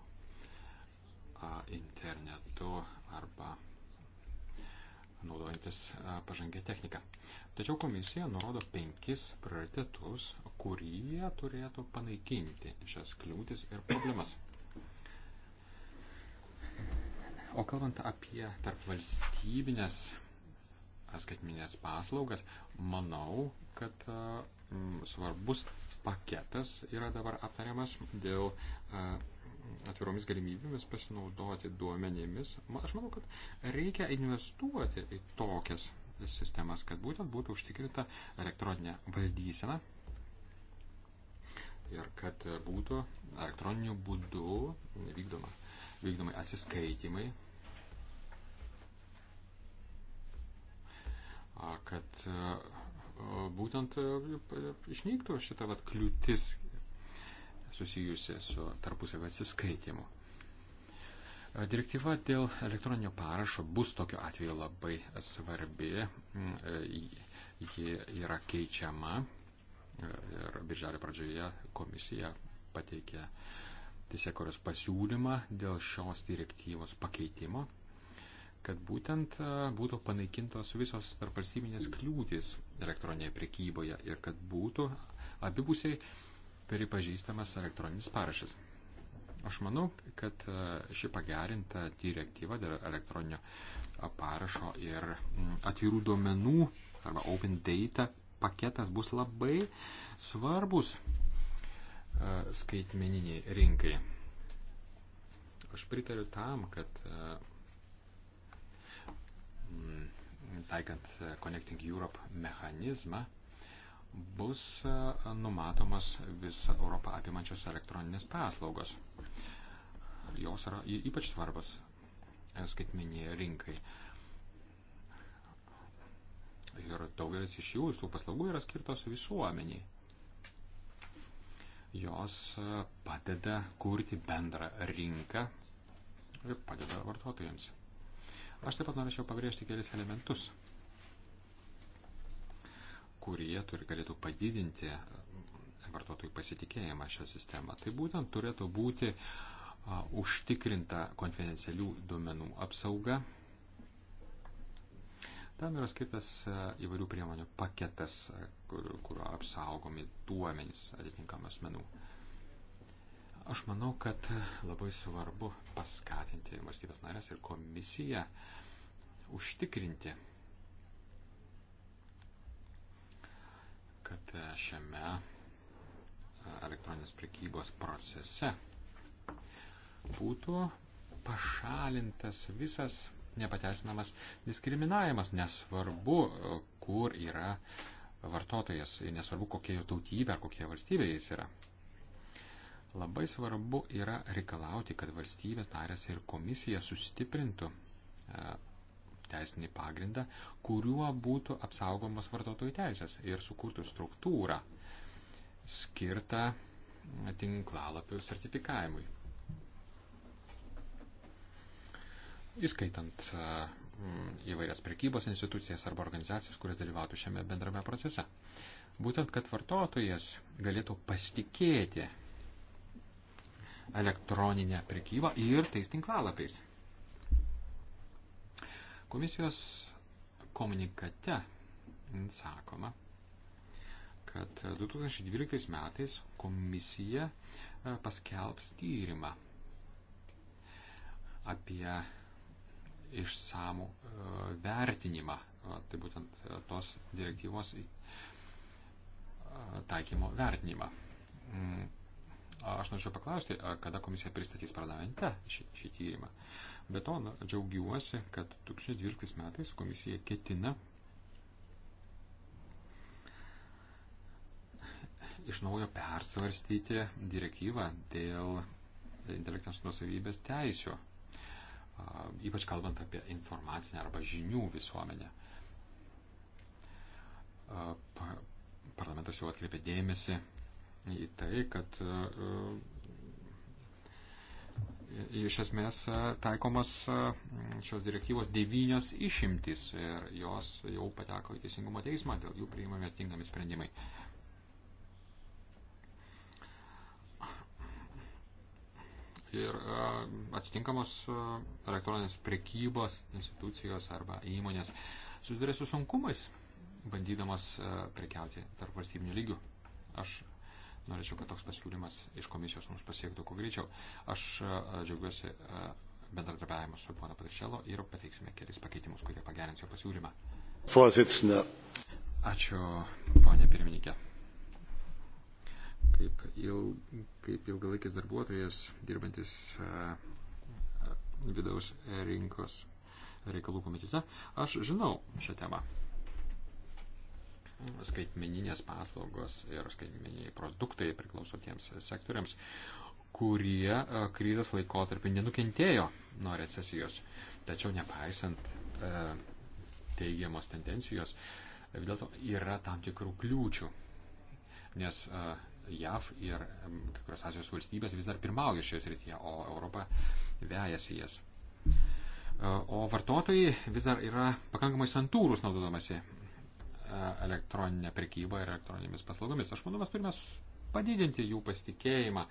internetu arba naudojantis pažangę techniką. Tačiau komisija nurodo penkis prioritetus, kurie turėtų panaikinti šias kliūtis ir problemas. O kalbant apie tarp valstybinės skaitminės paslaugas, manau, kad m, svarbus paketas yra dabar aptariamas dėl a, atviromis galimybėmis pasinaudoti duomenėmis. Aš manau, kad reikia investuoti į tokias sistemas, kad būtent būtų užtikrinta elektroninė valdysena ir kad būtų elektroniniu būdu vykdoma, vykdomai atsiskaitimai, kad būtent išnyktų šita vat kliūtis susijusi su tarpusavio atsiskaitimu. Direktyva dėl elektroninio parašo bus tokiu atveju labai svarbi. Ji yra keičiama ir birželio pradžioje komisija pateikė teisėkorios pasiūlymą dėl šios direktyvos pakeitimo, kad būtent e, būtų panaikintos visos tarpvalstybinės kliūtis elektroninėje prekyboje ir kad būtų abipusiai pripažįstamas elektroninis parašas. Aš manau, kad e, ši pagerinta direktyva dėl elektroninio parašo ir atvirų duomenų arba open data paketas bus labai svarbus e, skaitmeniniai rinkai. Aš pritariu tam, kad e, taikant Connecting Europe mechanizmą bus numatomas visą Europą apimančios elektroninės paslaugos. Jos yra ypač svarbas e, skaitmeninėje rinkai. Ir daugelis iš jų, tų paslaugų yra skirtos visuomeniai. Jos padeda kurti bendrą rinką ir padeda vartotojams. Aš taip pat norėčiau pabrėžti kelis elementus kurie turi, galėtų padidinti e, vartotojų pasitikėjimą šią sistemą. Tai būtent turėtų būti a, užtikrinta konfidencialių duomenų apsauga. Tam yra skirtas e, įvairių priemonių paketas, e, kurio kur apsaugomi duomenys atitinkamas menų. Aš manau, kad labai svarbu paskatinti valstybės narės ir komisiją užtikrinti kad e, šiame e, elektroninės prekybos procese būtų pašalintas visas nepateisinamas diskriminavimas, nesvarbu, e, kur yra vartotojas, nesvarbu, kokia jo tautybė ar kokia valstybė jis yra. Labai svarbu yra reikalauti, kad valstybės narės ir komisija sustiprintų teisinį pagrindą, kuriuo būtų apsaugomos vartotojų teisės ir sukurtų struktūrą skirtą tinklalapių sertifikavimui. Įskaitant mm, įvairias prekybos institucijas arba organizacijas, kurias dalyvautų šiame bendrame procese. Būtent, kad vartotojas galėtų pasitikėti elektroninę prekybą ir tais tinklalapiais. Komisijos komunikate sakoma, kad 2012 metais komisija e, paskelbs tyrimą apie išsamų e, vertinimą, tai būtent e, tos direktyvos taikymo vertinimą. Mm, aš norėčiau paklausti, kada komisija pristatys parlamente šį, šį tyrimą. Uh, Be to, na, džiaugiuosi, kad 2012 metais komisija ketina iš naujo persvarstyti direktyvą dėl intelektinės nusavybės teisio, ypač kalbant apie informacinę arba žinių visuomenę. Parlamentas jau atkreipė dėmesį į tai, kad iš esmės e, taikomas e, šios direktyvos devynios išimtis ir jos jau pateko į Teisingumo teismą, dėl jų priimami atitinkami sprendimai. Ir e, atitinkamos elektroninės prekybos institucijos arba įmonės susiduria su sunkumais, bandydamas prekiauti tarp valstybinių lygių. Aš Norėčiau, kad toks pasiūlymas iš komisijos mums pasiektų kuo greičiau. Aš e, džiaugiuosi e, bendradarbiavimu su pono Patričelo ir pateiksime kelis pakeitimus, kurie pagerins jo pasiūlymą. Ačiū, ponė pirmininkė. Kaip, il, kaip ilgalaikis darbuotojas, dirbantis e, vidaus rinkos reikalų komitete, aš žinau šią temą skaitmeninės paslaugos ir skaitmeniniai produktai priklauso tiems sektoriams, kurie e, krizės laikotarpį nenukentėjo nuo recesijos. Tačiau nepaisant e, teigiamos tendencijos, vis dėlto yra tam tikrų kliūčių. Nes e, JAV ir kai kurios Azijos valstybės vis dar pirmauja šioje srityje, o Europa vejasi jas. O vartotojai vis dar yra pakankamai santūrus naudodamasi E, elektroninę prekybą ir elektroninėmis paslaugomis. Aš manau, mes turime padidinti jų pasitikėjimą e,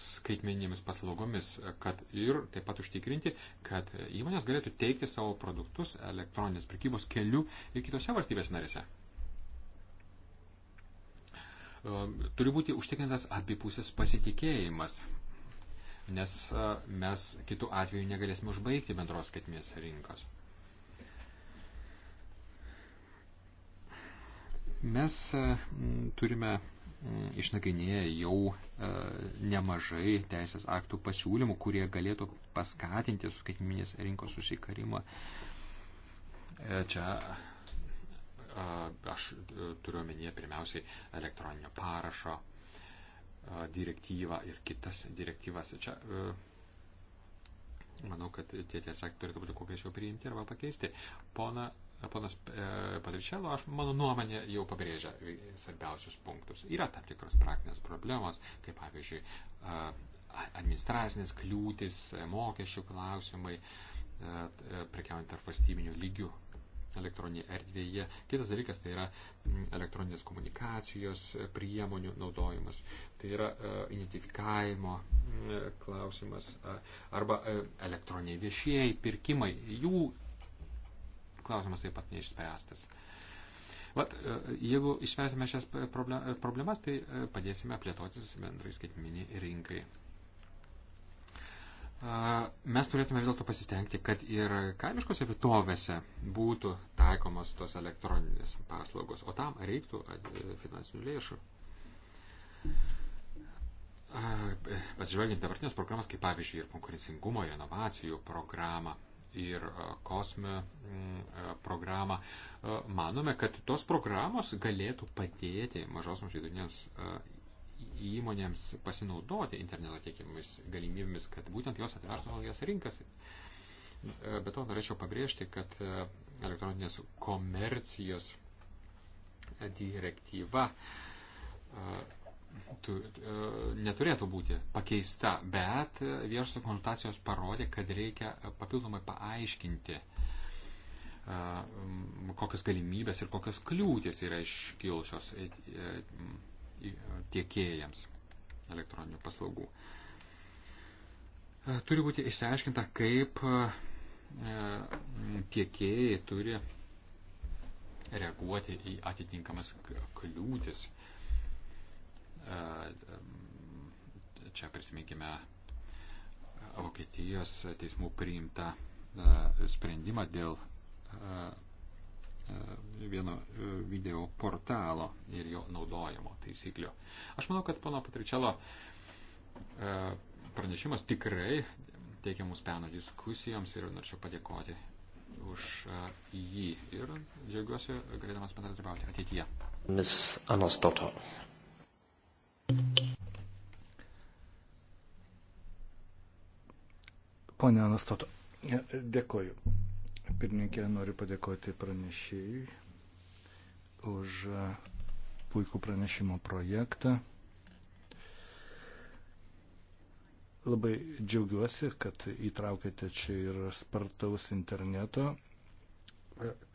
skaitmeninėmis paslaugomis kad ir taip pat užtikrinti, kad įmonės galėtų teikti savo produktus elektroninės prekybos keliu ir kitose valstybės narėse. E, turi būti užtikrintas abipusis pasitikėjimas, nes mes kitų atveju negalėsime užbaigti bendros skaitmės rinkos. Mes e, turime išnagrinėję jau e, nemažai teisės aktų pasiūlymų, kurie galėtų paskatinti skaitminės rinkos susikarimą. E, čia aš turiu omenyje pirmiausiai elektroninio parašo direktyvą ir kitas direktyvas. Čia manau, kad tie tiesiog turėtų būti kokie šiau priimti arba pakeisti. Pona ponas e, Patričelo, aš mano nuomonė jau pabrėžia svarbiausius punktus. Yra tam tikros praktinės problemos, kaip pavyzdžiui e, administracinės kliūtis, e, mokesčių klausimai, prekiaujant tarp valstybinių lygių elektroninėje erdvėje. Kitas dalykas tai yra elektroninės komunikacijos priemonių naudojimas. Tai yra identifikavimo klausimas arba elektroniniai viešieji pirkimai. Jų klausimas taip pat neišspręstas. Vat, e, jeigu išspręsime šias problemas, tai e, padėsime plėtotis bendrai skaitminiai rinkai. Mes turėtume vis dėlto pasistengti, kad ir kaimiškose vietovėse būtų taikomos tos elektroninės paslaugos, o tam reiktų finansinių lėšų. E, pasižvelgiant dabartinės programas, kaip pavyzdžiui, ir konkurencingumo, ir inovacijų programą, ir e, kosme mm, programą. E, manome, kad tos programos galėtų padėti mažosioms žydinėms e, įmonėms pasinaudoti interneto teikiamomis galimybėmis, kad būtent jos atvertų naujas rinkas. Be to norėčiau pabrėžti, kad elektroninės komercijos direktyva tu, e, neturėtų būti pakeista, bet viešosios konsultacijos parodė, kad reikia papildomai paaiškinti, e, kokias galimybės ir kokias kliūtis yra iškilusios e, tiekėjams elektroninių paslaugų. Turi būti išsiaiškinta, kaip tiekėjai turi reaguoti į atitinkamas kliūtis Ehm, čia prisiminkime e, Vokietijos teismų priimtą e, sprendimą dėl e, vieno video portalo ir jo naudojimo taisyklių. Aš manau, kad pono Patričelo pranešimas tikrai teikia mums peno diskusijoms ir norėčiau padėkoti už jį ir džiaugiuosi galėdamas bendradarbiauti ateityje. Ms. Anastoto. Pone Anastoto, dėkoju. Pirmininkė, noriu padėkoti pranešėjui už puikų pranešimo projektą. Labai džiaugiuosi, kad įtraukėte čia ir spartaus interneto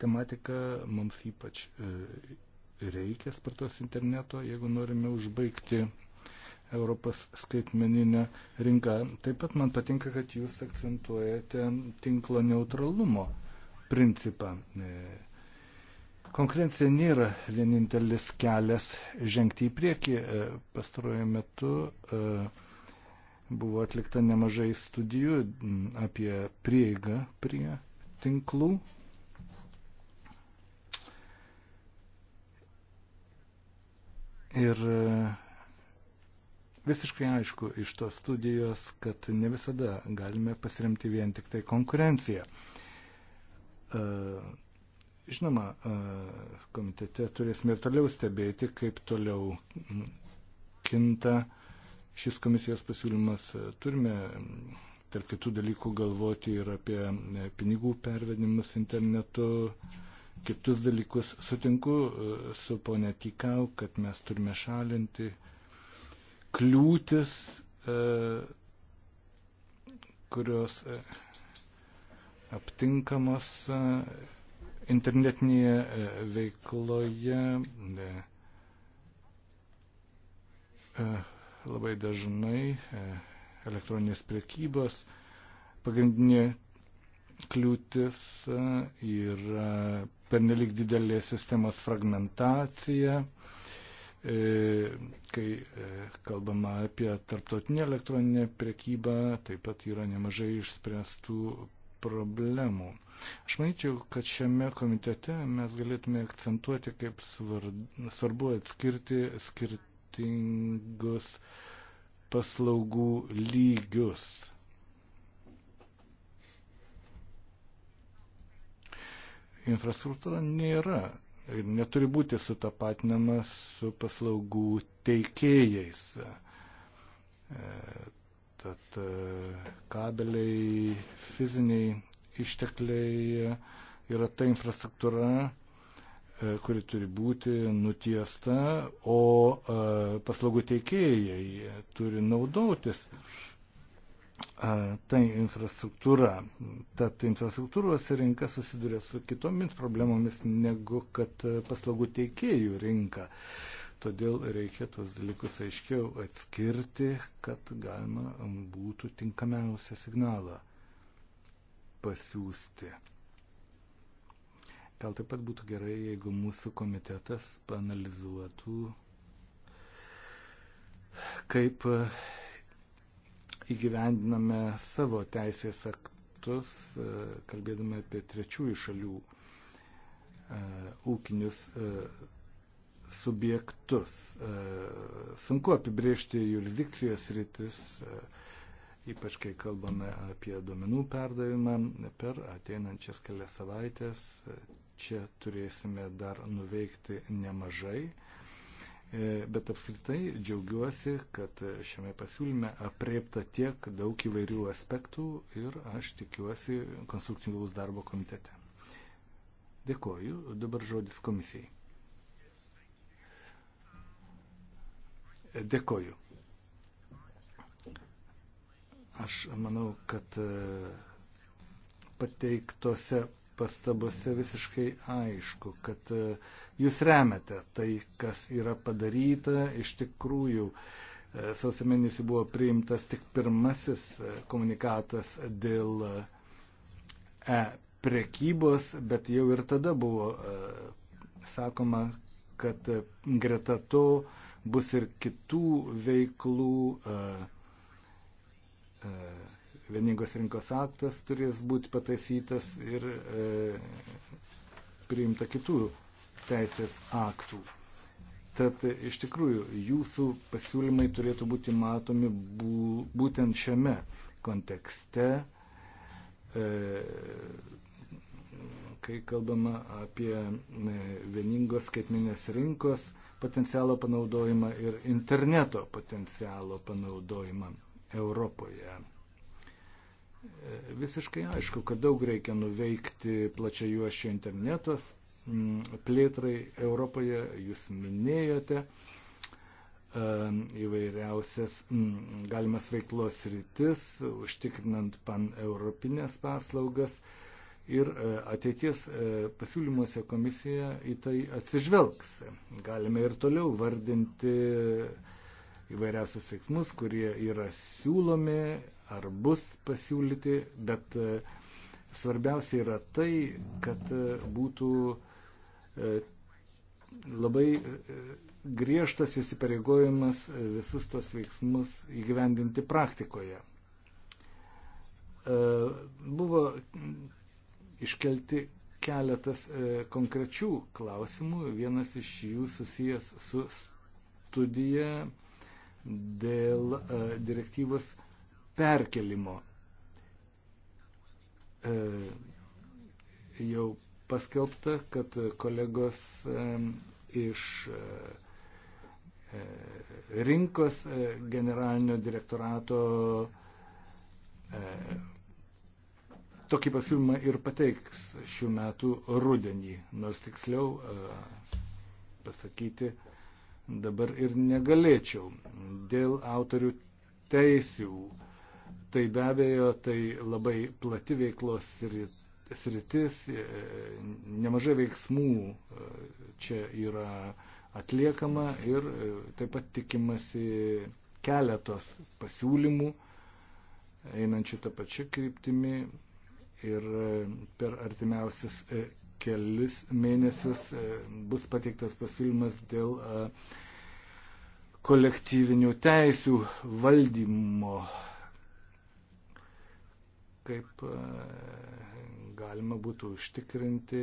tematiką. Mums ypač e, reikia spartaus interneto, jeigu norime užbaigti Europos skaitmeninę rinką. Taip pat man patinka, kad jūs akcentuojate tinklo neutralumo principą. E, konkurencija nėra vienintelis kelias žengti į priekį. E, pastaruoju metu e, buvo atlikta nemažai studijų apie prieigą prie tinklų. Ir Visiškai aišku iš tos studijos, kad ne visada galime pasiremti vien tik tai konkurenciją. E, žinoma, e, komitete turėsime ir toliau stebėti, kaip toliau kinta šis komisijos pasiūlymas. Turime tarp kitų dalykų galvoti ir apie pinigų pervedimus internetu, kitus dalykus. Sutinku e, su ponė Tikau, kad mes turime šalinti kliūtis, e, kurios e, aptinkamos e, internetinėje veikloje. Labai dažnai elektroninės prekybos pagrindinė kliūtis yra pernelik didelė sistemos fragmentacija, E, kai e, kalbama apie tarptautinę elektroninę prekybą, taip pat yra nemažai išspręstų problemų. Aš manyčiau, kad šiame komitete mes galėtume akcentuoti, kaip svarbu atskirti skirtingus paslaugų lygius. Infrastruktūra nėra ir neturi būti sutapatinamas su paslaugų teikėjais. E, tad e, kabeliai, fiziniai ištekliai e, yra ta infrastruktūra, kuri turi būti nutiesta, o paslaugų teikėjai turi naudotis tai infrastruktūra. Tad infrastruktūros rinka susiduria su kitomis problemomis negu kad e, paslaugų teikėjų rinka. Todėl reikia tuos dalykus aiškiau atskirti, kad galima būtų tinkamiausią signalą pasiūsti. Gal taip pat būtų gerai, jeigu mūsų komitetas panalizuotų, kaip e, įgyvendiname savo teisės aktus, e, kalbėdami apie trečiųjų šalių e, ūkinius e, subjektus. Sunku apibriežti jurisdikcijos rytis, ypač kai kalbame apie duomenų perdavimą per ateinančias kelias savaitės. Čia turėsime dar nuveikti nemažai. E, bet apskritai džiaugiuosi, kad šiame pasiūlyme apriepta tiek daug įvairių aspektų ir aš tikiuosi konstruktyvaus darbo komitete. Dėkoju, dabar žodis komisijai. Dėkoju. Aš manau, kad e, pateiktose pastabose visiškai aišku, kad e, jūs remiate tai, kas yra padaryta. Iš tikrųjų, e, sausio mėnesį buvo priimtas tik pirmasis e, komunikatas dėl e prekybos, bet jau ir tada buvo sakoma, kad greta to bus ir kitų veiklų vieningos rinkos aktas turės būti pataisytas ir e, priimta kitų teisės aktų. Tad iš tikrųjų jūsų pasiūlymai turėtų būti matomi bū, būtent šiame kontekste, e, kai kalbama apie e, vieningos skaitminės rinkos potencialo panaudojimą ir interneto potencialo panaudojimą Europoje. Visiškai aišku, kad daug reikia nuveikti plačia juošio internetos mm, plėtrai Europoje, jūs minėjote ehm, įvairiausias mm, galimas veiklos rytis, užtikrinant pan-europinės paslaugas. Ir e, ateities e, pasiūlymuose komisija į tai atsižvelgs. Galime ir toliau vardinti įvairiausius veiksmus, kurie yra siūlomi ar bus pasiūlyti, bet e, svarbiausia yra tai, kad e, būtų e, labai griežtas įsipareigojimas visus tos veiksmus įgyvendinti praktikoje. Buvo iškelti keletas konkrečių klausimų, vienas iš jų susijęs su studija dėl e, direktyvos perkelimo. E, jau paskelbta, kad kolegos e, iš rinkos generalinio direktorato tokį pasiūlymą ir pateiks šių metų rudenį, nors tiksliau pasakyti dabar ir negalėčiau dėl autorių teisių. Tai be abejo, tai labai plati veiklos sritis, e, nemažai veiksmų e, čia yra atliekama ir e, taip pat tikimasi keletos pasiūlymų einančių tą pačią kryptimį ir per artimiausius kelis mėnesius e, bus pateiktas pasiūlymas dėl e, kolektyvinių teisių valdymo. Kaip e, galima būtų užtikrinti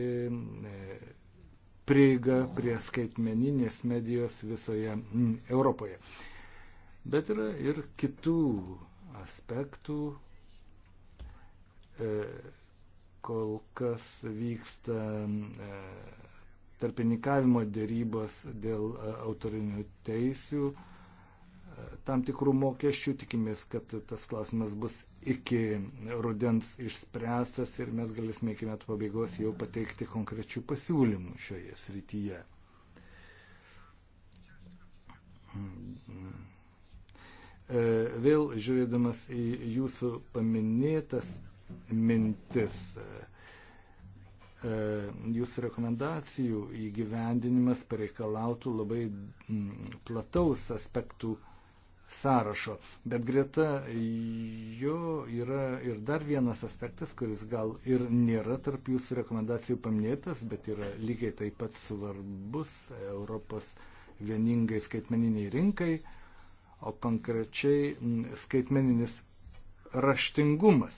prieigą prie skaitmeninės medijos visoje Europoje. Bet yra ir kitų aspektų kol kas vyksta e, tarpininkavimo dėrybos dėl e, autorinių teisių, e, tam tikrų mokesčių. Tikimės, kad tas klausimas bus iki rudens išspręstas ir mes galėsime iki metų pabaigos jau pateikti konkrečių pasiūlymų šioje srityje. Vėl žiūrėdamas į jūsų paminėtas mintis. E, jūsų rekomendacijų įgyvendinimas pareikalautų labai plataus aspektų sąrašo. Bet greta jo yra ir dar vienas aspektas, kuris gal ir nėra tarp jūsų rekomendacijų paminėtas, bet yra lygiai taip pat svarbus Europos vieningai skaitmeniniai rinkai, o konkrečiai skaitmeninis raštingumas.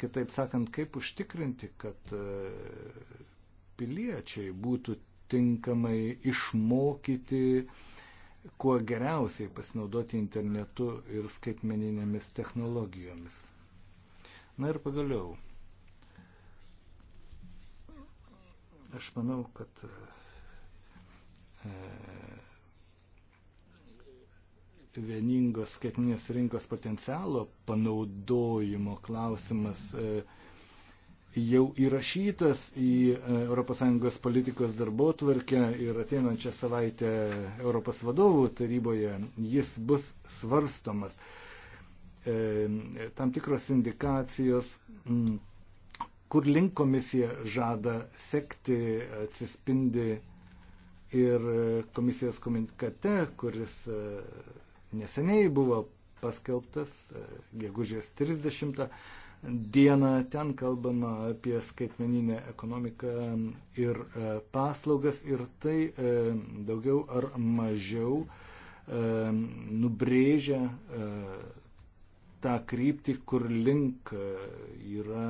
Kitaip sakant, kaip užtikrinti, kad e, piliečiai būtų tinkamai išmokyti, kuo geriausiai pasinaudoti internetu ir skaitmeninėmis technologijomis. Na ir pagaliau. Aš manau, kad e, vieningos skaitinės rinkos potencialo panaudojimo klausimas e, jau įrašytas į e, ES politikos darbo tvarkę ir ateinančią savaitę Europos vadovų taryboje jis bus svarstomas. E, tam tikros indikacijos kur link komisija žada sekti, atsispindi ir komisijos komunikate, kuris neseniai buvo paskelbtas, e, gegužės 30 dieną, ten kalbama apie skaitmeninę ekonomiką ir e, paslaugas ir tai e, daugiau ar mažiau nubrėžia tą kryptį, kur link yra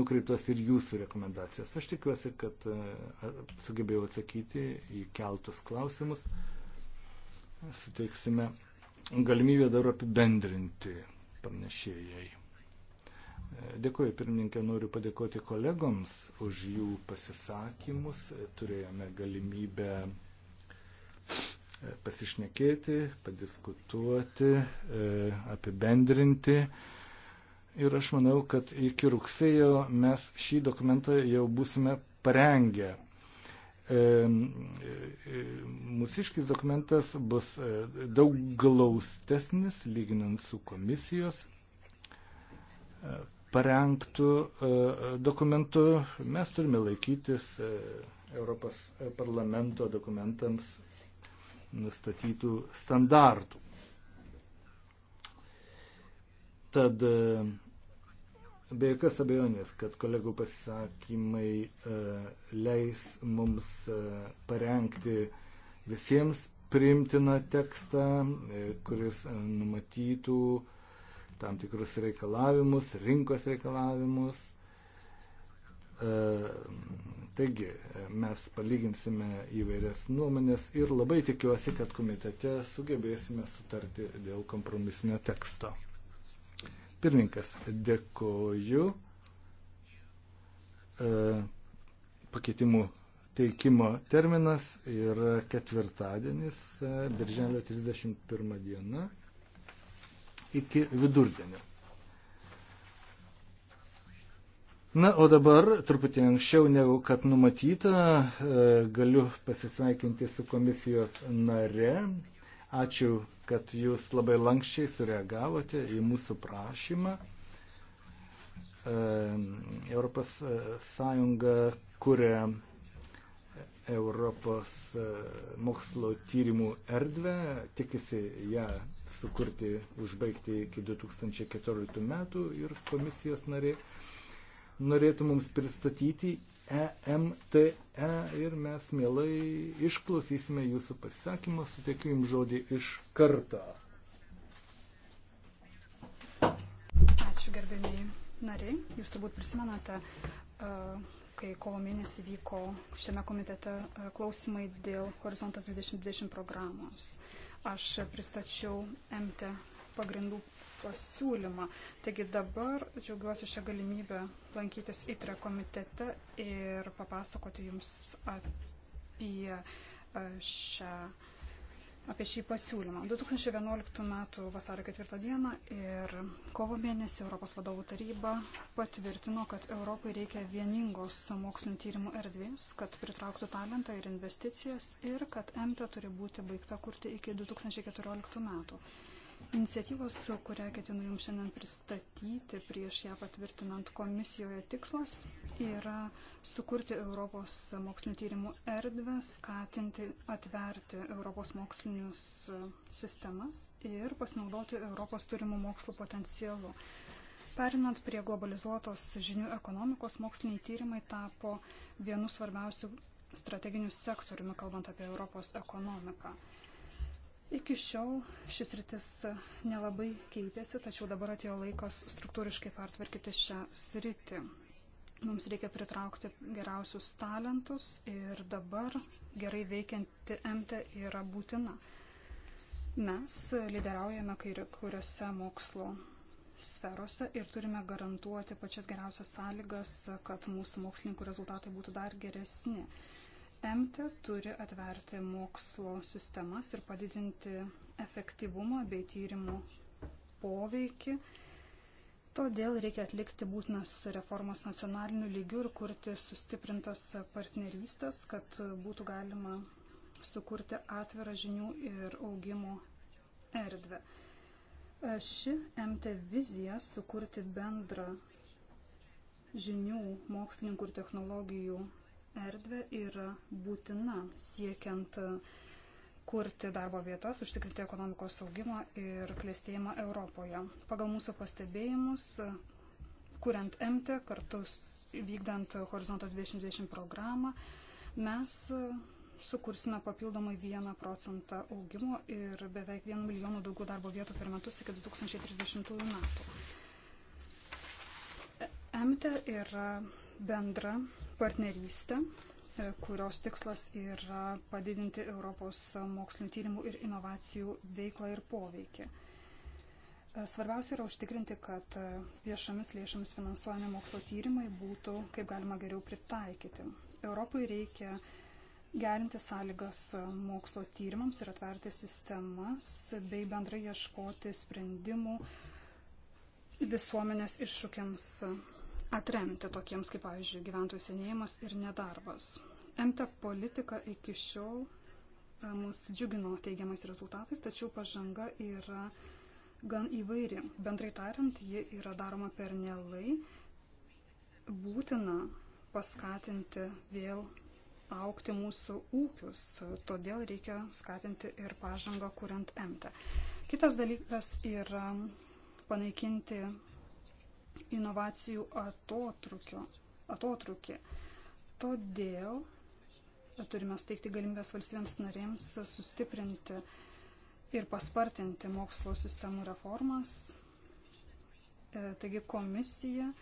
nukreiptos ir jūsų rekomendacijas. Aš tikiuosi, kad sugebėjau atsakyti į keltus klausimus suteiksime galimybę dar apibendrinti pranešėjai. Dėkuoju, pirmininkė, noriu padėkoti kolegoms už jų pasisakymus. Turėjome galimybę e, pasišnekėti, padiskutuoti, e, apibendrinti. Ir aš manau, kad iki rugsėjo mes šį dokumentą jau būsime parengę. E, e, mūsiškis dokumentas bus e, daug glaustesnis, lyginant su komisijos parengtų dokumentų. Mes turime laikytis Europos parlamento dokumentams nustatytų standartų. Tad Be jokios abejonės, kad kolegų pasisakymai e, leis mums e, parengti visiems primtiną tekstą, e, kuris numatytų tam tikrus reikalavimus, rinkos reikalavimus. Taigi, mes palyginsime įvairias nuomonės ir labai tikiuosi, kad komitete sugebėsime sutarti dėl kompromisinio teksto. Pirmininkas, dėkoju. E, pakeitimų teikimo terminas yra ketvirtadienis, e, birželio 31 diena iki vidurdienio. Na, o dabar truputį anksčiau negu kad numatyta, e, galiu pasisveikinti su komisijos nare, Ačiū, kad jūs labai lankščiai sureagavote į mūsų prašymą. Europos e, Sąjunga kuria e, Europos e, mokslo tyrimų erdvę, tikisi ją sukurti, užbaigti iki 2014 metų ir komisijos narė norėtų mums pristatyti EMTE e ir mes mielai išklausysime jūsų pasisakymus, suteikiu jums žodį iš karto. Ačiū gerbėmiai nariai. Jūs turbūt prisimenate, e, kai kovo mėnesį vyko šiame komitete e, klausimai dėl Horizontas 2020 programos. Aš pristačiau MT pagrindų pasiūlymą. Taigi dabar džiaugiuosi šią galimybę lankytis ITRE komitete ir papasakoti Jums apie, e, šią, apie šį pasiūlymą. 2011 m. vasario 4 d. ir kovo mėnesį Europos vadovų taryba patvirtino, kad Europai reikia vieningos mokslinio tyrimų erdvės, kad pritrauktų talentą ir investicijas ir kad MT turi būti baigta kurti iki 2014 metų. Iniciatyvos, kurią ketinu Jums šiandien pristatyti prieš ją patvirtinant komisijoje tikslas, yra sukurti Europos mokslinio tyrimų erdvę, skatinti atverti Europos mokslinius sistemas ir pasinaudoti Europos turimų mokslo potencialu. Perinant prie globalizuotos žinių ekonomikos, moksliniai tyrimai tapo vienu svarbiausių strateginių sektoriumi, kalbant apie Europos ekonomiką. Iki šiol šis rytis nelabai keitėsi, tačiau dabar atėjo laikas struktūriškai pertvarkyti šią sritį. Mums reikia pritraukti geriausius talentus ir dabar gerai veikianti MT yra būtina. Mes lyderiaujame kai kuriuose mokslo sferose ir turime garantuoti pačias geriausias sąlygas, kad mūsų mokslininkų rezultatai būtų dar geresni. EMTE turi atverti mokslo sistemas ir padidinti efektyvumą bei tyrimų poveikį. Todėl reikia atlikti būtinas reformas nacionaliniu lygiu ir kurti sustiprintas partnerystės, kad būtų galima sukurti atvirą žinių ir augimo erdvę. Ši MT vizija sukurti bendrą žinių, mokslininkų ir technologijų erdvę yra būtina siekiant kurti darbo vietas, užtikrinti ekonomikos saugimą ir klėstėjimą Europoje. Pagal mūsų pastebėjimus, kuriant MT e kartu vykdant Horizontas 2020 programą, mes sukursime papildomai 1 procentą augimo ir beveik 1 milijonų daugiau darbo vietų per metus iki 2030 metų. E, MT e yra bendra partnerystė, e, kurios tikslas yra padidinti Europos mokslinio tyrimų ir inovacijų veiklą ir poveikį. E, svarbiausia yra užtikrinti, kad e, viešomis lėšomis finansuojami mokslo tyrimai būtų kaip galima geriau pritaikyti. Europai reikia gerinti sąlygas mokslo tyrimams ir atverti sistemas, bei bendrai ieškoti sprendimų visuomenės iššūkiams atremti tokiems kaip, pavyzdžiui, gyventojų senėjimas ir nedarbas. MT e politika iki šiol e, mus džiugino teigiamais rezultatais, tačiau pažanga yra gan įvairi. Bendrai tariant, ji yra daroma per nelai. Būtina paskatinti vėl aukti mūsų ūkius, todėl reikia skatinti ir pažangą kuriant MT. E Kitas dalykas yra panaikinti inovacijų atotrukį. Todėl e, turime steigti galimybės valstybėms narėms sustiprinti ir paspartinti mokslo sistemų reformas. E, taigi komisija e,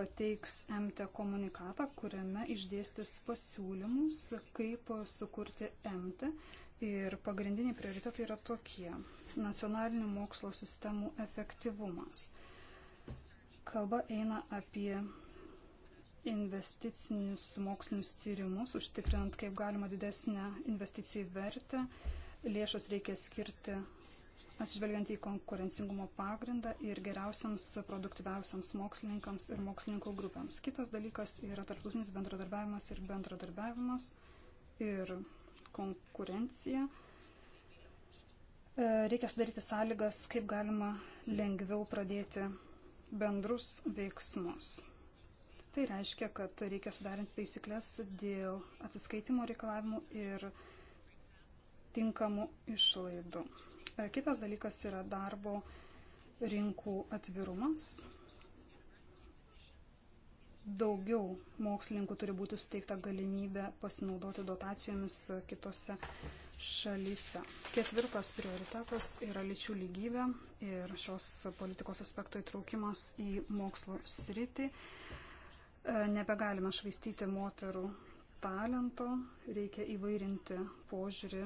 pateiks MT komunikatą, kuriame išdėstis pasiūlymus, kaip sukurti MT. Ir pagrindiniai prioritetai yra tokie - nacionalinių mokslo sistemų efektyvumas. Kalba eina apie investicinius mokslinius tyrimus, užtikrinant kaip galima didesnę investicijų vertę. Lėšas reikia skirti atsižvelgiant į konkurencingumo pagrindą ir geriausiams, produktyviausiams mokslininkams ir mokslininkų grupėms. Kitas dalykas yra tarptautinis bendradarbiavimas ir bendradarbiavimas ir konkurencija. E, reikia sudaryti sąlygas, kaip galima lengviau pradėti bendrus veiksmus. Tai reiškia, kad reikia sudarinti taisyklės dėl atsiskaitimo reikalavimų ir tinkamų išlaidų. E, kitas dalykas yra darbo rinkų atvirumas. Daugiau mokslininkų turi būti suteikta galimybė pasinaudoti dotacijomis kitose šalyse. Ketvirtas prioritetas yra lyčių lygybė ir šios politikos aspekto įtraukimas į mokslo sritį. E, Nebegalime švaistyti moterų talento, reikia įvairinti požiūrį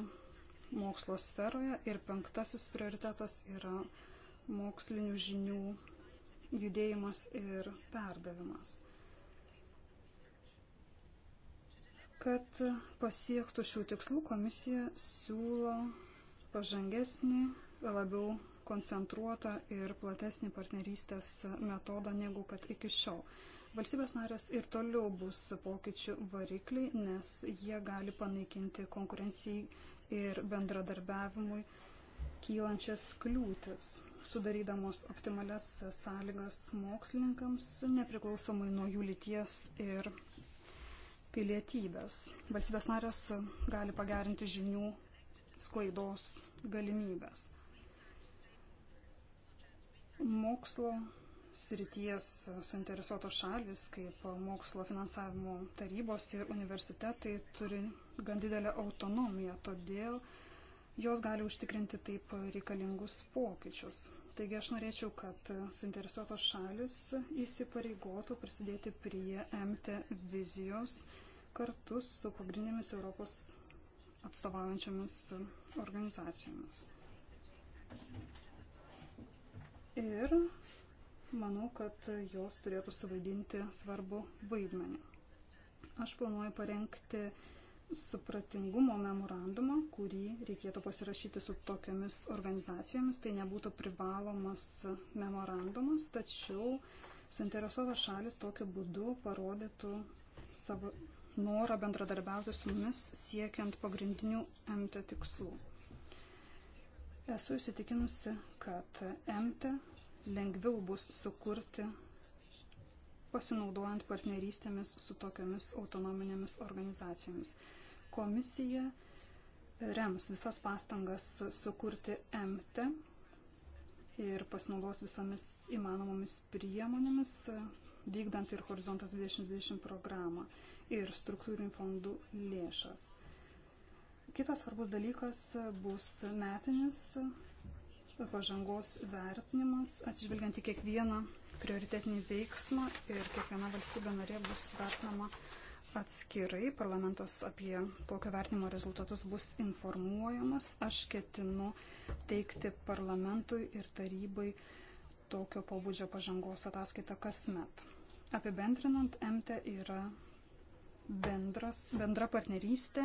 mokslo sferoje. Ir penktasis prioritetas yra mokslinių žinių judėjimas ir perdavimas. Kad pasiektų šių tikslų, komisija siūlo pažangesnį, labiau koncentruotą ir platesnį partnerystės metodą negu kad iki šiol. Valstybės narės ir toliau bus pokyčių varikliai, nes jie gali panaikinti konkurencijai ir bendradarbiavimui kylančias kliūtis, sudarydamos optimales sąlygas mokslininkams, nepriklausomai nuo jų lyties ir pilietybės. Valstybės narės gali pagerinti žinių sklaidos galimybės. Mokslo srities suinteresuotos šalis, kaip mokslo finansavimo tarybos ir universitetai, turi gan didelę autonomiją, todėl jos gali užtikrinti taip reikalingus pokyčius. Taigi aš norėčiau, kad suinteresuotos šalis įsipareigotų prisidėti prie MT vizijos kartu su pagrindinėmis Europos atstovaujančiamis organizacijomis. Ir manau, kad jos turėtų suvaidinti svarbu vaidmenį. Aš planuoju parengti supratingumo memorandumą, kurį reikėtų pasirašyti su tokiamis organizacijomis. Tai nebūtų privalomas memorandumas, tačiau suinteresuotos šalis tokiu būdu parodytų savo norą bendradarbiauti su mumis siekiant pagrindinių MT tikslų. Esu įsitikinusi, kad MT lengviau bus sukurti pasinaudojant partnerystėmis su tokiamis autonominėmis organizacijomis. Komisija rems visas pastangas sukurti MT ir pasinaudos visomis įmanomomis priemonėmis, vykdant ir Horizontas 2020 programą ir struktūrinių fondų lėšas. Kitas svarbus dalykas bus metinis pažangos vertinimas, atsižvelgiant į kiekvieną prioritetinį veiksmą ir kiekviena valstybė narė bus vertinama atskirai. Parlamentas apie tokio vertinimo rezultatus bus informuojamas. Aš ketinu teikti parlamentui ir tarybai tokio pobūdžio pažangos ataskaitą kasmet. Apibendrinant, MT yra bendras, bendra partnerystė,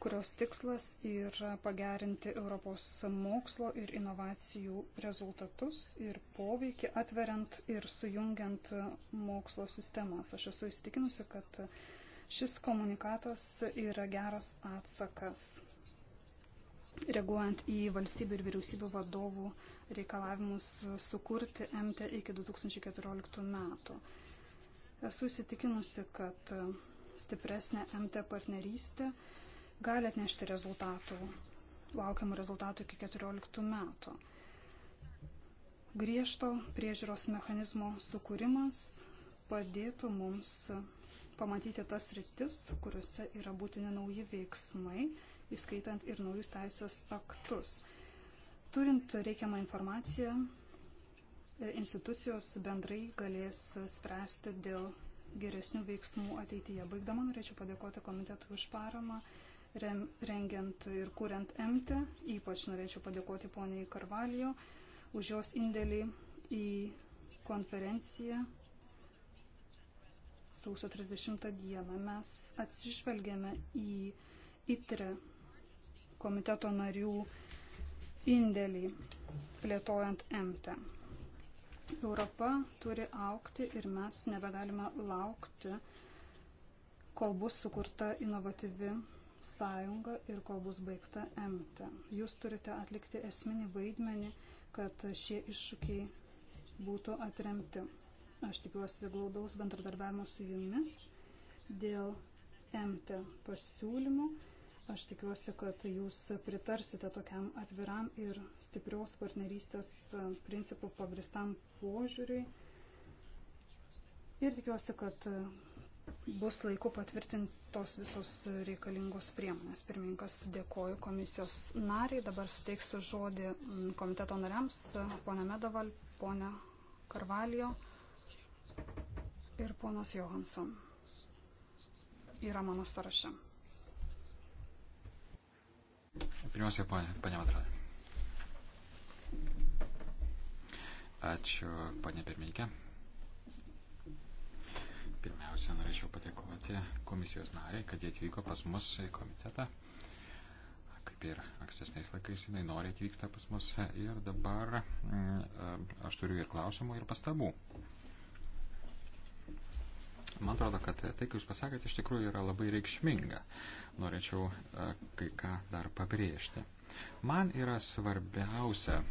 kurios tikslas yra pagerinti Europos mokslo ir inovacijų rezultatus ir poveikį atveriant ir sujungiant mokslo sistemas. Aš esu įstikinusi, kad šis komunikatas yra geras atsakas reaguojant į valstybių ir vyriausybių vadovų reikalavimus sukurti MT iki 2014 metų. Esu įsitikinusi, kad stipresnė MT partnerystė gali atnešti rezultatų, laukiamų rezultatų iki 14 metų. Griežto priežiūros mechanizmo sukūrimas padėtų mums pamatyti tas rytis, kuriuose yra būtini nauji veiksmai, įskaitant ir naujus teisės aktus. Turint reikiamą informaciją, e, institucijos bendrai galės spręsti dėl geresnių veiksmų ateityje. Baigdama norėčiau padėkoti komitetui už paramą, rem, rengiant ir kuriant MT. E. Ypač norėčiau padėkoti poniai Karvalijo už jos indėlį į konferenciją sausio 30 dieną. Mes atsižvelgėme į ITRE komiteto narių indėlį plėtojant MT. E. Europa turi aukti ir mes nebegalime laukti, kol bus sukurta inovatyvi sąjunga ir kol bus baigta emte. Jūs turite atlikti esminį vaidmenį, kad šie iššūkiai būtų atremti. Aš tikiuosi glaudaus bendradarbiavimo su jumis dėl emte pasiūlymų Aš tikiuosi, kad jūs pritarsite tokiam atviram ir stiprios partnerystės e, principų pagristam požiūriui. Ir tikiuosi, kad e, bus laiku patvirtintos visos reikalingos priemonės. Pirmininkas dėkoju komisijos nariai. Dabar suteiksiu žodį komiteto nariams, e, ponė Medoval, ponė Karvalijo ir ponas Johansson. Yra mano sąraše. Pirmiausia, ponė, ponė Madradė. Ačiū, ponė pirmininkė. Pirmiausia, norėčiau patekoti komisijos nariai, kad jie atvyko pas mus į komitetą. Kaip ir ankstesniais laikais jinai nori atvyksta pas mus. Ir dabar mm, aš turiu ir klausimų, ir pastabų. Man atrodo, kad tai, ką Jūs pasakėte, iš tikrųjų yra labai reikšminga. Norėčiau e, kai ką dar pabrėžti. Man yra svarbiausia e,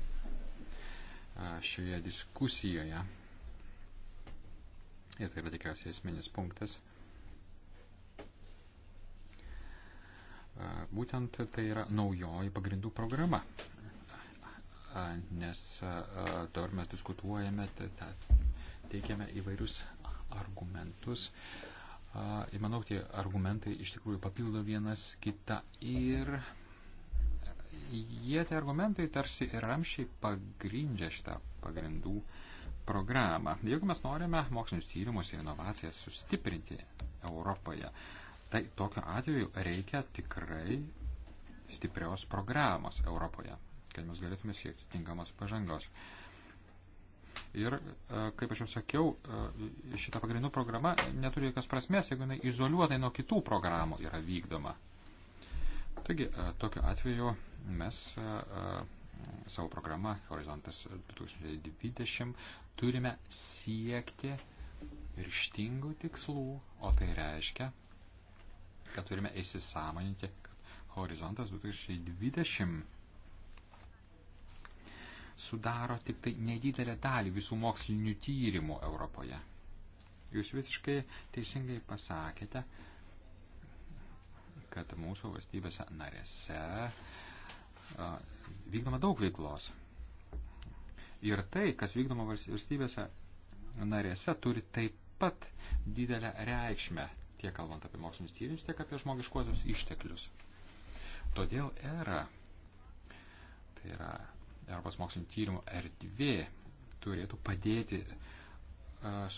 šioje diskusijoje, ir tai yra tikriausiai esminis punktas, e, būtent tai yra naujoji pagrindų programa. Nes dabar mes diskutuojame, teikiame įvairius argumentus. Ir manau, tie argumentai iš tikrųjų papildo vienas kitą ir jie tie argumentai tarsi ramšiai pagrindžia šitą pagrindų programą. Jeigu mes norime mokslinius tyrimus ir inovacijas sustiprinti Europoje, tai tokiu atveju reikia tikrai stiprios programos Europoje, kad mes galėtume siekti tinkamos pažangos. Uh, Ir, e, kaip aš jau sakiau, e, šita pagrindų programa neturi jokios prasmės, jeigu jinai izoliuotai nuo kitų programų yra vykdoma. Taigi, e, tokiu atveju mes savo programą Horizontas 2020 turime siekti ryštingų tikslų, o tai reiškia, kad turime įsisamoninti, kad Horizontas 2020 sudaro tik tai nedidelę dalį visų mokslinių tyrimų Europoje. Jūs visiškai teisingai pasakėte, kad mūsų valstybėse narėse vykdoma daug veiklos. Ir tai, kas vykdoma valstybėse narėse, turi taip pat didelę reikšmę tiek kalbant apie mokslinius tyrimus, tiek apie žmogiškuosius išteklius. Todėl era, tai yra Europos mokslinio tyrimo erdvė turėtų padėti e,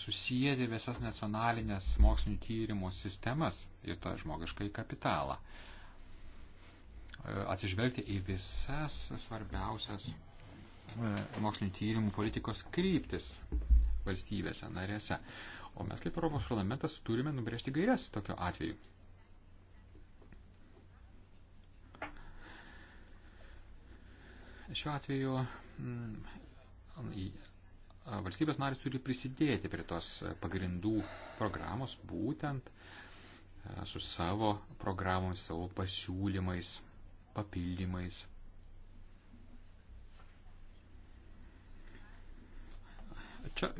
susijęti visas nacionalinės mokslinio tyrimų sistemas ir tą žmogiškai kapitalą. E, atsižvelgti į visas svarbiausias e, mokslinio tyrimų politikos kryptis valstybėse, narėse. O mes kaip Europos parlamentas turime nubrėžti gairias tokiu atveju. Šiuo atveju mm, valstybės narys turi prisidėti prie tos pagrindų programos būtent su savo programomis, savo pasiūlymais, papildymais. Čia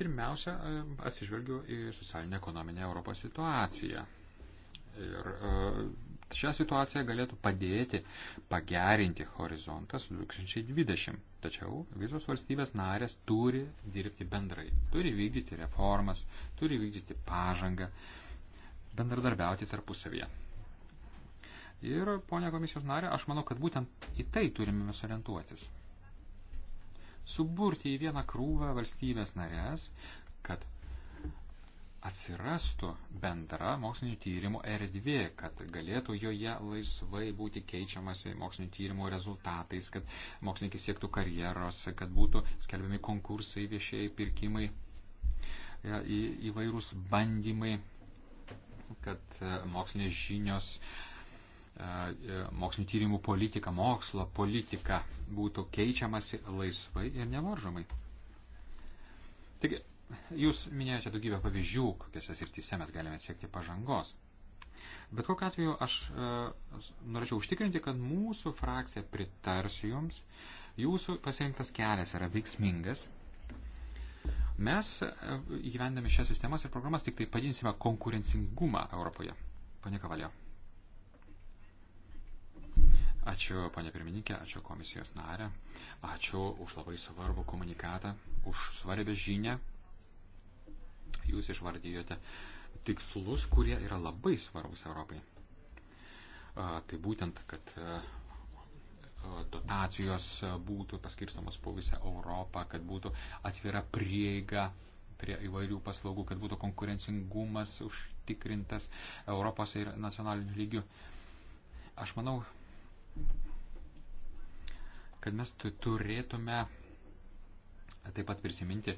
pirmiausia atsižvelgiu į socialinę ekonominę Europos situaciją. Ir Šią situaciją galėtų padėti pagerinti horizontas 2020. Tačiau visos valstybės narės turi dirbti bendrai, turi vykdyti reformas, turi vykdyti pažangą, bendradarbiauti tarpusavyje. Ir, ponia komisijos narė, aš manau, kad būtent į tai turime mes orientuotis. Suburti į vieną krūvą valstybės narės, kad atsirastų bendra mokslinio tyrimo erdvė, kad galėtų joje laisvai būti keičiamasi mokslinio tyrimo rezultatais, kad mokslininkai siektų karjeros, kad būtų skelbiami konkursai, viešieji pirkimai, e, į, įvairūs bandymai, kad e, mokslinės žinios, e, mokslinio tyrimų politika, mokslo politika būtų keičiamasi laisvai ir nevaržomai. Taigi, Jūs minėjote daugybę pavyzdžių, kokiuose srityse mes galime siekti pažangos. Bet kokiu atveju aš e, norėčiau užtikrinti, kad mūsų frakcija pritars jums. Jūsų pasirinktas kelias yra veiksmingas. Mes, e, įgyvendami šias sistemas ir programas, tik tai padinsime konkurencingumą Europoje. Pane Kavalio. Ačiū, ponė pirmininkė, ačiū komisijos narė, ačiū už labai svarbų komunikatą, už svarbę žinę jūs išvardyjote tikslus, kurie yra labai svarbus Europai. Tai būtent, kad dotacijos būtų paskirstamos po visą Europą, kad būtų atvira prieiga prie įvairių paslaugų, kad būtų konkurencingumas užtikrintas Europos ir nacionaliniu lygiu. Aš manau, kad mes turėtume taip pat prisiminti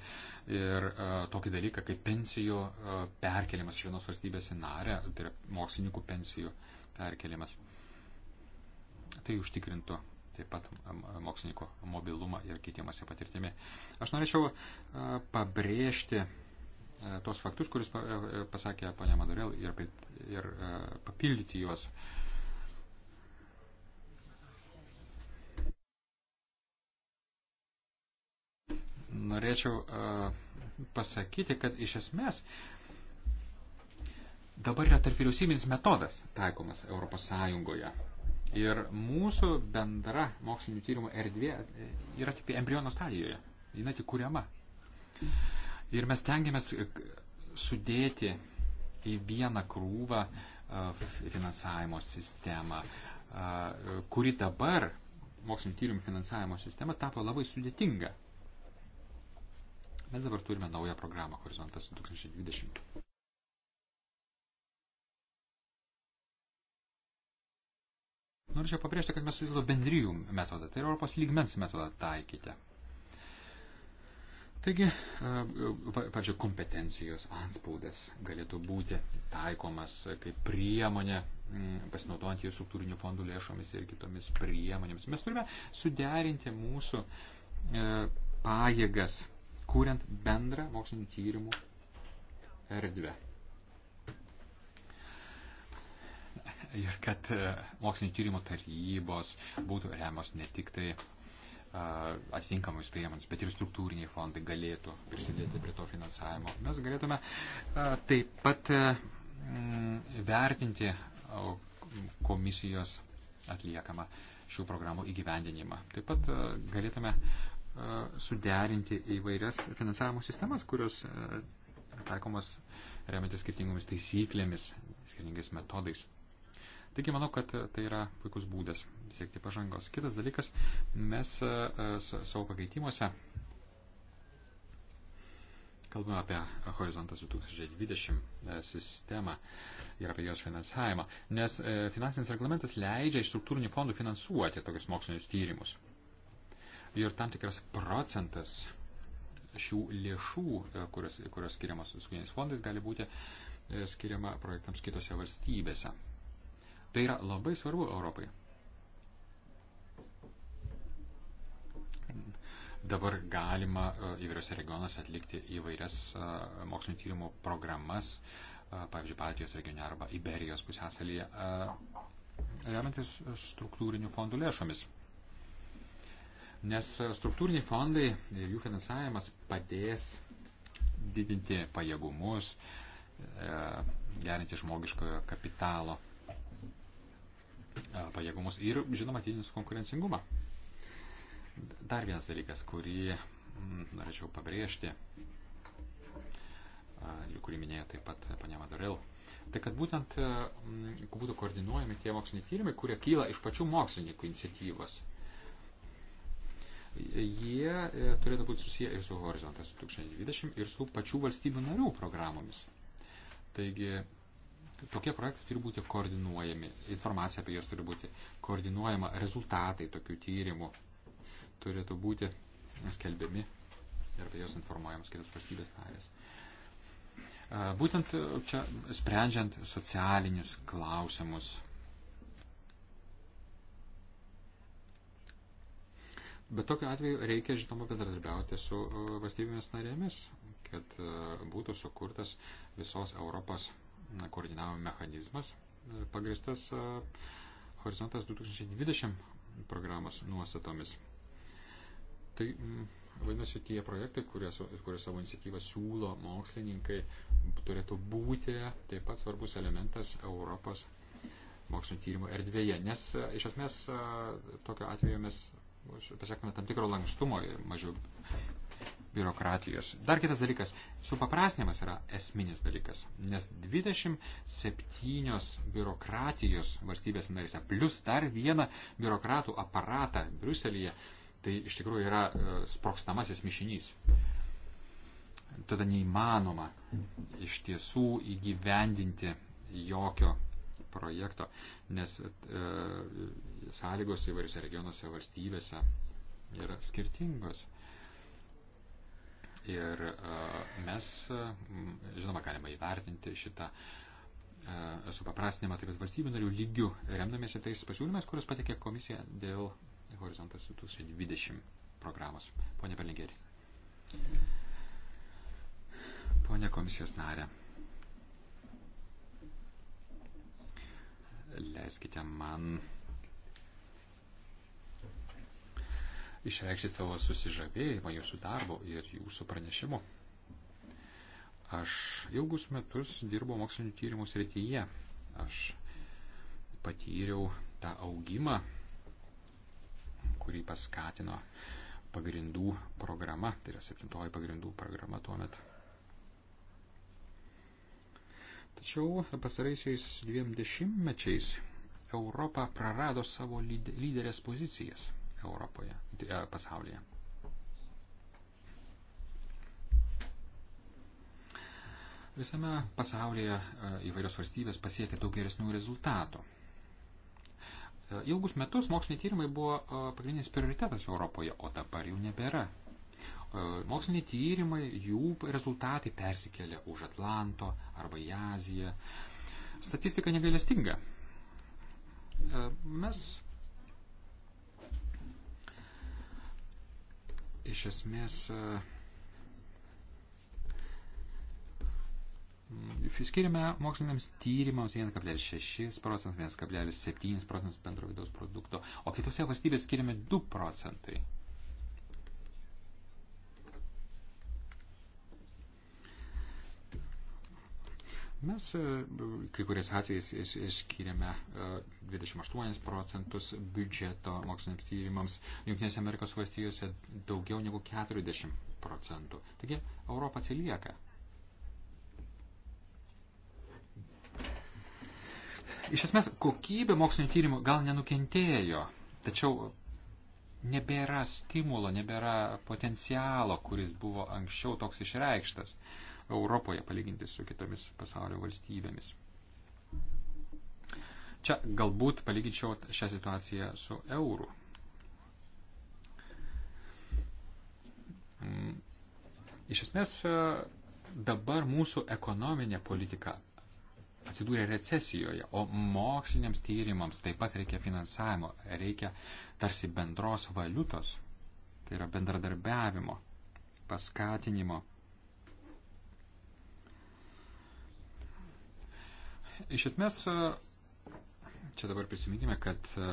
ir uh, tokį dalyką kaip pensijų uh, perkelimas iš vienos valstybės į narę, tai yra mokslininkų pensijų perkelimas. Tai užtikrintų taip pat mokslininkų mobilumą ir keitimąsi patirtimi. Aš norėčiau uh, pabrėžti uh, tos faktus, kuris pasakė ponia Madarel ir, ir uh, papildyti juos. Uh, norėčiau e, pasakyti, kad iš esmės dabar yra tarp vyriausybinis metodas taikomas Europos Sąjungoje. Ir mūsų bendra mokslinio tyrimo erdvė e, yra tik tai embriono stadijoje. Jis tik kuriama. Ir mes tengiamės e, sudėti į vieną krūvą finansavimo sistemą, kuri dabar mokslinio tyrimų finansavimo sistema tapo labai sudėtinga. Mes dabar turime naują programą Horizontas 2020. Norėčiau pabrėžti, kad mes sudėlėme bendrijų metodą, tai yra Europos lygmens metodą taikyti. Taigi, e, pačio kompetencijos anspaudas galėtų būti taikomas kaip priemonė, pasinaudojant jų struktūrinių fondų lėšomis ir kitomis priemonėmis. Mes turime suderinti mūsų e, pajėgas kuriant bendrą mokslinio tyrimų erdvę. Ir kad e, mokslinio tyrimo tarybos būtų remos ne tik tai e, atitinkamus priemonės, bet ir struktūriniai fondai galėtų prisidėti prie to finansavimo. Mes galėtume e, taip pat vertinti komisijos atliekamą šių programų įgyvendinimą. Taip pat galėtume suderinti įvairias finansavimo sistemas, kurios taikomos remiantis skirtingomis taisyklėmis, skirtingais metodais. Taigi manau, kad tai yra puikus būdas siekti pažangos. Kitas dalykas, mes savo pakeitimuose kalbame apie Horizontas 2020 e, sistemą ir apie jos finansavimą, nes e, finansinis reglamentas leidžia iš struktūrinių fondų finansuoti tokius mokslinius tyrimus ir tam tikras procentas šių lėšų, e, kurios, kurios skiriamas sukūriniais fondais, gali būti e, skiriama projektams kitose valstybėse. Tai yra labai svarbu Europai. Dabar galima e, įvairiose regionuose atlikti įvairias mokslinio tyrimų programas, pavyzdžiui, Baltijos regione arba Iberijos pusėsalyje, remiantis struktūrinių fondų lėšomis. Nes struktūriniai fondai ir jų finansavimas padės didinti pajėgumus, e, gerinti žmogiškojo kapitalo e, pajėgumus ir, žinoma, didins konkurencingumą. Dar vienas dalykas, kurį mm, norėčiau pabrėžti e, ir kurį minėjo taip pat panė Maduril, tai kad būtent būtų koordinuojami tie moksliniai tyrimai, kurie kyla iš pačių mokslininkų iniciatyvos jie e, turėtų būti susiję ir su Horizontas 2020 ir su pačių valstybių narių programomis. Taigi tokie projektai turi būti koordinuojami, informacija apie juos turi būti koordinuojama, rezultatai tokių tyrimų turėtų būti skelbiami ir apie juos informuojamos kitos valstybės narės. E, būtent e, čia sprendžiant socialinius klausimus Bet tokiu atveju reikia, žinoma, bendradarbiauti su e, valstybėmis narėmis, kad e, būtų sukurtas visos Europos koordinavimo mechanizmas, e, pagristas Horizontas 2020 programos nuostatomis. Tai mm, vadinasi, tie projektai, kurie, kurie savo iniciatyvą siūlo mokslininkai, turėtų būti taip pat svarbus elementas Europos mokslinio tyrimo erdvėje, nes iš esmės tokio atveju mes pasakome, tam tikro lankstumo ir mažiau biurokratijos. Dar kitas dalykas, supaprastinimas yra esminis dalykas, nes 27 biurokratijos valstybės narėse, plus dar vieną biurokratų aparatą Briuselėje, tai iš tikrųjų yra e, sprokstamasis mišinys. Tada neįmanoma iš tiesų įgyvendinti jokio projekto, nes e, sąlygos įvairiose regionuose, valstybėse yra skirtingos. Ir mes, žinoma, galima įvertinti šitą supaprastinimą taip pat valstybių narių lygių, remdamėsi tais pasiūlymais, kuriuos patikė komisija dėl Horizontas 2020 programos. Pone Berlingeri. Pone komisijos narė. Leiskite man išreikšti savo susižavėjimą jūsų darbo ir jūsų pranešimu. Aš ilgus metus dirbau mokslinio tyrimų srityje. Aš patyriau tą augimą, kurį paskatino pagrindų programa, tai yra septintoji pagrindų programa tuo metu. Tačiau pasaraisiais dviem dešimtmečiais Europa prarado savo lyderės pozicijas. Europoje, e, pasaulyje. Visame pasaulyje e, įvairios valstybės pasiekė daug geresnių rezultatų. E, ilgus metus moksliniai tyrimai buvo pagrindinis prioritetas Europoje, o dabar jų nebėra. Moksliniai tyrimai, jų rezultatai persikėlė už Atlanto arba į Aziją. Statistika negalestinga. Mes Iš esmės, e, skiriame moksliniams tyrimams 1,6 procentus, 1,7 procentus bendro vidaus produkto, o kitose valstybės skiriame 2 procentai. Mes e, kai kuriais atvejais skiriame 28 e, procentus biudžeto moksliniams tyrimams, Junktinėse Amerikos valstijose daugiau negu 40 procentų. Taigi Europą atsilieka. Iš esmės, kokybė mokslinio tyrimų gal nenukentėjo, tačiau nebėra stimulo, nebėra potencialo, kuris buvo anksčiau toks išreikštas. Uh, Europoje palyginti su kitomis pasaulio valstybėmis. Čia galbūt palyginčiau šią situaciją su euru. Mm. Iš esmės e, dabar mūsų ekonominė politika atsidūrė recesijoje, o moksliniams tyrimams taip pat reikia finansavimo, reikia tarsi bendros valiutos, tai yra bendradarbiavimo, paskatinimo Iš esmės, čia dabar prisiminkime, kad e,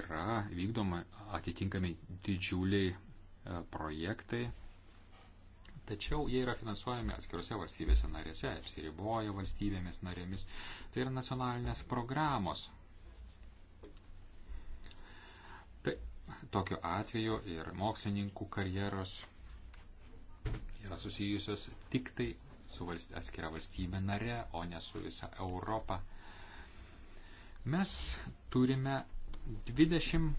yra vykdoma atitinkami didžiuliai e, projektai, tačiau jie yra finansuojami atskirose valstybėse narėse, apsiriboja valstybėmis narėmis. Tai yra nacionalinės programos. Tai tokiu atveju ir mokslininkų karjeros yra susijusios tik tai su valst, atskira valstybė nare, o ne su visa Europa. Mes turime 27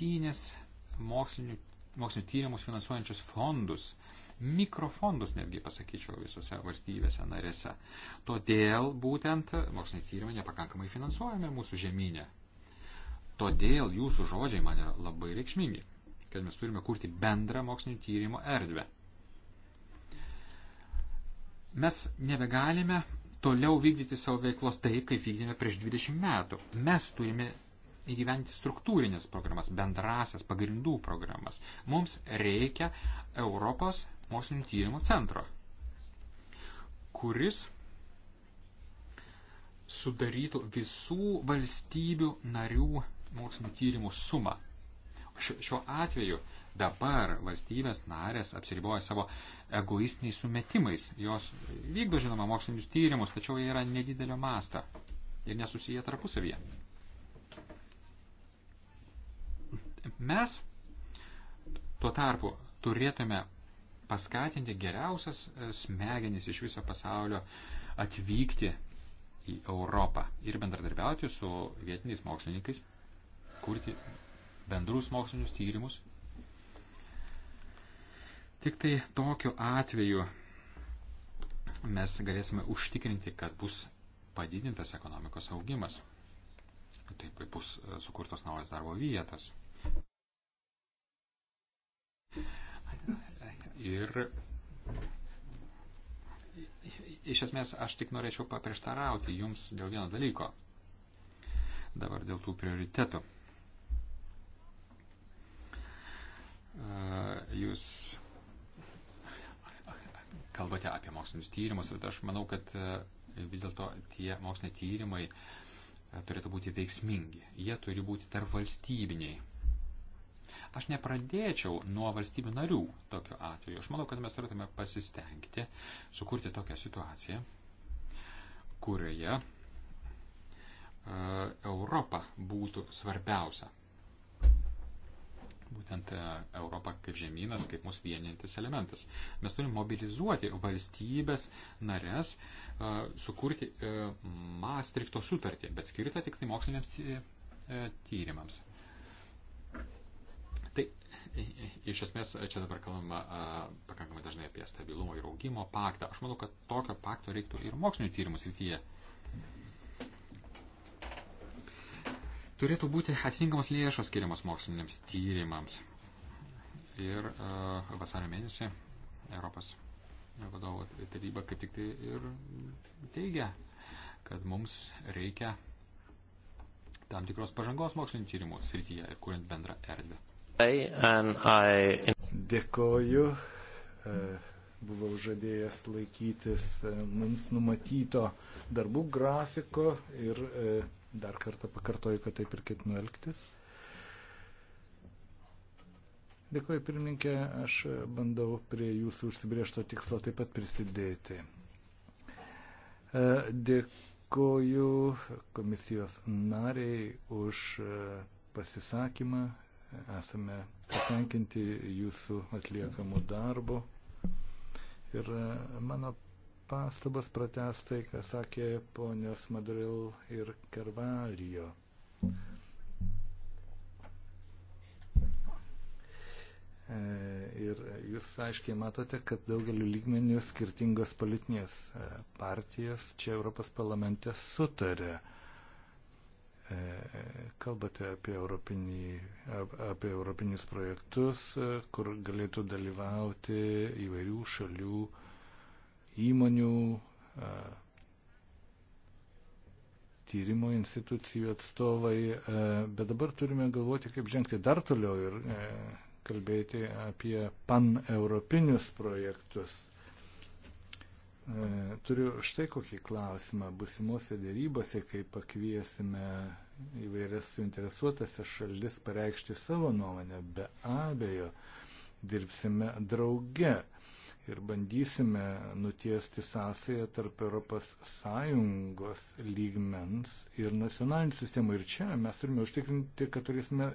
e, mokslinių, mokslinių tyrimus finansuojančius fondus, mikrofondus netgi pasakyčiau visose valstybėse narėse. Todėl būtent moksliniai tyrimai nepakankamai finansuojami mūsų žemynė. Todėl jūsų žodžiai man yra labai reikšmingi, kad mes turime kurti bendrą mokslinio tyrimo erdvę. Mes nebegalime toliau vykdyti savo veiklos taip, kaip vykdėme prieš 20 metų. Mes turime įgyventi struktūrinės programas, bendrasias pagrindų programas. Mums reikia Europos mokslinio tyrimo centro, kuris sudarytų visų valstybių narių mokslinio tyrimų sumą. Šiuo atveju Dabar valstybės narės apsiriboja savo egoistiniais sumetimais. Jos vykdo, žinoma, mokslinius tyrimus, tačiau jie yra nedidelio masto ir nesusiję tarpusavyje. Mes tuo tarpu turėtume paskatinti geriausias e, smegenis iš viso pasaulio atvykti į Europą ir bendradarbiauti su vietiniais mokslininkais, kurti bendrus mokslinius tyrimus Tik tai tokiu atveju mes galėsime užtikrinti, kad bus padidintas ekonomikos augimas. Taip bus e, sukurtos naujas darbo vietas. Ir iš esmės aš tik norėčiau paprieštarauti jums dėl vieno dalyko. Dabar dėl tų prioritetų. E, jūs kalbate apie mokslinius tyrimus, bet aš manau, kad e, vis dėlto tie moksliniai tyrimai e, turėtų būti veiksmingi. Jie turi būti tarp valstybiniai. Aš nepradėčiau nuo valstybių narių tokiu atveju. Aš manau, kad mes turėtume pasistengti sukurti tokią situaciją, kurioje e, Europa būtų svarbiausia būtent e, Europą kaip žemynas, kaip mūsų vienintis elementas. Mes turime mobilizuoti valstybės narės, e, sukurti e, Maastrichto sutartį, bet skirtą tik tai moksliniams tyrimams. Tai iš esmės čia dabar kalbama pakankamai dažnai apie stabilumo ir augimo paktą. Aš manau, kad tokio pakto reiktų ir mokslinio tyrimų srityje. Turėtų būti atitinkamos lėšos skiriamos moksliniams tyrimams. Ir uh, vasario mėnesį Europos vadovo taryba kaip tik tai ir teigia, kad mums reikia tam tikros pažangos mokslinio tyrimų srityje ir kuriant bendrą erdvę. Dėkoju. E, buvau žadėjęs laikytis e, mums numatyto darbų grafiko ir e, Dar kartą pakartoju, kad taip ir ketinu elgtis. Dėkuoju, pirmininkė, aš bandau prie jūsų užsibriešto tikslo taip pat prisidėti. E, dėkuoju komisijos nariai už e, pasisakymą. Esame patenkinti jūsų atliekamų darbų. Ir e, mano pastabas pratestai, ką sakė ponios Madril ir Karvalijo. E, ir jūs aiškiai matote, kad daugeliu lygmenių skirtingos politinės e, partijos čia Europos parlamente sutarė. E, kalbate apie, europinį, apie europinius projektus, kur galėtų dalyvauti įvairių šalių uh, įmonių, tyrimo institucijų atstovai, bet dabar turime galvoti, kaip žengti dar toliau ir kalbėti apie paneuropinius projektus. Turiu štai kokį klausimą. Busimuose dėrybose, kai pakviesime įvairias suinteresuotose šalis pareikšti savo nuomonę, be abejo, dirbsime drauge ir bandysime nutiesti sąsąją tarp ES lygmens ir nacionalinių sistemų. Ir čia mes turime užtikrinti, kad turėsime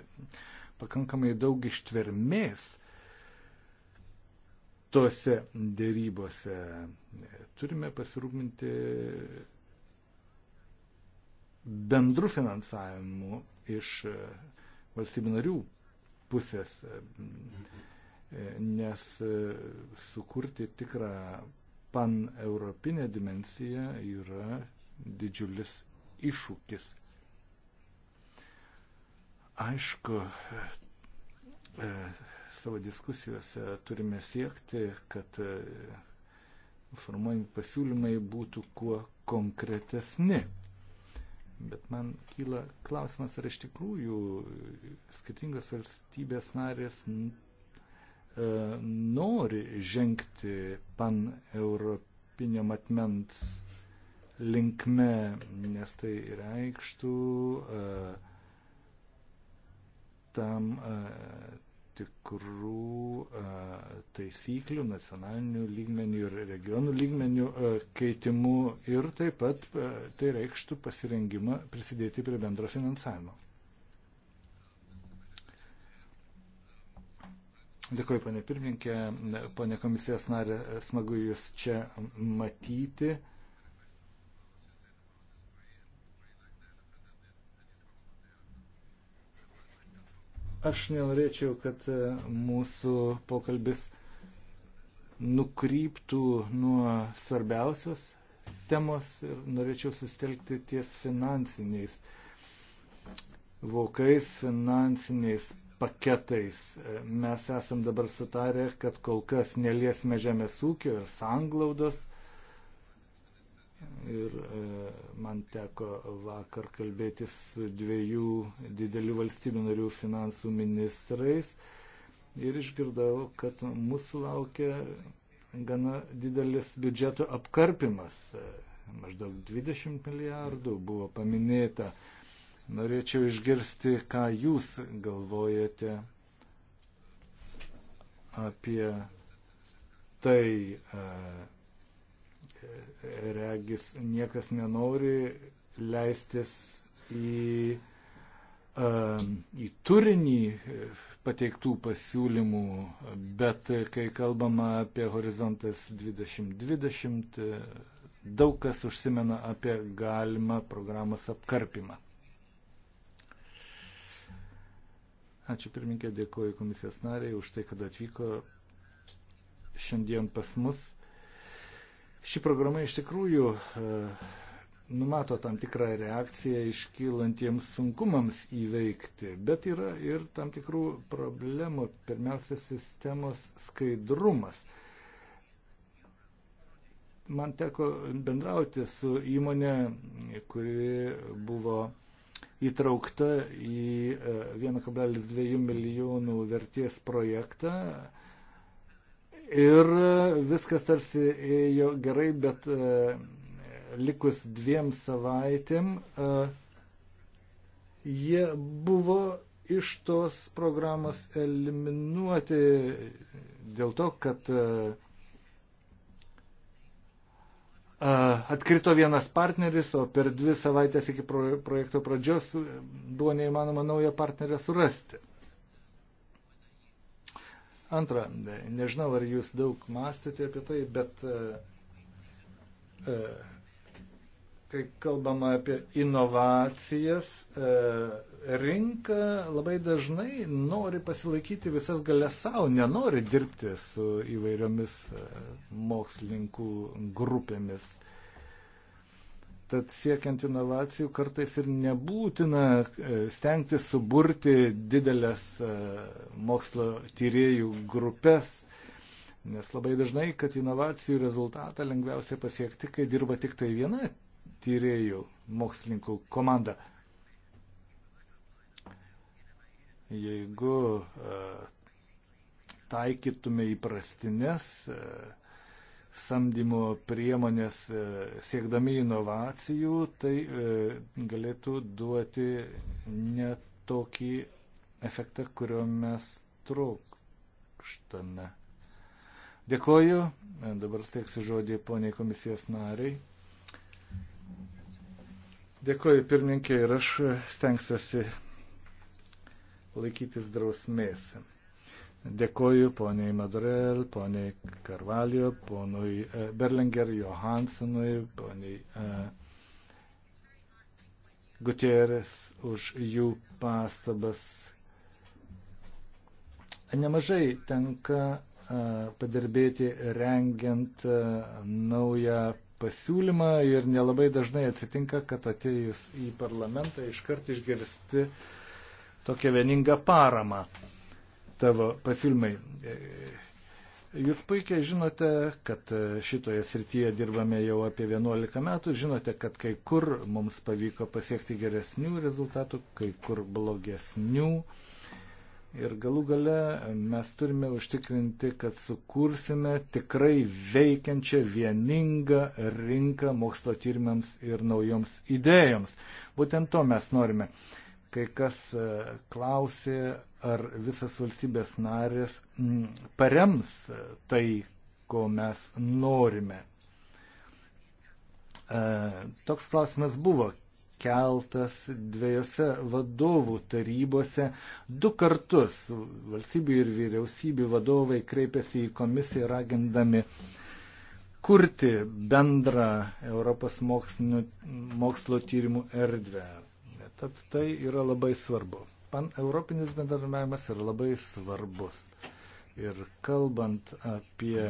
pakankamai daug ištvermės tose dėrybose. Turime pasirūpinti bendru finansavimu iš valstybių narių pusės. Mhm nes e, sukurti tikrą pan-europinę dimensiją yra didžiulis iššūkis. Aišku, e, savo diskusijose turime siekti, kad e, formuojami pasiūlymai būtų kuo konkretesni. Bet man kyla klausimas, ar iš tikrųjų skirtingos valstybės narės E, nori žengti pan-europinio matmens linkme, nes tai reikštų e, tam e, tikrų taisyklių nacionalinių lygmenių ir regionų lygmenių keitimu ir taip pat tai reikštų pasirengimą prisidėti prie bendro finansavimo. Dėkuoju, panė pirmininkė, panė komisijos narė, smagu Jūs čia matyti. Aš nenorėčiau, kad e, mūsų pokalbis nukryptų nuo svarbiausios temos ir norėčiau sustelkti ties finansiniais vokais, finansiniais paketais. Mes esam dabar sutarę, kad kol kas neliesime žemės ūkio ir sanglaudos. Ir e, man teko vakar kalbėtis su dviejų didelių valstybių narių finansų ministrais ir išgirdau, kad mūsų laukia gana didelis biudžeto apkarpimas. Maždaug 20 milijardų buvo paminėta. Mhm Norėčiau išgirsti, ką jūs galvojate apie tai. E, regis niekas nenori leistis į, e, į turinį pateiktų pasiūlymų, bet kai kalbama apie horizontas 2020, daug kas užsimena apie galimą programos apkarpimą. Ačiū pirmininkė, dėkuoju komisijos nariai už tai, kad atvyko šiandien pas mus. Ši programa iš tikrųjų e, numato tam tikrą reakciją iškylantiems sunkumams įveikti, bet yra ir tam tikrų problemų, pirmiausia, sistemos skaidrumas. Man teko bendrauti su įmonė, kuri buvo įtraukta į 1,2 e, milijonų vertės projektą. Ir viskas tarsi ėjo gerai, bet e, likus dviem savaitėm e, jie buvo iš tos programos eliminuoti dėl to, kad Atkrito vienas partneris, o per dvi savaitės iki projekto pradžios buvo neįmanoma naują partnerę surasti. Antra, nežinau, ar jūs daug mąstėte apie tai, bet kai kalbama apie inovacijas, e, rinka labai dažnai nori pasilaikyti visas galės savo, nenori dirbti su įvairiomis e, mokslininkų grupėmis. Tad siekiant inovacijų kartais ir nebūtina e, stengti suburti didelės mokslo tyriejų grupės, nes labai dažnai, kad inovacijų rezultatą lengviausia pasiekti, kai dirba tik tai viena tyriejų, mokslininkų komanda. Jeigu e, taikytume įprastinės e, samdymo priemonės e, siekdami inovacijų, tai galėtų duoti net tokį efektą, kurio mes trokštame. Dėkoju, dabar steiksiu žodį poniai komisijos nariai. Dėkoju pirmininkė ir aš stengsiuosi laikytis drausmės. Dėkoju poniai Madurel, poniai Karvalio, ponui e, Berlinger, Johansenui, poniai e, Gutierrez už jų pastabas. Nemažai tenka e, padirbėti rengiant naują pasiūlymą ir nelabai dažnai atsitinka, kad atėjus į parlamentą iškart išgirsti tokią vieningą paramą tavo pasiūlymai. Jūs puikiai žinote, kad šitoje srityje dirbame jau apie 11 metų, žinote, kad kai kur mums pavyko pasiekti geresnių rezultatų, kai kur blogesnių. Uh, Ir galų gale mes turime užtikrinti, kad sukursime tikrai veikiančią vieningą rinką mokslo tyrimams ir naujoms idėjoms. Būtent to mes norime. Kai kas e, klausė, ar visas valstybės narės parems e, tai, ko mes norime. E, toks klausimas buvo keltas dviejose vadovų tarybose. Du kartus valstybių ir vyriausybių vadovai kreipėsi į komisiją ragindami kurti bendrą Europos mokslinių, mokslo tyrimų erdvę. Tad tai yra labai svarbu. Pan Europinis bendradarbiavimas yra labai svarbus. Ir kalbant apie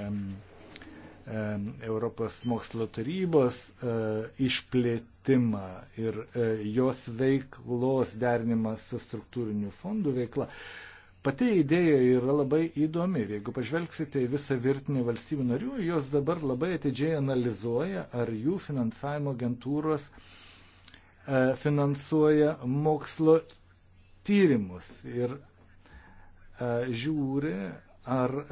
Europos mokslo tarybos e, išplėtimą ir e, jos veiklos derinimą su struktūriniu fondų veikla. Pati idėja yra labai įdomi. Jeigu pažvelgsite į visą virtinį valstybių narių, jos dabar labai atidžiai analizuoja, ar jų finansavimo agentūros e, finansuoja mokslo tyrimus ir žiūri, ar e,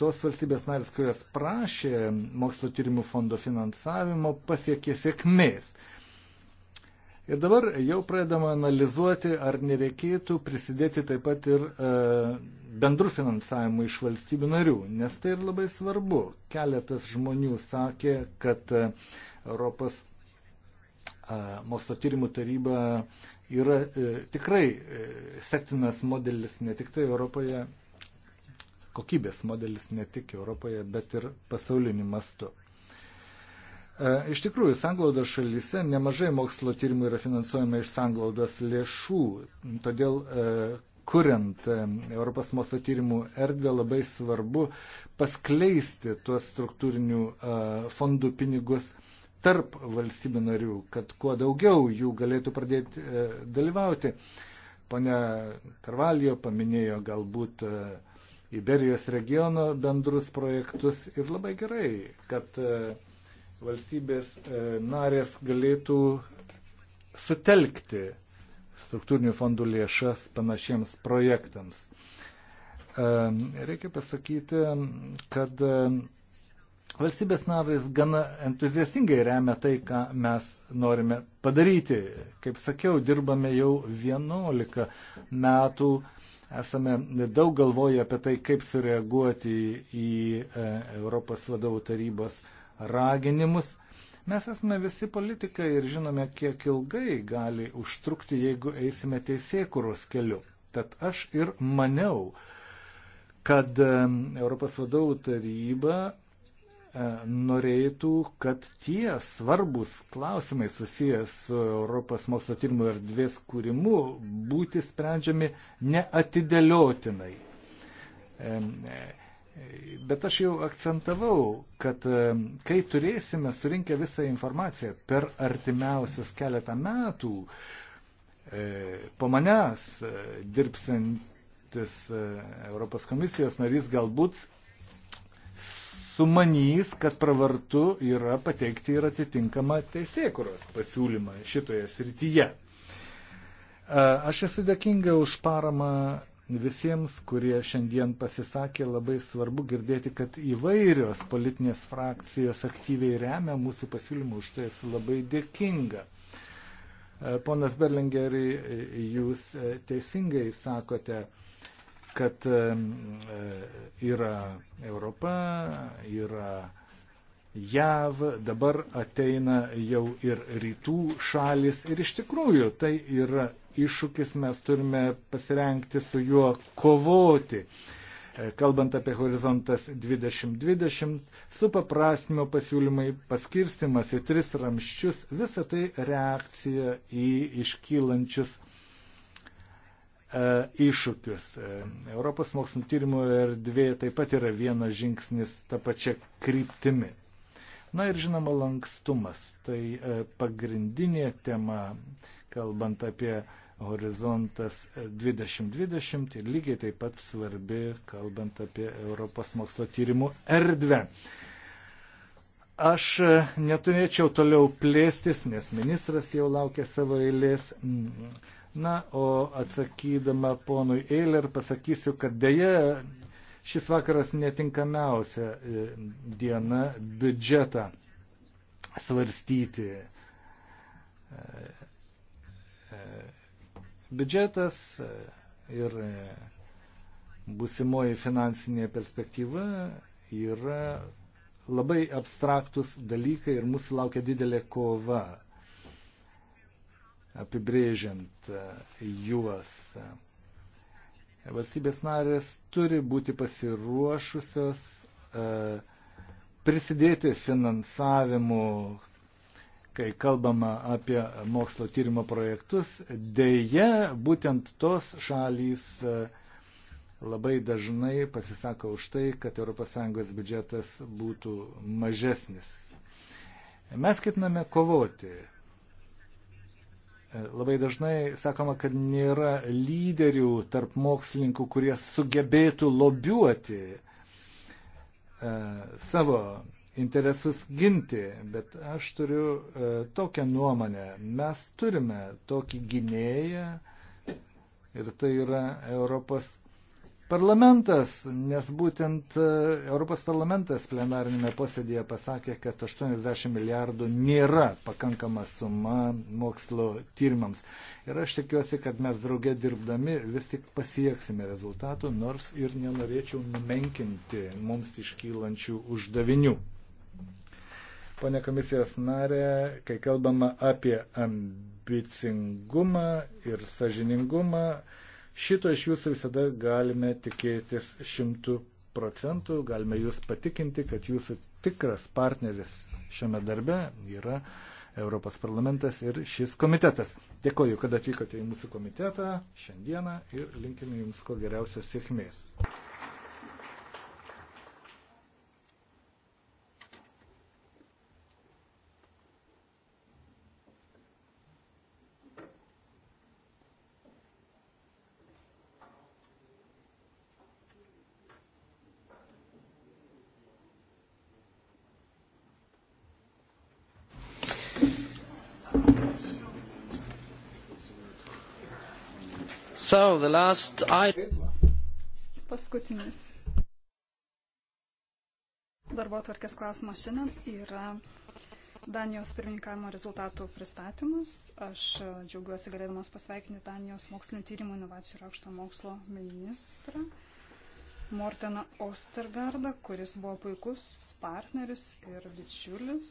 tos valstybės narės, kurios prašė mokslo tyrimų fondo finansavimo, pasiekė sėkmės. Ir dabar jau pradedama analizuoti, ar nereikėtų prisidėti taip pat ir e, bendrų finansavimų iš valstybių narių, nes tai ir labai svarbu. Keletas žmonių sakė, kad e, Europos e, mokslo tyrimų taryba yra e, tikrai e, sektinas modelis ne tik tai Europoje, kokybės modelis ne tik Europoje, bet ir pasauliniu mastu. E, iš tikrųjų, sanglaudos šalyse nemažai mokslo tyrimų yra finansuojama iš sanglaudos lėšų, todėl e, kuriant e, Europos mokslo tyrimų erdvę labai svarbu paskleisti tuos struktūrinių fondų pinigus tarp valstybių narių, kad kuo daugiau jų galėtų pradėti dalyvauti. Pone Karvalijo paminėjo galbūt uh, Iberijos regiono bendrus projektus ir labai gerai, kad e, valstybės e, narės galėtų sutelkti struktūrinių fondų lėšas panašiems projektams. E, reikia pasakyti, kad valstybės narės gana entuziastingai remia tai, ką mes norime padaryti. Kaip sakiau, dirbame jau 11 metų Esame daug galvoję apie tai, kaip sureaguoti į e, Europos vadovų tarybos raginimus. Mes esame visi politikai ir žinome, kiek ilgai gali užtrukti, jeigu eisime teisėkuros keliu. Tad aš ir maniau, kad e, Europos vadovų taryba E, norėtų, kad tie svarbus klausimai susijęs su Europos mokslo tyrimų erdvės kūrimu būti sprendžiami neatidėliotinai. E, e, bet aš jau akcentavau, kad kai turėsime surinkę visą informaciją per artimiausius keletą metų, po manęs dirbsintis Europos komisijos narys galbūt sumanys, kad pravartu yra pateikti ir atitinkamą teisėkuros pasiūlymą šitoje srityje. Aš esu dėkinga už paramą visiems, kurie šiandien pasisakė, labai svarbu girdėti, kad įvairios politinės frakcijos aktyviai remia mūsų pasiūlymą, už tai esu labai dėkinga. Ponas Berlingeri, jūs e, teisingai sakote, kad e, yra Europa, yra JAV, dabar ateina jau ir rytų šalis ir iš tikrųjų tai yra iššūkis, mes turime pasirengti su juo kovoti. E, kalbant apie horizontas 2020, supaprastinimo pasiūlymai, paskirstimas į tris ramščius, visa tai reakcija į iškylančius E, iššūkius. E, Europos mokslinio tyrimo erdvė taip pat yra vienas žingsnis tą pačią kryptimį. Na ir žinoma, lankstumas. Tai e, pagrindinė tema, kalbant apie horizontas 2020 ir lygiai taip pat svarbi, kalbant apie Europos mokslo tyrimų erdvę. Aš neturėčiau toliau plėstis, nes ministras jau laukia savo eilės. Mm Na, o atsakydama ponui Eiler pasakysiu, kad dėja šis vakaras netinkamiausia e, diena biudžetą svarstyti. E, e, biudžetas ir busimoji finansinė perspektyva yra labai abstraktus dalykai ir mūsų laukia didelė kova apibrėžiant e, juos. Valstybės narės turi būti pasiruošusios e, prisidėti finansavimu, kai kalbama apie mokslo tyrimo projektus. Deja, būtent tos šalys e, labai dažnai pasisako už tai, kad ES biudžetas būtų mažesnis. Mes ketiname kovoti Labai dažnai sakoma, kad nėra lyderių tarp mokslininkų, kurie sugebėtų lobiuoti e, savo interesus ginti, bet aš turiu e, tokią nuomonę. Mes turime tokį gynėją ir tai yra Europos parlamentas, nes būtent e, Europos parlamentas plenarinėme posėdėje pasakė, kad 80 milijardų nėra pakankama suma mokslo tyrimams. Ir aš tikiuosi, kad mes draugė dirbdami vis tik pasieksime rezultatų, nors ir nenorėčiau numenkinti mums iškylančių uždavinių. Pone komisijos narė, kai kalbama apie ambicingumą ir sažiningumą, Šito iš jūsų visada galime tikėtis šimtų procentų, galime jūs patikinti, kad jūsų tikras partneris šiame darbe yra Europos parlamentas ir šis komitetas. Dėkoju, kad atvykote į mūsų komitetą šiandieną ir linkime jums ko geriausios sėkmės. So, the last item. Paskutinis darbo tvarkės klausimas šiandien yra Danijos pirmininkavimo rezultatų pristatymas. Aš džiaugiuosi galėdamas pasveikinti Danijos mokslinio tyrimų inovacijų ir aukšto mokslo ministrą Morteną Ostergardą, kuris buvo puikus partneris ir bičiulis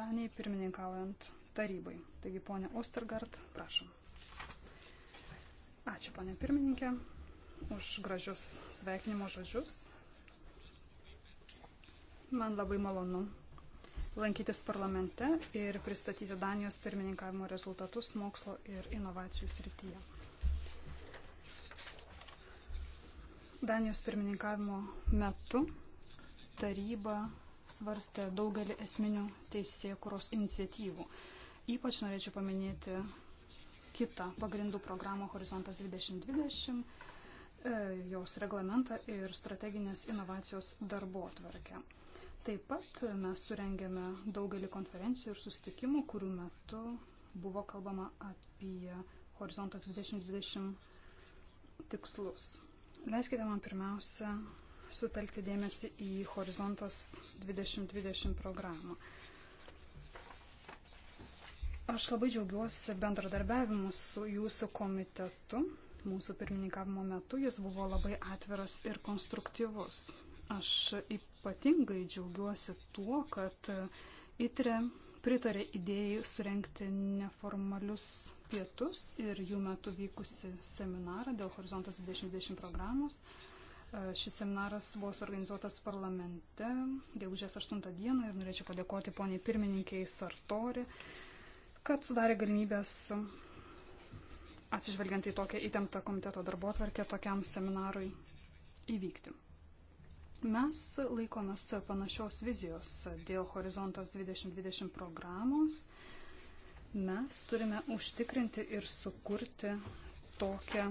Danijai pirmininkaujant tarybai. Taigi, ponė Ostergard, prašom. Ačiū, ponė pirmininkė, už gražius sveikinimo žodžius. Man labai malonu lankytis parlamente ir pristatyti Danijos pirmininkavimo rezultatus mokslo ir inovacijų srityje. Danijos pirmininkavimo metu taryba svarstė daugelį esminių teisėkuros iniciatyvų. Ypač norėčiau paminėti kitą pagrindų programą Horizontas 2020, e, jos reglamentą ir strateginės inovacijos darbo atvarkę. Taip pat mes surengėme daugelį konferencijų ir susitikimų, kurių metu buvo kalbama apie Horizontas 2020 tikslus. Leiskite man pirmiausia sutelkti dėmesį į Horizontas 2020 programą. Aš labai džiaugiuosi bendradarbiavimu su jūsų komitetu. Mūsų pirmininkavimo metu jis buvo labai atviras ir konstruktyvus. Aš ypatingai džiaugiuosi tuo, kad ITRE pritarė idėjai surenkti neformalius pietus ir jų metu vykusi seminarą dėl Horizontas 2020 programos. Šis seminaras buvo suorganizuotas parlamente gegužės 8 dieną ir norėčiau padėkoti poniai pirmininkiai Sartori kad sudarė galimybės atsižvelgiant į tokią įtemptą komiteto darbo atvarkę tokiam seminarui įvykti. Mes laikomės panašios vizijos dėl Horizontas 2020 programos. Mes turime užtikrinti ir sukurti tokią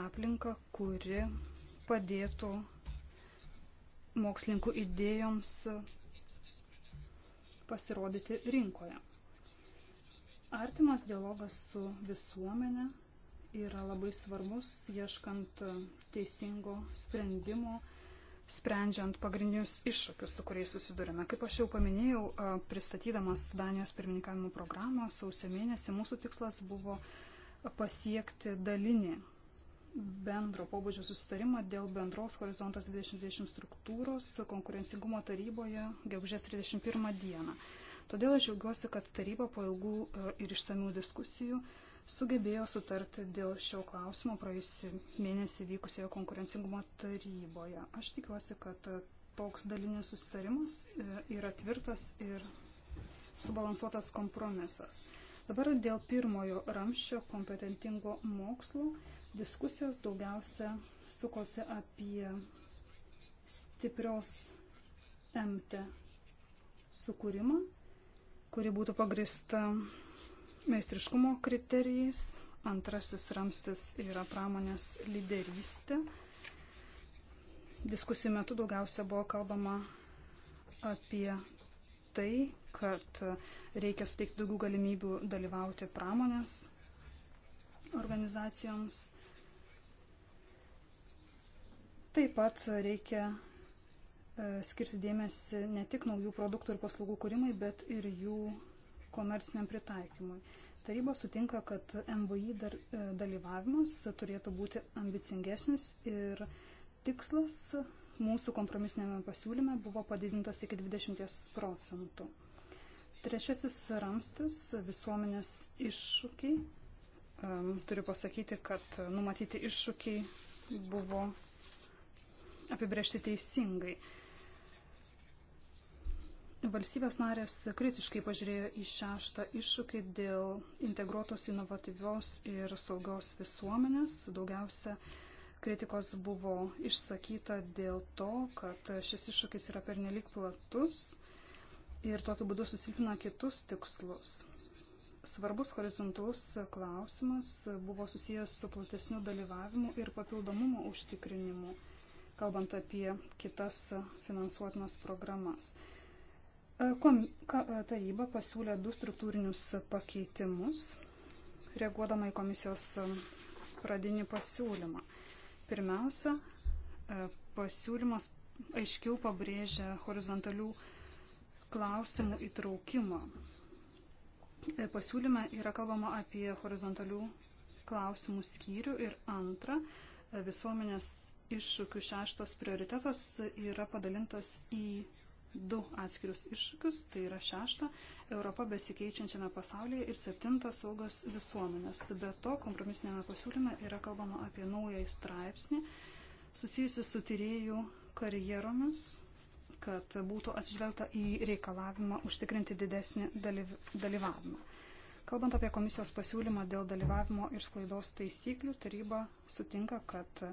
aplinką, kuri padėtų mokslininkų idėjoms pasirodyti rinkoje. Artimas dialogas su visuomenė yra labai svarbus, ieškant teisingo sprendimo, sprendžiant pagrindinius iššūkius, su kuriais susidurime. Kaip aš jau paminėjau, pristatydamas Danijos pirmininkavimo programą sausio mėnesį, mūsų tikslas buvo pasiekti dalinį bendro pobūdžio susitarimą dėl bendros horizontas 2020 struktūros konkurencingumo taryboje gegužės 31 dieną. Todėl aš džiaugiuosi, kad taryba po ilgų e, ir išsamių diskusijų sugebėjo sutarti dėl šio klausimo praėjusį mėnesį vykusioje konkurencingumo taryboje. Aš tikiuosi, kad e, toks dalinis susitarimas e, yra tvirtas ir subalansuotas kompromisas. Dabar dėl pirmojo ramščio kompetentingo mokslo diskusijos daugiausia sukosi apie stiprios MT sukūrimą kuri būtų pagrista meistriškumo kriterijais. Antrasis ramstis yra pramonės lyderystė. Diskusijų metu daugiausia buvo kalbama apie tai, kad reikia suteikti daugiau galimybių dalyvauti pramonės organizacijoms. Taip pat reikia E, skirti dėmesį ne tik naujų produktų ir paslaugų kūrimui, bet ir jų komerciniam pritaikymui. Taryba sutinka, kad MVI dar, e, dalyvavimas turėtų būti ambicingesnis ir tikslas mūsų kompromisinėme pasiūlyme buvo padidintas iki 20 procentų. Trečiasis ramstis - visuomenės iššūkiai. E, turiu pasakyti, kad numatyti iššūkiai buvo apibriežti teisingai. Valstybės narės kritiškai pažiūrėjo į šeštą iššūkį dėl integruotos inovatyvios ir saugios visuomenės. Daugiausia kritikos buvo išsakyta dėl to, kad šis iššūkis yra pernelik platus ir tokiu būdu susilpina kitus tikslus. Svarbus horizontalus klausimas buvo susijęs su platesniu dalyvavimu ir papildomumo užtikrinimu, kalbant apie kitas finansuotinas programas. E, e, taryba pasiūlė du struktūrinius pakeitimus, reaguodama į komisijos e, pradinį pasiūlymą. Pirmiausia, pasiūlymas aiškiau pabrėžia horizontalių klausimų įtraukimą. Pasiūlyme yra kalbama apie horizontalių klausimų skyrių ir antra, visuomenės iššūkių šeštas prioritetas yra padalintas į du atskirius iššūkius, tai yra šešta Europa besikeičiančiame pasaulyje ir septinta saugos visuomenės. Be to, kompromisinėme pasiūlyme yra kalbama apie naują straipsnį susijusi su tyriejų karjeromis, kad būtų atsižvelgta į reikalavimą užtikrinti didesnį dalyv dalyvavimą. Kalbant apie komisijos pasiūlymą dėl dalyvavimo ir sklaidos taisyklių, taryba sutinka, kad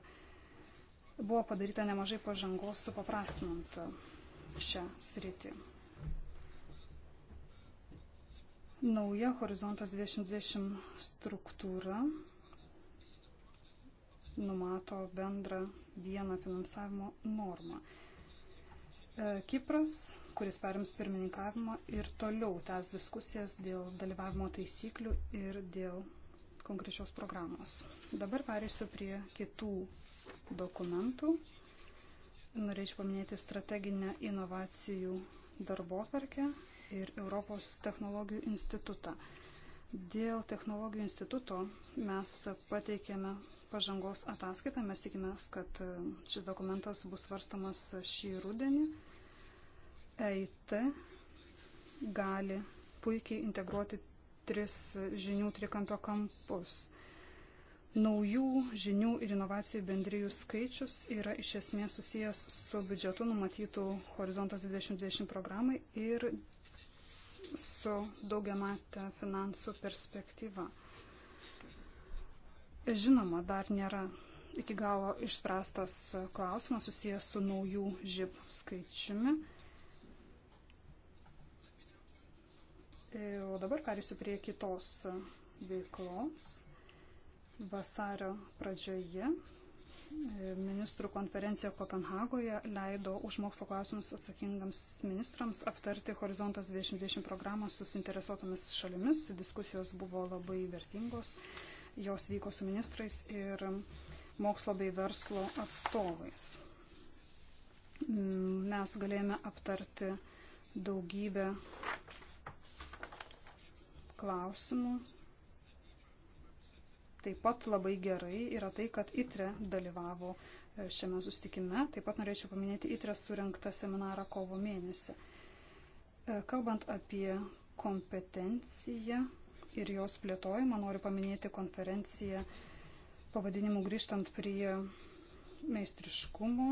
buvo padaryta nemažai pažangos supaprastinant šią sritį. Nauja Horizontas 2020 struktūra numato bendrą vieną finansavimo normą. E, Kipras, kuris perims pirmininkavimą ir toliau tęs diskusijas dėl dalyvavimo taisyklių ir dėl konkrečios programos. Dabar perėsiu prie kitų dokumentų. Norėčiau paminėti strateginę inovacijų darbotvarkę ir Europos technologijų institutą. Dėl technologijų instituto mes pateikėme pažangos ataskaitą. Mes tikimės, kad e, šis dokumentas bus svarstamas šį rudenį. EIT gali puikiai integruoti tris žinių trikampio kampus Naujų žinių ir inovacijų bendrijų skaičius yra iš esmės susijęs su biudžetu numatytų Horizontas 2020 programai ir su daugiamatė finansų perspektyva. Žinoma, dar nėra iki galo išspręstas klausimas susijęs su naujų žib skaičiumi. E, o dabar perėsiu prie kitos veiklos. Vasario pradžioje e, ministrų konferencija Kopenhagoje leido už mokslo klausimus atsakingams ministrams aptarti Horizontas 2020 programą su suinteresuotomis šalimis. Diskusijos buvo labai vertingos, jos vyko su ministrais ir mokslo bei verslo atstovais. Mm, mes galėjome aptarti daugybę klausimų Taip pat labai gerai yra tai, kad ITRE dalyvavo e, šiame sustikime. Taip pat norėčiau paminėti ITRE surinktą seminarą kovo mėnesį. E, kalbant apie kompetenciją ir jos plėtojimą, noriu paminėti konferenciją pavadinimu grįžtant prie meistriškumo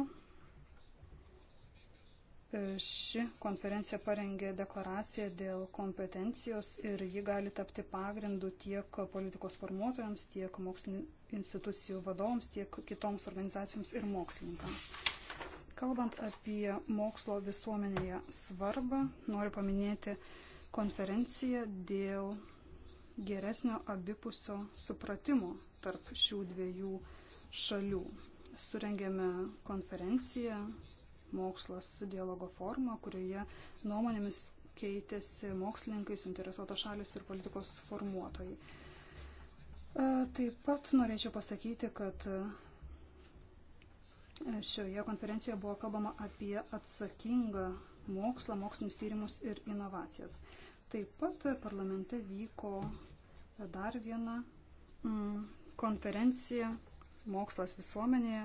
Ši konferencija parengė deklaraciją dėl kompetencijos ir ji gali tapti pagrindu tiek politikos formuotojams, tiek mokslinių institucijų vadovams, tiek kitoms organizacijoms ir mokslininkams. Kalbant apie mokslo visuomenėje svarbą, noriu paminėti konferenciją dėl geresnio abipusio supratimo tarp šių dviejų šalių. Surengėme konferenciją mokslas dialogo forma, kurioje nuomonėmis keitėsi mokslininkai, suinteresuotos šalis ir politikos formuotojai. E, taip pat norėčiau pasakyti, kad e, šioje konferencijoje buvo kalbama apie atsakingą mokslą, mokslinius tyrimus ir inovacijas. Taip pat parlamente vyko dar viena mm, konferencija Mokslas visuomenėje,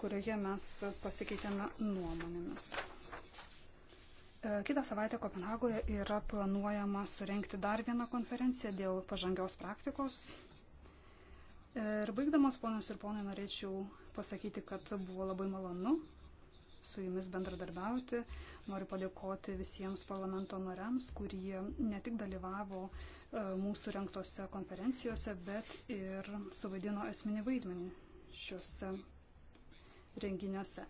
kurioje mes pasikeitėme nuomonėmis. E, kitą savaitę Kopenhagoje yra planuojama surenkti dar vieną konferenciją dėl pažangios praktikos. Ir baigdamas, ponios ir ponai, norėčiau pasakyti, kad buvo labai malonu su jumis bendradarbiauti. Noriu padėkoti visiems parlamento nariams, kurie ne tik dalyvavo e, mūsų renktose konferencijose, bet ir suvaidino esminį vaidmenį šiuose renginiuose.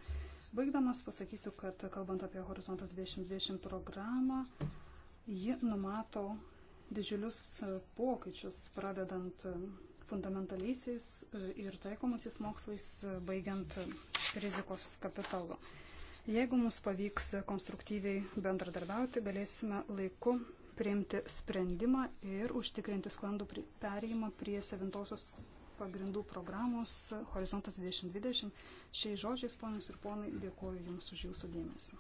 Baigdamas pasakysiu, kad kalbant apie Horizontas 2020 programą, ji numato didžiulius pokyčius, pradedant fundamentaliaisiais ir taikomaisiais mokslais, baigiant rizikos kapitalu. Jeigu mums pavyks konstruktyviai bendradarbiauti, galėsime laiku priimti sprendimą ir užtikrinti sklandų perėjimą prie sevintosios pagrindų programos Horizontas 2020. Šiais žodžiais, ponios ir ponai, dėkoju Jums už Jūsų dėmesį.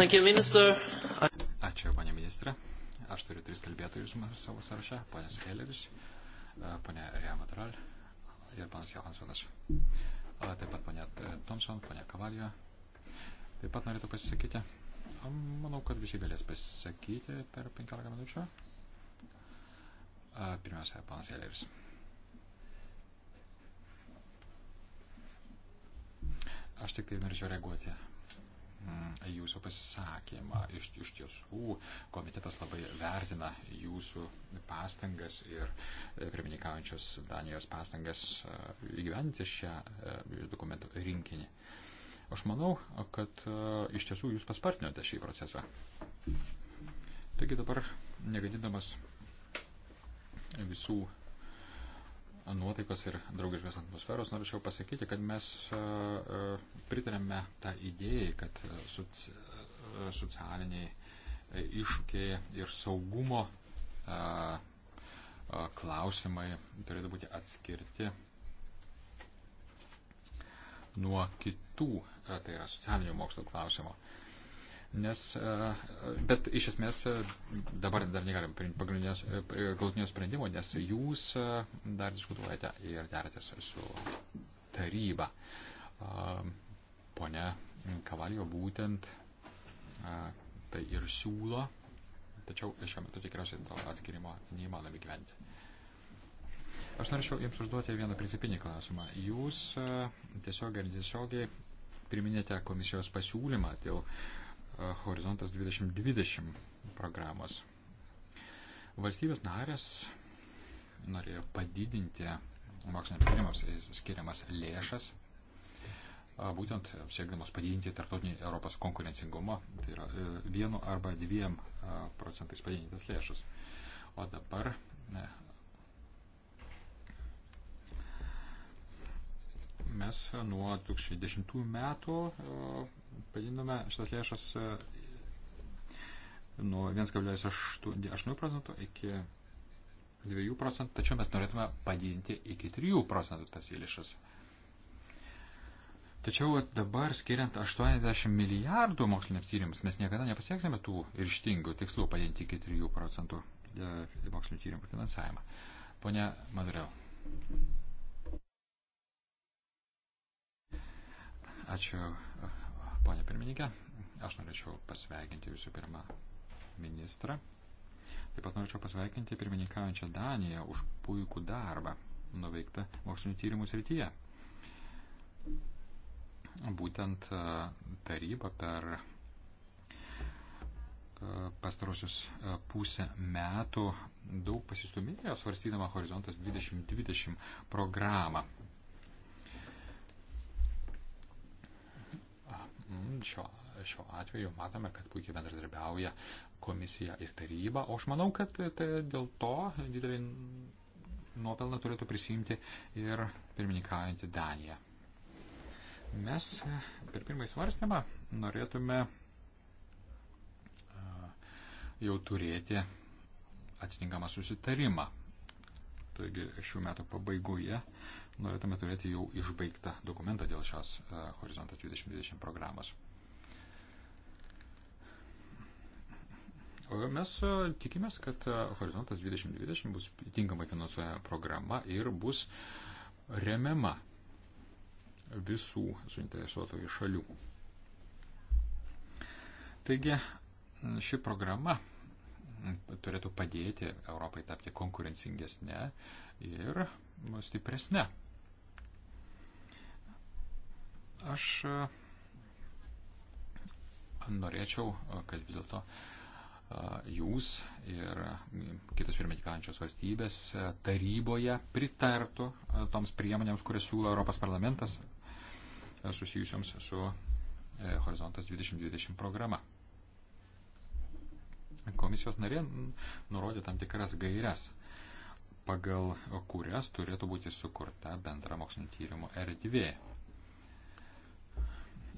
You, Ačiū, ponė ministrė. Aš turiu tris kalbėtojus savo sąraše. Ponas Kelleris, ponė Rea Matral ir panas Johansonas. Taip pat ponė e, Thompson, ponė Kavalio. Taip pat norėtų pasisakyti. Manau, kad visi galės pasisakyti per 15 minučių. Pirmiausia, panas Elleris. Aš tik tai norėčiau reaguoti mm, jūsų pasisakymą. Iš, iš tiesų, komitetas labai vertina jūsų pastangas ir e, pirmininkaujančios Danijos pastangas e, įgyventi šią e, dokumentų rinkinį. Aš manau, kad iš tiesų jūs paspartinote šį procesą. Taigi dabar, negadindamas visų nuotaikos ir draugiškos atmosferos, norėčiau pasakyti, kad mes e, e, pritarėme tą idėją, kad e, socialiniai iššūkiai ir saugumo klausimai turėtų būti atskirti nuo kitų, tai yra socialinių mokslo klausimo. Nes, e, bet iš esmės e, dabar dar negalim priimti e, galutinio sprendimo, nes jūs dar diskutuojate ir deratės su taryba. Pone Kavalio būtent tai ir siūlo, tačiau šiuo metu tikriausiai to atskirimo neįmanoma gyventi. Aš norėčiau Jums užduoti vieną principinį klausimą. Jūs tiesiog ir tiesiogiai priminėte komisijos pasiūlymą dėl uh, E, horizontas 2020 programos. Valstybės narės norėjo padidinti moksliniams tyrimams skiriamas lėšas, e, būtent siekdamas padidinti tarptautinį Europos konkurencingumą, tai yra e, vienu arba dviem procentais padidintas lėšas. O dabar mes nuo 2010 metų padidinome šitas lėšas e, nuo 1,8 procentų iki 2 procentų, tačiau mes norėtume padidinti iki 3 procentų tas lėšas. Tačiau dabar skiriant 80 milijardų moksliniams tyrimams, mes niekada nepasieksime tų irštingų tikslų padinti iki 3 procentų e, mokslinio tyrimų finansavimą. Pone Madurėl. Ačiū, Pone pirmininkė, aš norėčiau pasveikinti jūsų pirmą ministrą. Taip pat norėčiau pasveikinti pirmininkaujančią Daniją už puikų darbą nuveiktą mokslinio tyrimų srityje. Būtent e, taryba per e, pastarosius e, pusę metų daug pasistumėjo svarstydama Horizontas 2020 programą. Mm, šiuo, šiuo atveju matome, kad puikiai bendradarbiauja komisija ir taryba, o aš manau, kad tai dėl to didelį nuopelną turėtų prisimti ir pirmininkaujantį Daniją. Mes e, per pirmąjį svarstymą norėtume e, jau turėti atitinkamą susitarimą Taigi šių metų pabaigoje norėtume turėti jau išbaigtą dokumentą dėl šios e, Horizontas 2020 programos. Mes e, tikimės, kad e, Horizontas 2020 bus tinkamai finansuojama programa ir bus remiama visų suinteresuotojų šalių. Taigi, ši programa turėtų padėti Europai tapti konkurencingesnė ir stipresnė. Aš e, norėčiau, e, kad vis dėlto e, jūs ir kitos pirmininkaujančios valstybės taryboje pritartų toms priemonėms, kurias siūlo Europos parlamentas susijusioms su Horizontas 2020 programa. Komisijos narė nurodė tam tikras gairias, pagal kurias turėtų būti sukurta bendra mokslinio tyrimo erdvė.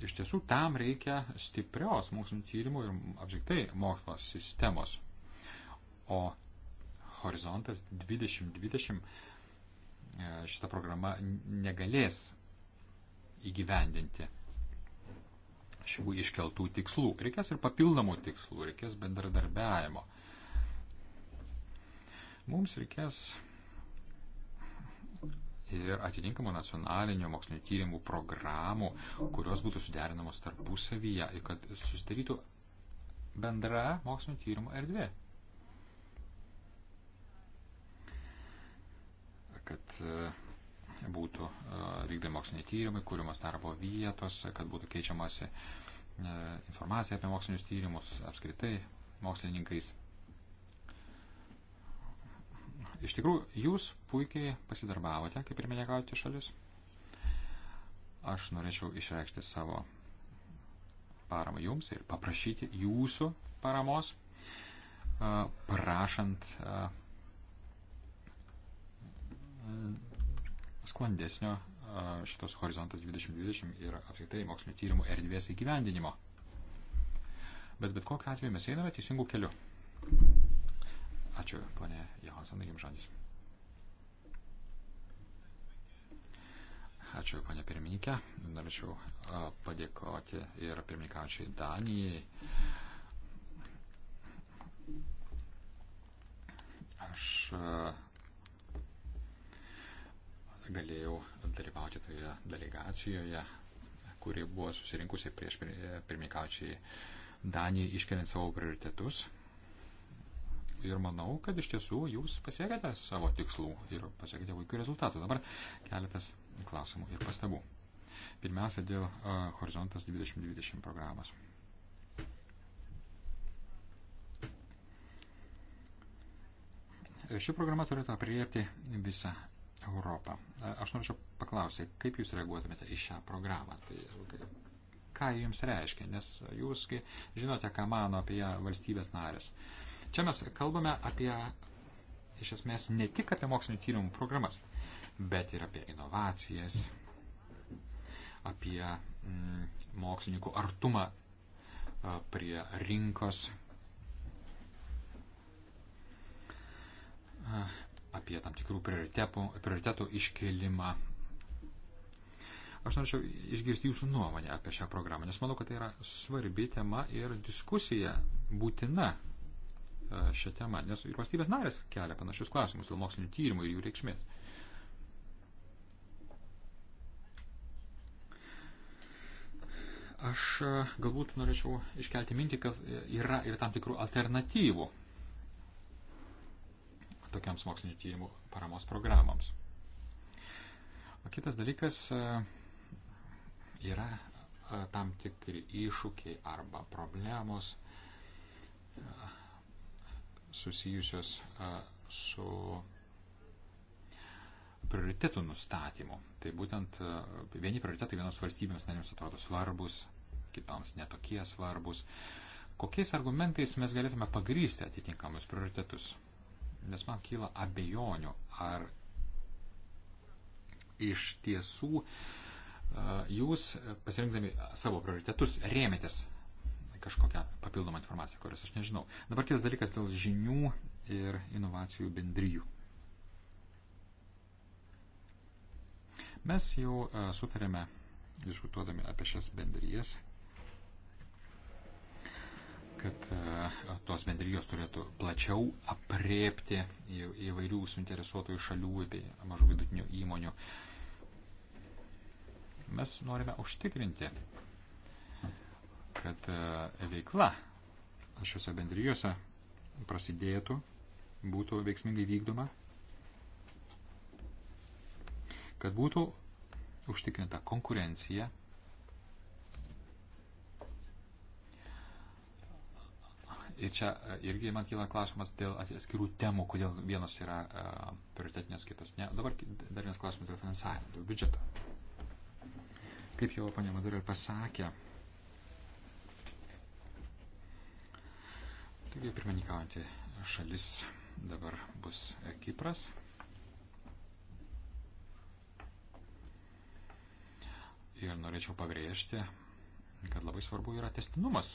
Iš tiesų, tam reikia stiprios mokslinio tyrimų ir apskritai mokslo sistemos. O Horizontas 2020 e, šita programa negalės įgyvendinti šių iškeltų tikslų. Reikės ir papildomų tikslų, reikės bendradarbiavimo. Mums reikės ir atitinkamų nacionalinių mokslinio tyrimų programų, kurios būtų suderinamos tarpusavyje ir kad susidarytų bendra mokslinio tyrimo erdvė. Kad uh, būtų e, vykdami moksliniai tyrimai, kūrimas darbo vietos, kad būtų keičiamasi e, informacija apie mokslinius tyrimus apskritai mokslininkais. Iš tikrųjų, jūs puikiai pasidarbavote, kaip ir minėkavote šalis. Aš norėčiau išreikšti savo paramą jums ir paprašyti jūsų paramos, e, prašant sklandesnio šitos horizontas 2020 ir apskritai mokslinio tyrimų erdvės įgyvendinimo. Bet bet kokiu atveju mes einame teisingų keliu. Ačiū, ponė Johansanai, jums žodis. Ačiū, ponė pirmininkė. Norėčiau padėkoti ir pirmininkaučiai Danijai. Aš uh, galėjau dalyvauti toje delegacijoje, kuri buvo susirinkusi prieš pirmikaučiai Danijai iškeliant savo prioritetus. Ir manau, kad iš tiesų jūs pasiekėte savo tikslų ir pasiekėte puikių rezultatų. Dabar keletas klausimų ir pastabų. Pirmiausia, dėl uh, Horizontas 2020 programos. Ši programa turėtų apriepti visą Europą. Aš norėčiau paklausyti, kaip jūs reaguotumėte į šią programą? Tai, ką jums reiškia? Nes jūs žinote, ką mano apie ją valstybės narės. Čia mes kalbame apie, iš esmės, ne tik apie mokslinio tyrimų programas, bet ir apie inovacijas, apie mm, mokslininkų artumą prie rinkos apie tam tikrų prioritetų, prioritetų iškelimą. Aš norėčiau išgirsti jūsų nuomonę apie šią programą, nes manau, kad tai yra svarbi tema ir diskusija būtina e, šią temą, nes ir valstybės narės kelia panašius klausimus dėl mokslinių tyrimų ir jų reikšmės. Aš e, galbūt norėčiau iškelti mintį, kad e, yra ir tam tikrų alternatyvų tokiams mokslinio tyrimų paramos programams. O kitas dalykas e, yra e, tam tikri iššūkiai arba problemos e, susijusios su prioritetų nustatymu. Tai būtent vieni prioritetai vienos valstybėms narėms atrodo svarbus, kitoms netokie svarbus. Kokiais argumentais mes galėtume pagrysti atitinkamus prioritetus? nes man kyla abejonių, ar iš tiesų e, jūs pasirinkdami savo prioritetus rėmėtės kažkokią papildomą informaciją, kurios aš nežinau. Dabar kitas dalykas dėl žinių ir inovacijų bendryjų. Mes jau e, sutarėme, diskutuodami apie šias bendryjas, kad e, tos bendrijos turėtų plačiau apriepti įvairių suinteresuotųjų šalių bei mažų vidutinių įmonių. Mes norime užtikrinti, kad e, veikla šiuose bendrijose prasidėtų, būtų veiksmingai vykdoma, kad būtų užtikrinta konkurencija Ir čia e, irgi man kyla klausimas dėl atskirų temų, kodėl vienos yra e, prioritetinės, kitos ne. Dabar dar vienas klausimas dėl finansavimo, dėl biudžeto. Kaip jau panė Madurė ir pasakė, taigi pirmininkaujantį šalis dabar bus e, Kipras. Ir norėčiau pabrėžti, kad labai svarbu yra testinumas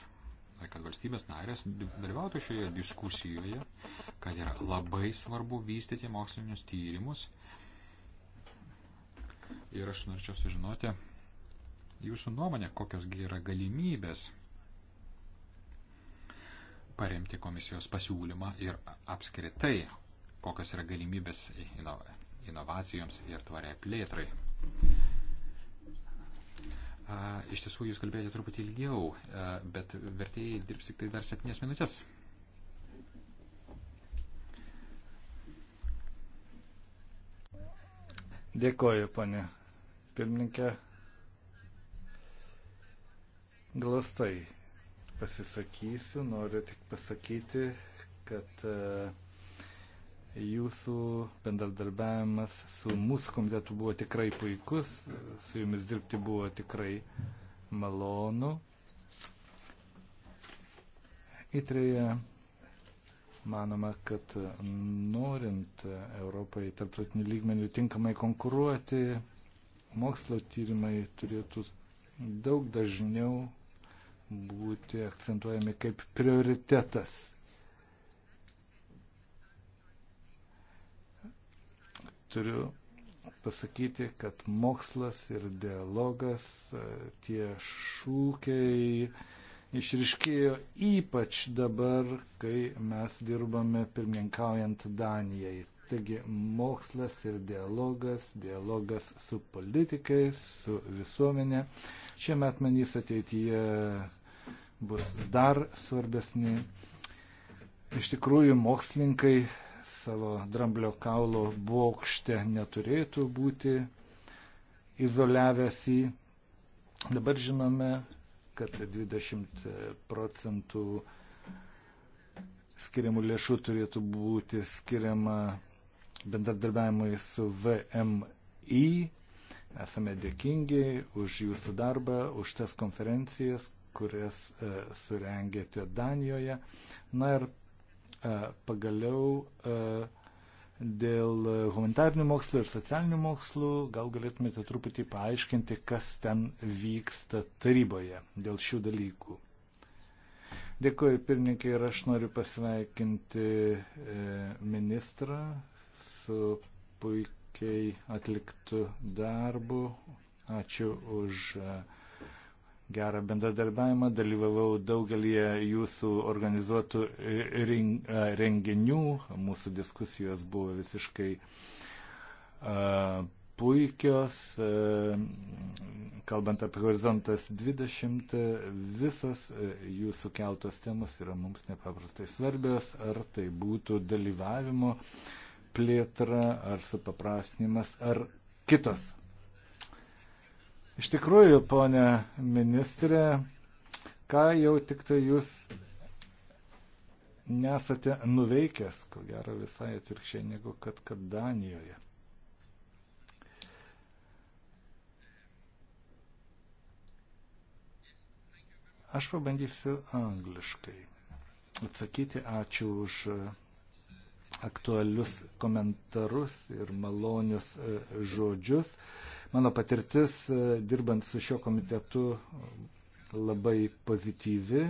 Tai kad valstybės narės dalyvautų šioje diskusijoje, kad yra labai svarbu vystyti mokslinius tyrimus. Ir aš norėčiau sužinoti jūsų nuomonę, kokiosgi yra galimybės paremti komisijos pasiūlymą ir apskritai, kokios yra galimybės inovacijoms ir tvariai plėtrai. A, iš tiesų, jūs kalbėjote truputį ilgiau, a, bet vertėjai dirbs tik tai dar septynės minutės. Dėkoju, ponė pirmininkė. Glastai pasisakysiu, noriu tik pasakyti, kad a, Jūsų bendradarbiavimas su mūsų komitetu buvo tikrai puikus, su jumis dirbti buvo tikrai malonu. Įtrėje manoma, kad norint Europai tarptautinių lygmenių tinkamai konkuruoti, mokslo tyrimai turėtų daug dažniau būti akcentuojami kaip prioritetas turiu pasakyti, kad mokslas ir dialogas, e, tie šūkiai išriškėjo ypač dabar, kai mes dirbame pirmininkaujant Danijai. Taigi mokslas ir dialogas, dialogas su politikais, su visuomenė. Šie metmenys ateityje bus dar svarbesni. Iš tikrųjų, mokslininkai savo dramblio kaulo bokšte neturėtų būti izoliavęs į. Dabar žinome, kad 20 procentų skiriamų lėšų turėtų būti skiriama bendradarbiavimui su VMI. Esame dėkingi už jūsų darbą, už tas konferencijas, kurias e, surengėte Danijoje. Na ir E, pagaliau e, dėl humanitarnių mokslų ir socialinių mokslų gal galėtumėte truputį paaiškinti, kas ten vyksta taryboje dėl šių dalykų. Dėkuoju pirmininkai ir aš noriu pasveikinti e, ministrą su puikiai atliktu darbu. Ačiū už uh, gerą bendradarbiavimą, dalyvavau daugelį jūsų organizuotų renginių, mūsų diskusijos buvo visiškai puikios, kalbant apie horizontas 20, visos jūsų keltos temos yra mums nepaprastai svarbios, ar tai būtų dalyvavimo plėtra, ar supaprastinimas, ar kitos Iš tikrųjų, ponė ministrė, ką jau tik tai jūs nesate nuveikęs, ko gero visai atvirkščiai negu kad, kad Danijoje. Aš pabandysiu angliškai atsakyti. Ačiū už aktualius komentarus ir malonius e, žodžius. Mano patirtis e, dirbant su šiuo komitetu labai pozityvi.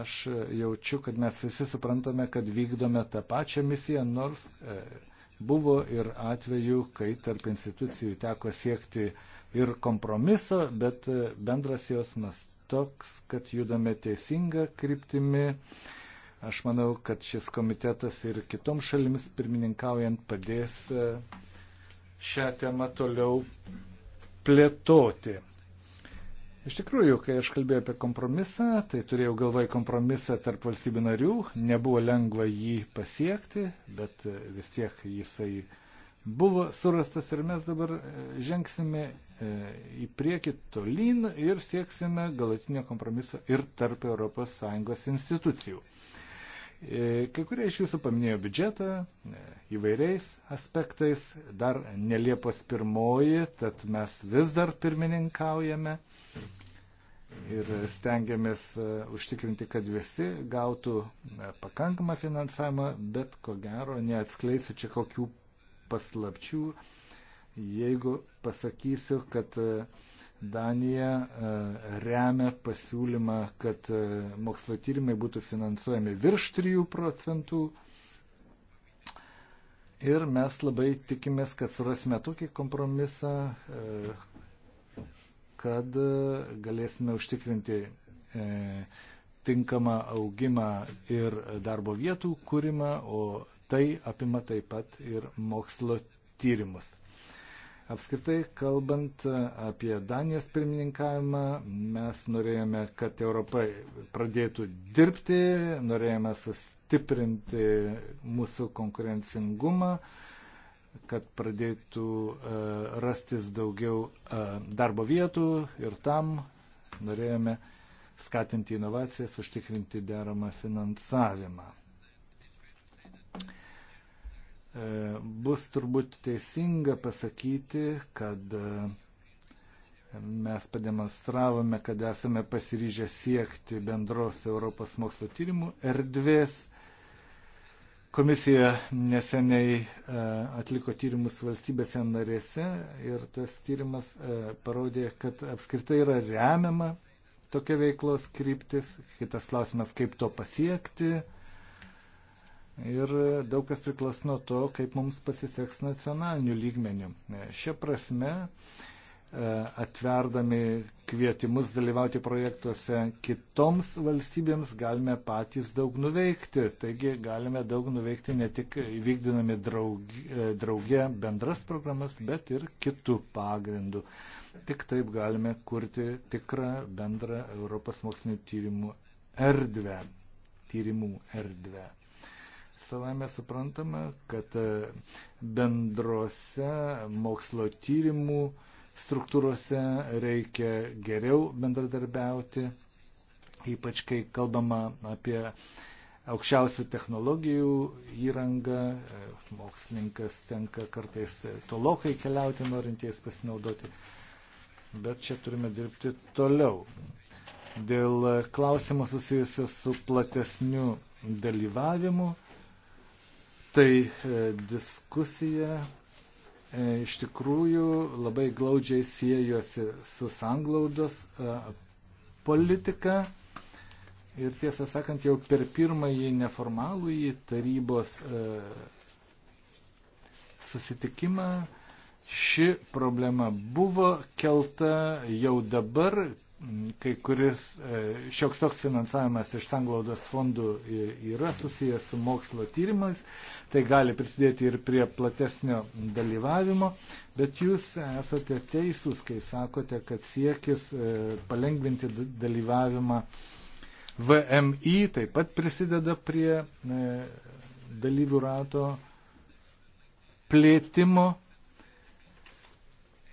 Aš e, jaučiu, kad mes visi suprantame, kad vykdome tą pačią misiją, nors e, buvo ir atveju, kai tarp institucijų teko siekti ir kompromiso, bet bendras jausmas toks, kad judame teisinga kryptimi. Aš manau, kad šis komitetas ir kitoms šalims pirmininkaujant padės šią temą toliau plėtoti. Iš tikrųjų, kai aš kalbėjau apie kompromisą, tai turėjau galvoje kompromisą tarp valstybių narių, nebuvo lengva jį pasiekti, bet vis tiek jisai buvo surastas ir mes dabar e, žengsime e, į priekį tolyn ir sieksime galutinio kompromiso ir tarp ES institucijų. E, kai kurie iš jūsų paminėjo biudžetą e, įvairiais aspektais, dar neliepos pirmoji, tad mes vis dar pirmininkaujame ir stengiamės e, užtikrinti, kad visi gautų pakankamą finansavimą, bet ko gero neatskleisiu čia kokių paslapčių, jeigu pasakysiu, kad uh, Danija e, remia pasiūlymą, kad e, mokslo tyrimai būtų finansuojami virš 3 procentų. Ir mes labai tikimės, kad surasime tokį kompromisą, e, kad galėsime užtikrinti tinkamą augimą ir darbo vietų kūrimą, o tai apima taip pat ir mokslo tyrimus. Apskritai, kalbant apie Danijos pirmininkavimą, mes norėjome, kad Europa pradėtų dirbti, norėjome sustiprinti mūsų konkurencingumą, kad pradėtų e, rastis daugiau e, darbo vietų ir tam norėjome skatinti inovacijas, užtikrinti deramą finansavimą. E, bus turbūt teisinga pasakyti, kad e, mes pademonstravome, kad esame pasiryžę siekti bendros Europos mokslo tyrimų erdvės. Komisija neseniai e, atliko tyrimus valstybėse narėse ir tas tyrimas parodė, kad apskritai yra remiama tokia veiklos kryptis. Kitas klausimas, kaip to pasiekti ir daug kas priklas nuo to, kaip mums pasiseks nacionaliniu lygmeniu. Šia prasme, e, atverdami kvietimus dalyvauti projektuose kitoms valstybėms, galime patys daug nuveikti. Taigi galime daug nuveikti ne tik vykdinami e, drauge bendras programas, bet ir kitų pagrindų. Tik taip galime kurti tikrą bendrą Europos mokslinio tyrimų erdvę. Tyrimų erdvę savame suprantama, kad e, bendrose mokslo tyrimų struktūrose reikia geriau bendradarbiauti, ypač kai kalbama apie aukščiausių technologijų įrangą. E, mokslininkas tenka kartais tolokai keliauti, norintiems pasinaudoti. Bet čia turime dirbti toliau. Dėl klausimo susijusio su platesniu dalyvavimu tai e, diskusija e, iš tikrųjų labai glaudžiai siejosi su sanglaudos e, politika. Ir tiesą sakant, jau per pirmąjį neformalųjį tarybos susitikimą ši problema buvo kelta jau dabar kai kuris e, šioks toks finansavimas iš sanglaudos fondų yra susijęs su mokslo tyrimais, tai gali prisidėti ir prie platesnio dalyvavimo, bet jūs esate teisūs, kai sakote, kad siekis e, palengvinti dalyvavimą VMI taip pat prisideda prie e, dalyvių rato plėtimo.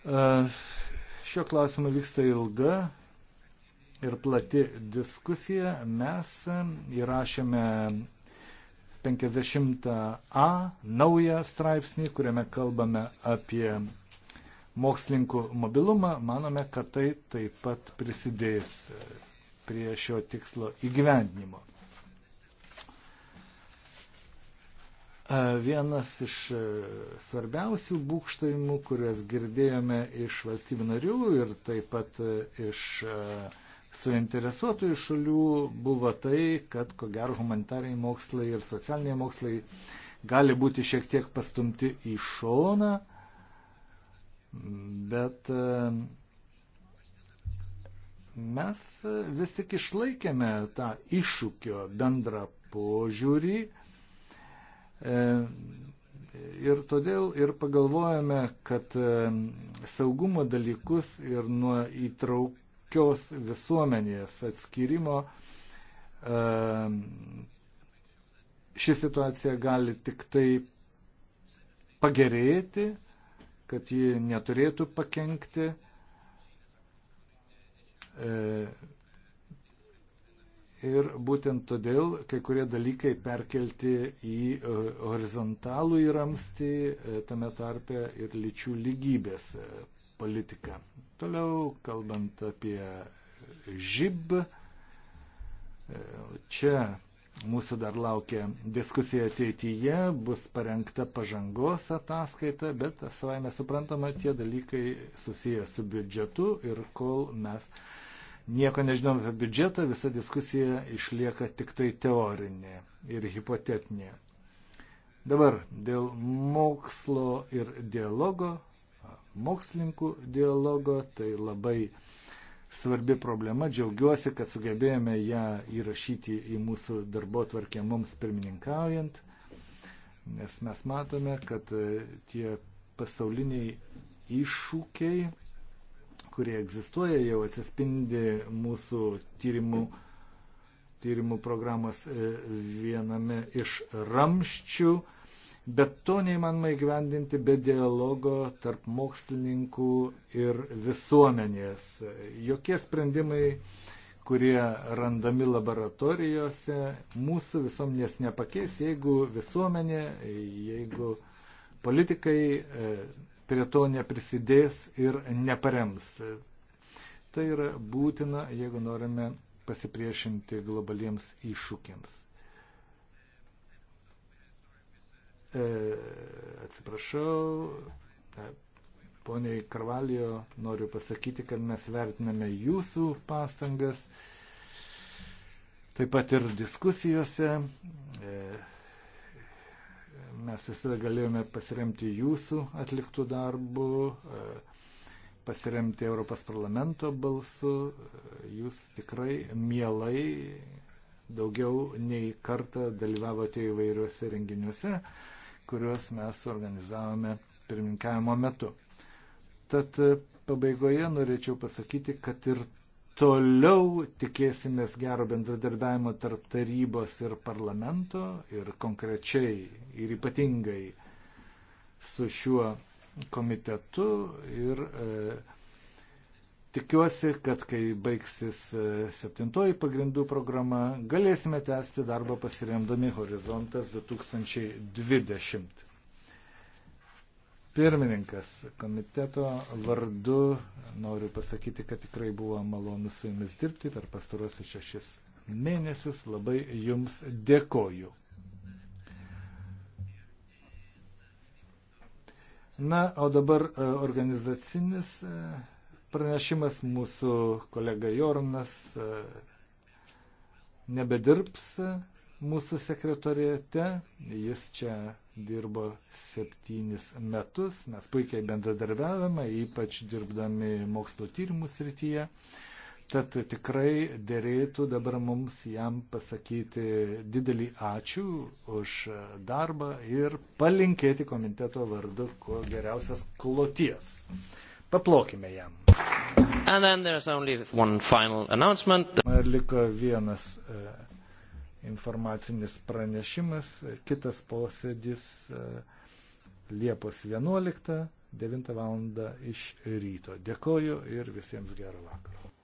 Šiuo klausimu vyksta ilga ir plati diskusija. Mes įrašėme 50a naują straipsnį, kuriame kalbame apie mokslininkų mobilumą. Manome, kad tai taip pat prisidės prie šio tikslo įgyvendinimo. Vienas iš e, svarbiausių būkštavimų, kuriuos girdėjome iš valstybių narių ir taip pat e, iš uh, suinteresuotųjų šalių buvo tai, kad ko gero humanitariniai mokslai ir socialiniai mokslai gali būti šiek tiek pastumti į šoną, bet e, mes vis tik išlaikėme tą iššūkio bendrą požiūrį e, ir todėl ir pagalvojame, kad e, saugumo dalykus ir nuo įtraukų tokios visuomenės atskirimo ehm, ši situacija gali tik tai pagerėti, kad ji neturėtų pakengti e, Ir būtent todėl kai kurie dalykai perkelti į e, horizontalų įramstį, e, tame tarpe ir lyčių lygybės politiką. Toliau, kalbant apie žib, čia mūsų dar laukia diskusija ateityje, bus parengta pažangos ataskaita, bet savaime suprantama, tie dalykai susiję su biudžetu ir kol mes nieko nežinom apie biudžetą, visa diskusija išlieka tik tai teorinė ir hipotetinė. Dabar dėl mokslo ir dialogo mokslininkų dialogo. Tai labai svarbi problema. Džiaugiuosi, kad sugebėjome ją įrašyti į mūsų darbo tvarkę mums pirmininkaujant, nes mes matome, kad e, tie pasauliniai iššūkiai, kurie egzistuoja, jau atsispindi mūsų tyrimų, tyrimų programos e, viename iš ramščių bet to neįmanoma įgyvendinti be dialogo tarp mokslininkų ir visuomenės. Jokie sprendimai, kurie randami laboratorijose, mūsų visuomenės nepakeis, jeigu visuomenė, jeigu politikai e, prie to neprisidės ir neparems. Tai yra būtina, jeigu norime pasipriešinti globaliems iššūkiams. E, atsiprašau, e, poniai Karvalijo noriu pasakyti, kad mes vertiname jūsų pastangas, taip pat ir diskusijose. E, mes visada galėjome pasiremti jūsų atliktų darbų, e, pasiremti Europos parlamento balsu. E, jūs tikrai mielai daugiau nei kartą dalyvavote įvairiuose renginiuose. E, kuriuos mes organizavome pirmininkavimo metu. Tad e, pabaigoje norėčiau pasakyti, kad ir toliau tikėsimės gero bendradarbiavimo tarp tarybos ir parlamento ir konkrečiai ir ypatingai su šiuo komitetu ir e, Tikiuosi, kad kai baigsis e, septintoji pagrindų programa, galėsime tęsti darbą pasiremdami Horizontas 2020. Pirmininkas komiteto vardu noriu pasakyti, kad tikrai buvo malonu su jumis dirbti per pastarosius šešis mėnesius. Labai jums dėkoju. Na, o dabar e, organizacinis e, pranešimas, mūsų kolega Jornas e, nebedirbs mūsų sekretoriete, jis čia dirbo septynis metus, mes puikiai bendradarbiavame, ypač dirbdami mokslo tyrimų srityje. Tad tikrai dėrėtų dabar mums jam pasakyti didelį ačiū už darbą ir palinkėti komiteto vardu kuo geriausias kloties. Paplokime jam. Man liko vienas e, informacinis pranešimas, kitas posėdis e, Liepos 11, 9 val. iš ryto. Dėkoju ir visiems gerą vakarą.